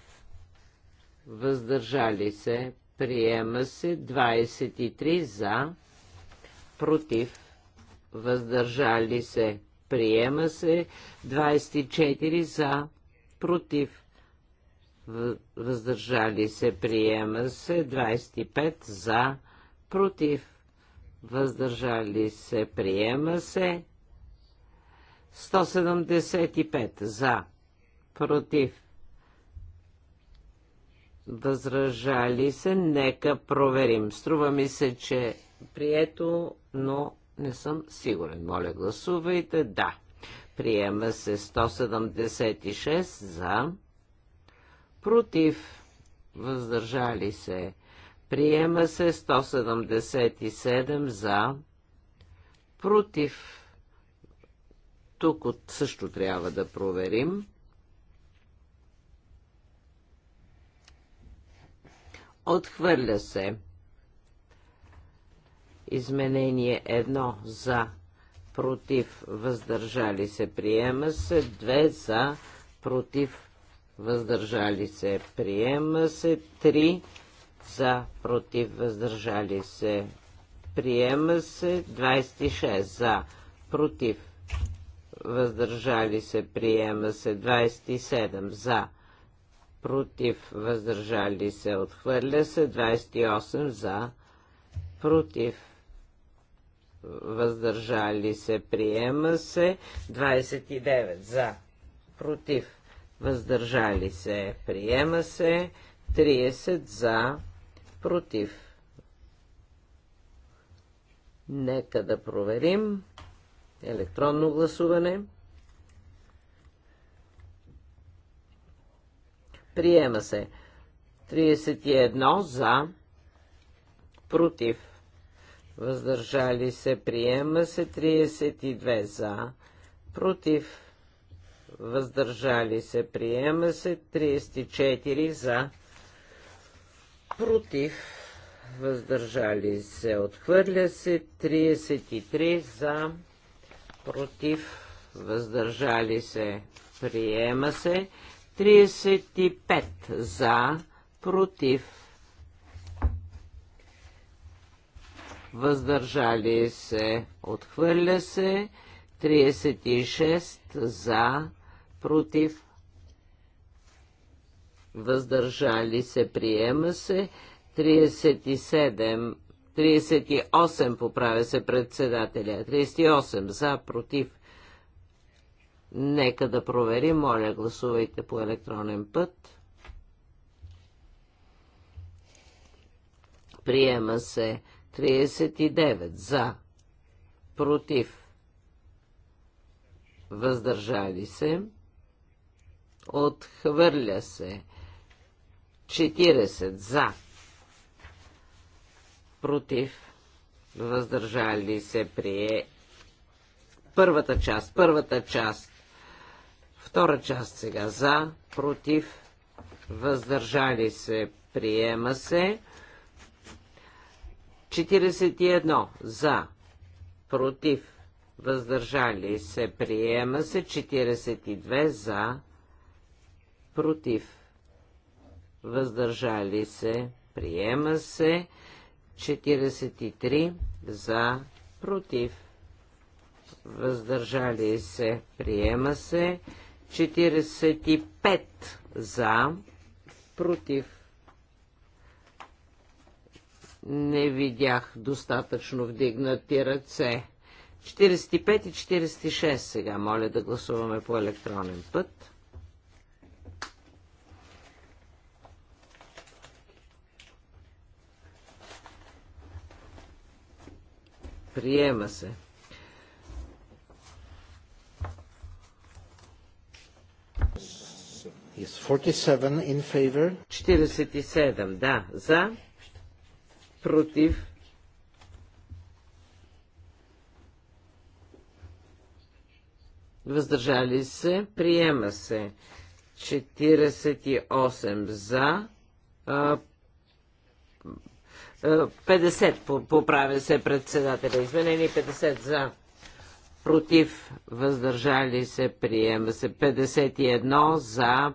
Въздържали се. Приема се 23 за, против, въздържали се. Приема се 24 за, против, въздържали се. Приема се 25 за, против, въздържали се. Приема се 175 за, против, Възражали се, нека проверим. Струва ми се, че прието, но не съм сигурен. Моля, гласувайте. Да. Приема се 176 за. Против. Въздържали се. Приема се 177 за. Против. Тук от също трябва да проверим. Отхвърля се. Изменение 1 за, против, въздържали се, приема се. 2 за, против, въздържали се, приема се. 3 за, против, въздържали се, приема се. 26 за, против, въздържали се, приема се. 27 за, против, против, въздържали се, отхвърля се, 28 за, против, въздържали се, приема се, 29 за, против, въздържали се, приема се, 30 за, против. Нека да проверим електронно гласуване. Приема се. 31 за, против, въздържали се. Приема се. 32 за, против, въздържали се. Приема се. 34 за, против, въздържали се. Отхвърля се. 33 за, против, въздържали се. Приема се. 35 за, против, въздържали се, отхвърля се, 36 за, против, въздържали се, приема се, 37, 38 поправя се председателя, 38 за, против, Нека да проверим. Моля, гласувайте по електронен път. Приема се 39 за, против, въздържали се, отхвърля се 40 за, против, въздържали се, прие първата част, първата част Втора част сега за, против, въздържали се, приема се. 41 за, против, въздържали се, приема се. 42 за, против, въздържали се, приема се. 43 за, против, въздържали се, приема се. 45 за, против. Не видях достатъчно вдигнати ръце. 45 и 46 сега. Моля да гласуваме по електронен път. Приема се. Yes, 47 in favor. 47, да, за, против, въздържали се, приема се. 48 за, а, 50 поправя се председателя. Изменени 50 за, против, въздържали се, приема се. 51 за,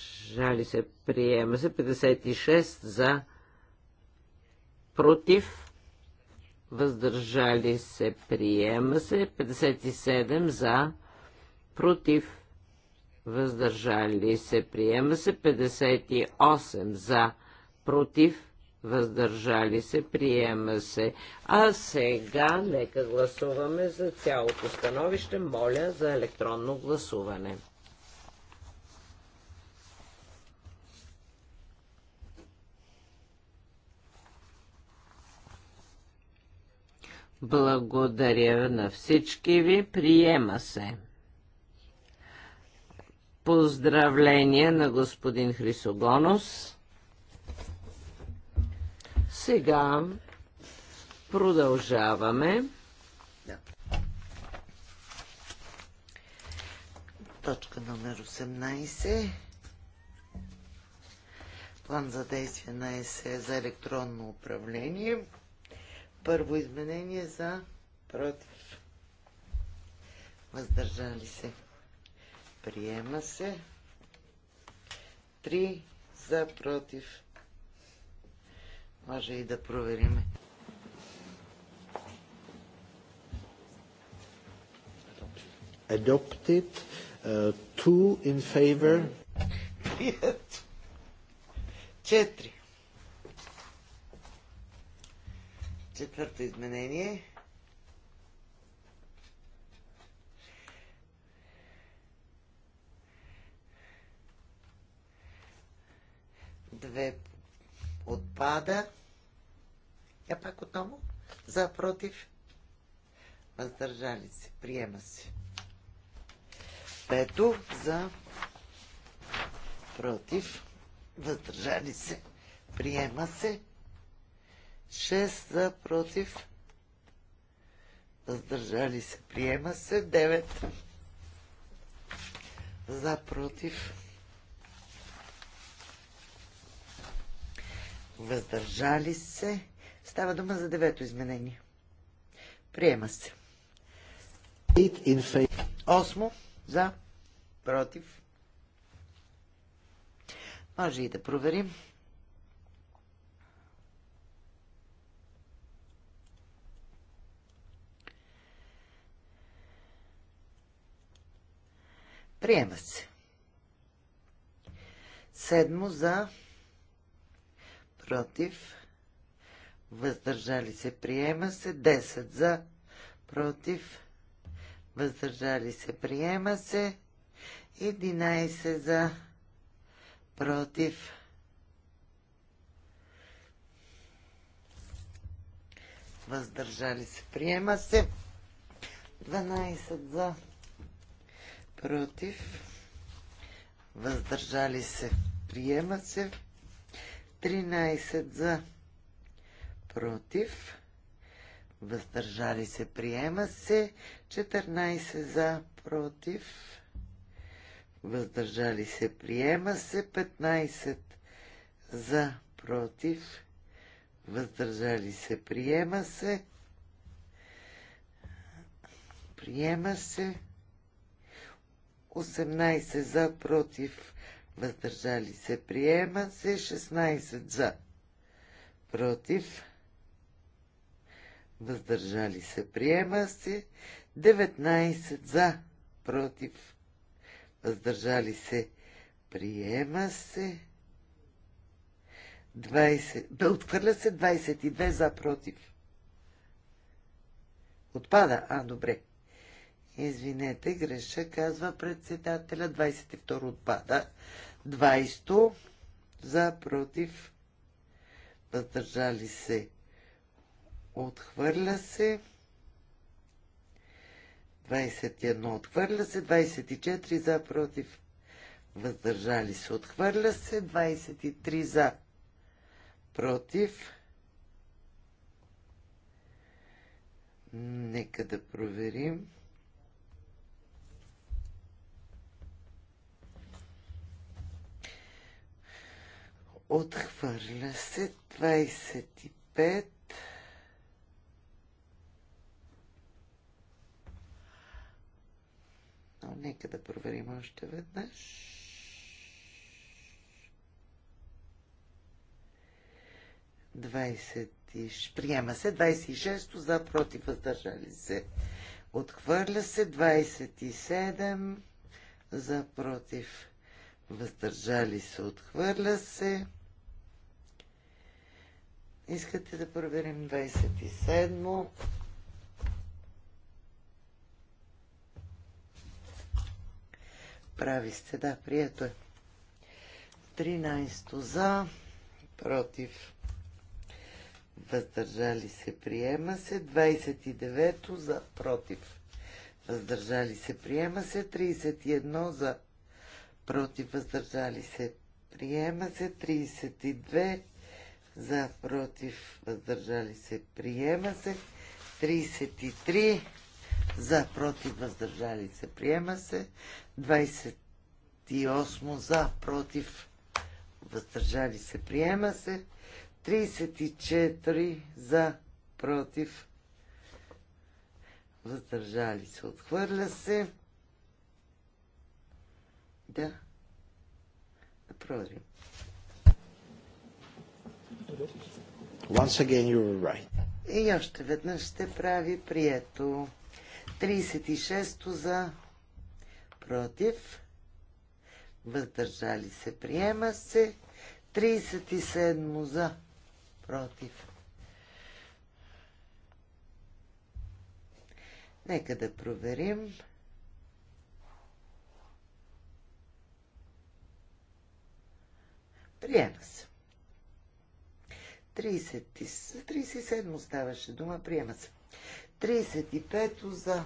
въздържали се, приема се. 56 за, против, въздържали се, приема се. 57 за, против, въздържали се, приема се. 58 за, против, въздържали се, приема се. А сега нека гласуваме за цялото становище. Моля за електронно гласуване. Благодаря на всички ви. Приема се. Поздравления на господин Хрисогонос. Сега продължаваме. Точка номер 18. План за действие на ЕСЕ за електронно управление. Първо изменение за против. Въздържали се. Приема се. Три за против. Може и да провериме. Adopted. Uh, two in favor. Четири. Четвърто изменение. Две отпада. Я пак отново. За, против. Въздържали се. Приема се. Пето за против. Въздържали се. Приема се. 6 за против. Въздържали се. Приема се. 9 за против. Въздържали се. Става дума за девето изменение. Приема се. Осмо за против. Може и да проверим. Приема се. Седмо за против. Въздържали се. Приема се. 10 за против. Въздържали се. Приема се. 11 за против. Въздържали се. Приема се. 12 за против, въздържали се, приема се. 13 за, против, въздържали се, приема се. 14 за, против, въздържали се, приема се. 15 за, против, въздържали се, приема се. Приема се. 18 за, против, въздържали се, приема се, 16 за, против, въздържали се, приема се, 19 за, против, въздържали се, приема се, 20, бе, отхвърля се 22 за, против. Отпада, а, добре. Извинете, греша, казва председателя. 22 отпада. 20 за против. Въздържали се. Отхвърля се. 21 отхвърля се. 24 за против. Въздържали се. Отхвърля се. 23 за против. Нека да проверим. Отхвърля се 25. Но нека да проверим още веднъж. Приема се 26 за против въздържали се. Отхвърля се 27 за против въздържали се. Отхвърля се. Искате да проверим 27-мо. Прави сте, да, прието е. 13 за, против, въздържали се, приема се. 29 то за, против, въздържали се, приема се. 31 за, против, въздържали се, приема се. 32 за против, въздържали се, приема се. 33 за против, въздържали се, приема се. 28 за против, въздържали се, приема се. 34 за против, въздържали се, отхвърля се. Да. Да проверим. Once again you were right. И още веднъж ще прави прието. 36-то за против. Въздържали се. Приема се. 37 за против. Нека да проверим. Приема се. 37 37 ставаше дума, приема се. 35 за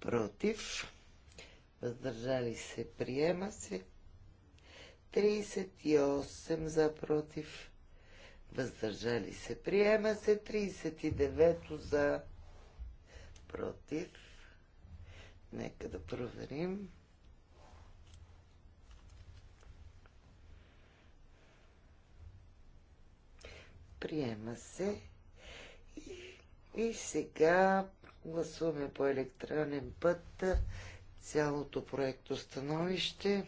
против, въздържали се, приема се. 38 за против, въздържали се, приема се. 39 за против. Нека да проверим. Приема се. И, и сега гласуваме по електронен път цялото проекто становище.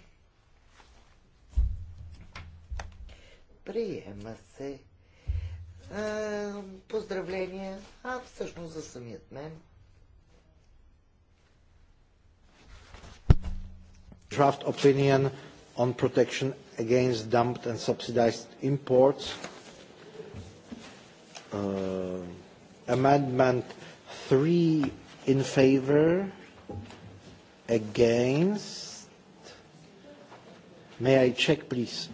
Приема се. А, поздравления, а всъщност за самият мен. Draft opinion on protection against dumped and subsidized imports Uh, amendment 3 in favor, against. May I check, please?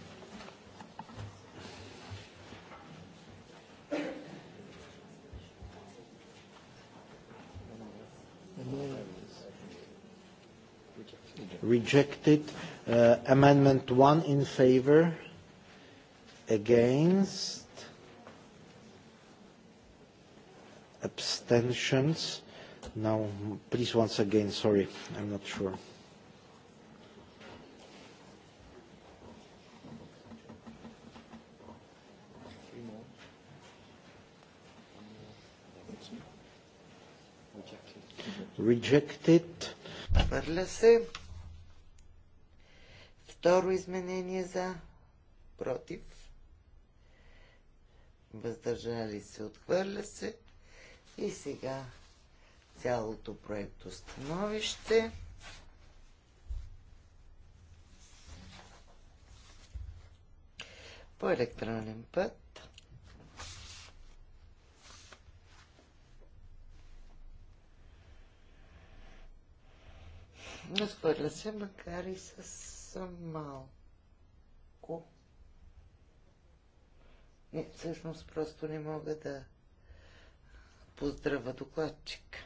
Rejected. Uh, amendment 1 in favor, against. abstentions. Now, please, once again, sorry, I'm not sure. Rejected. Хвърля се. Второ изменение за против. Въздържали се. Отхвърля се. И сега цялото проекто становище. По електронен път. Разхвърля се, макар и с малко. Не, всъщност просто не мога да поздрава докладчик.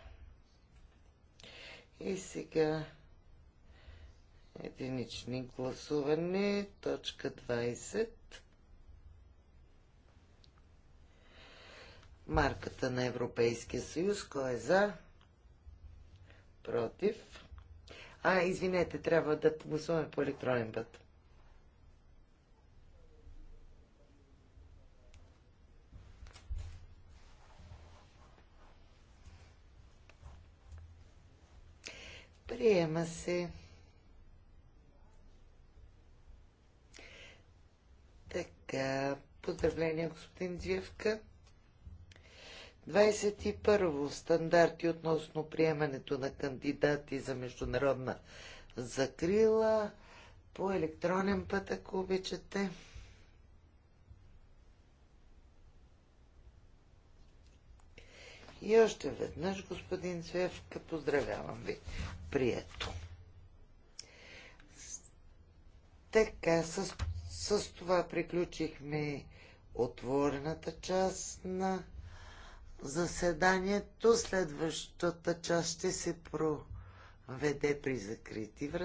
И сега единични гласуване, точка 20. Марката на Европейския съюз, кой е за? Против. А, извинете, трябва да гласуваме по електронен път. Приема се. Така, поздравления, господин Дзивка. 21. Стандарти относно приемането на кандидати за международна закрила по електронен път, ако обичате. И още веднъж, господин Цвевка, поздравявам ви. Прието. Така, с, с това приключихме отворената част на заседанието. Следващата част ще се проведе при закрити врата.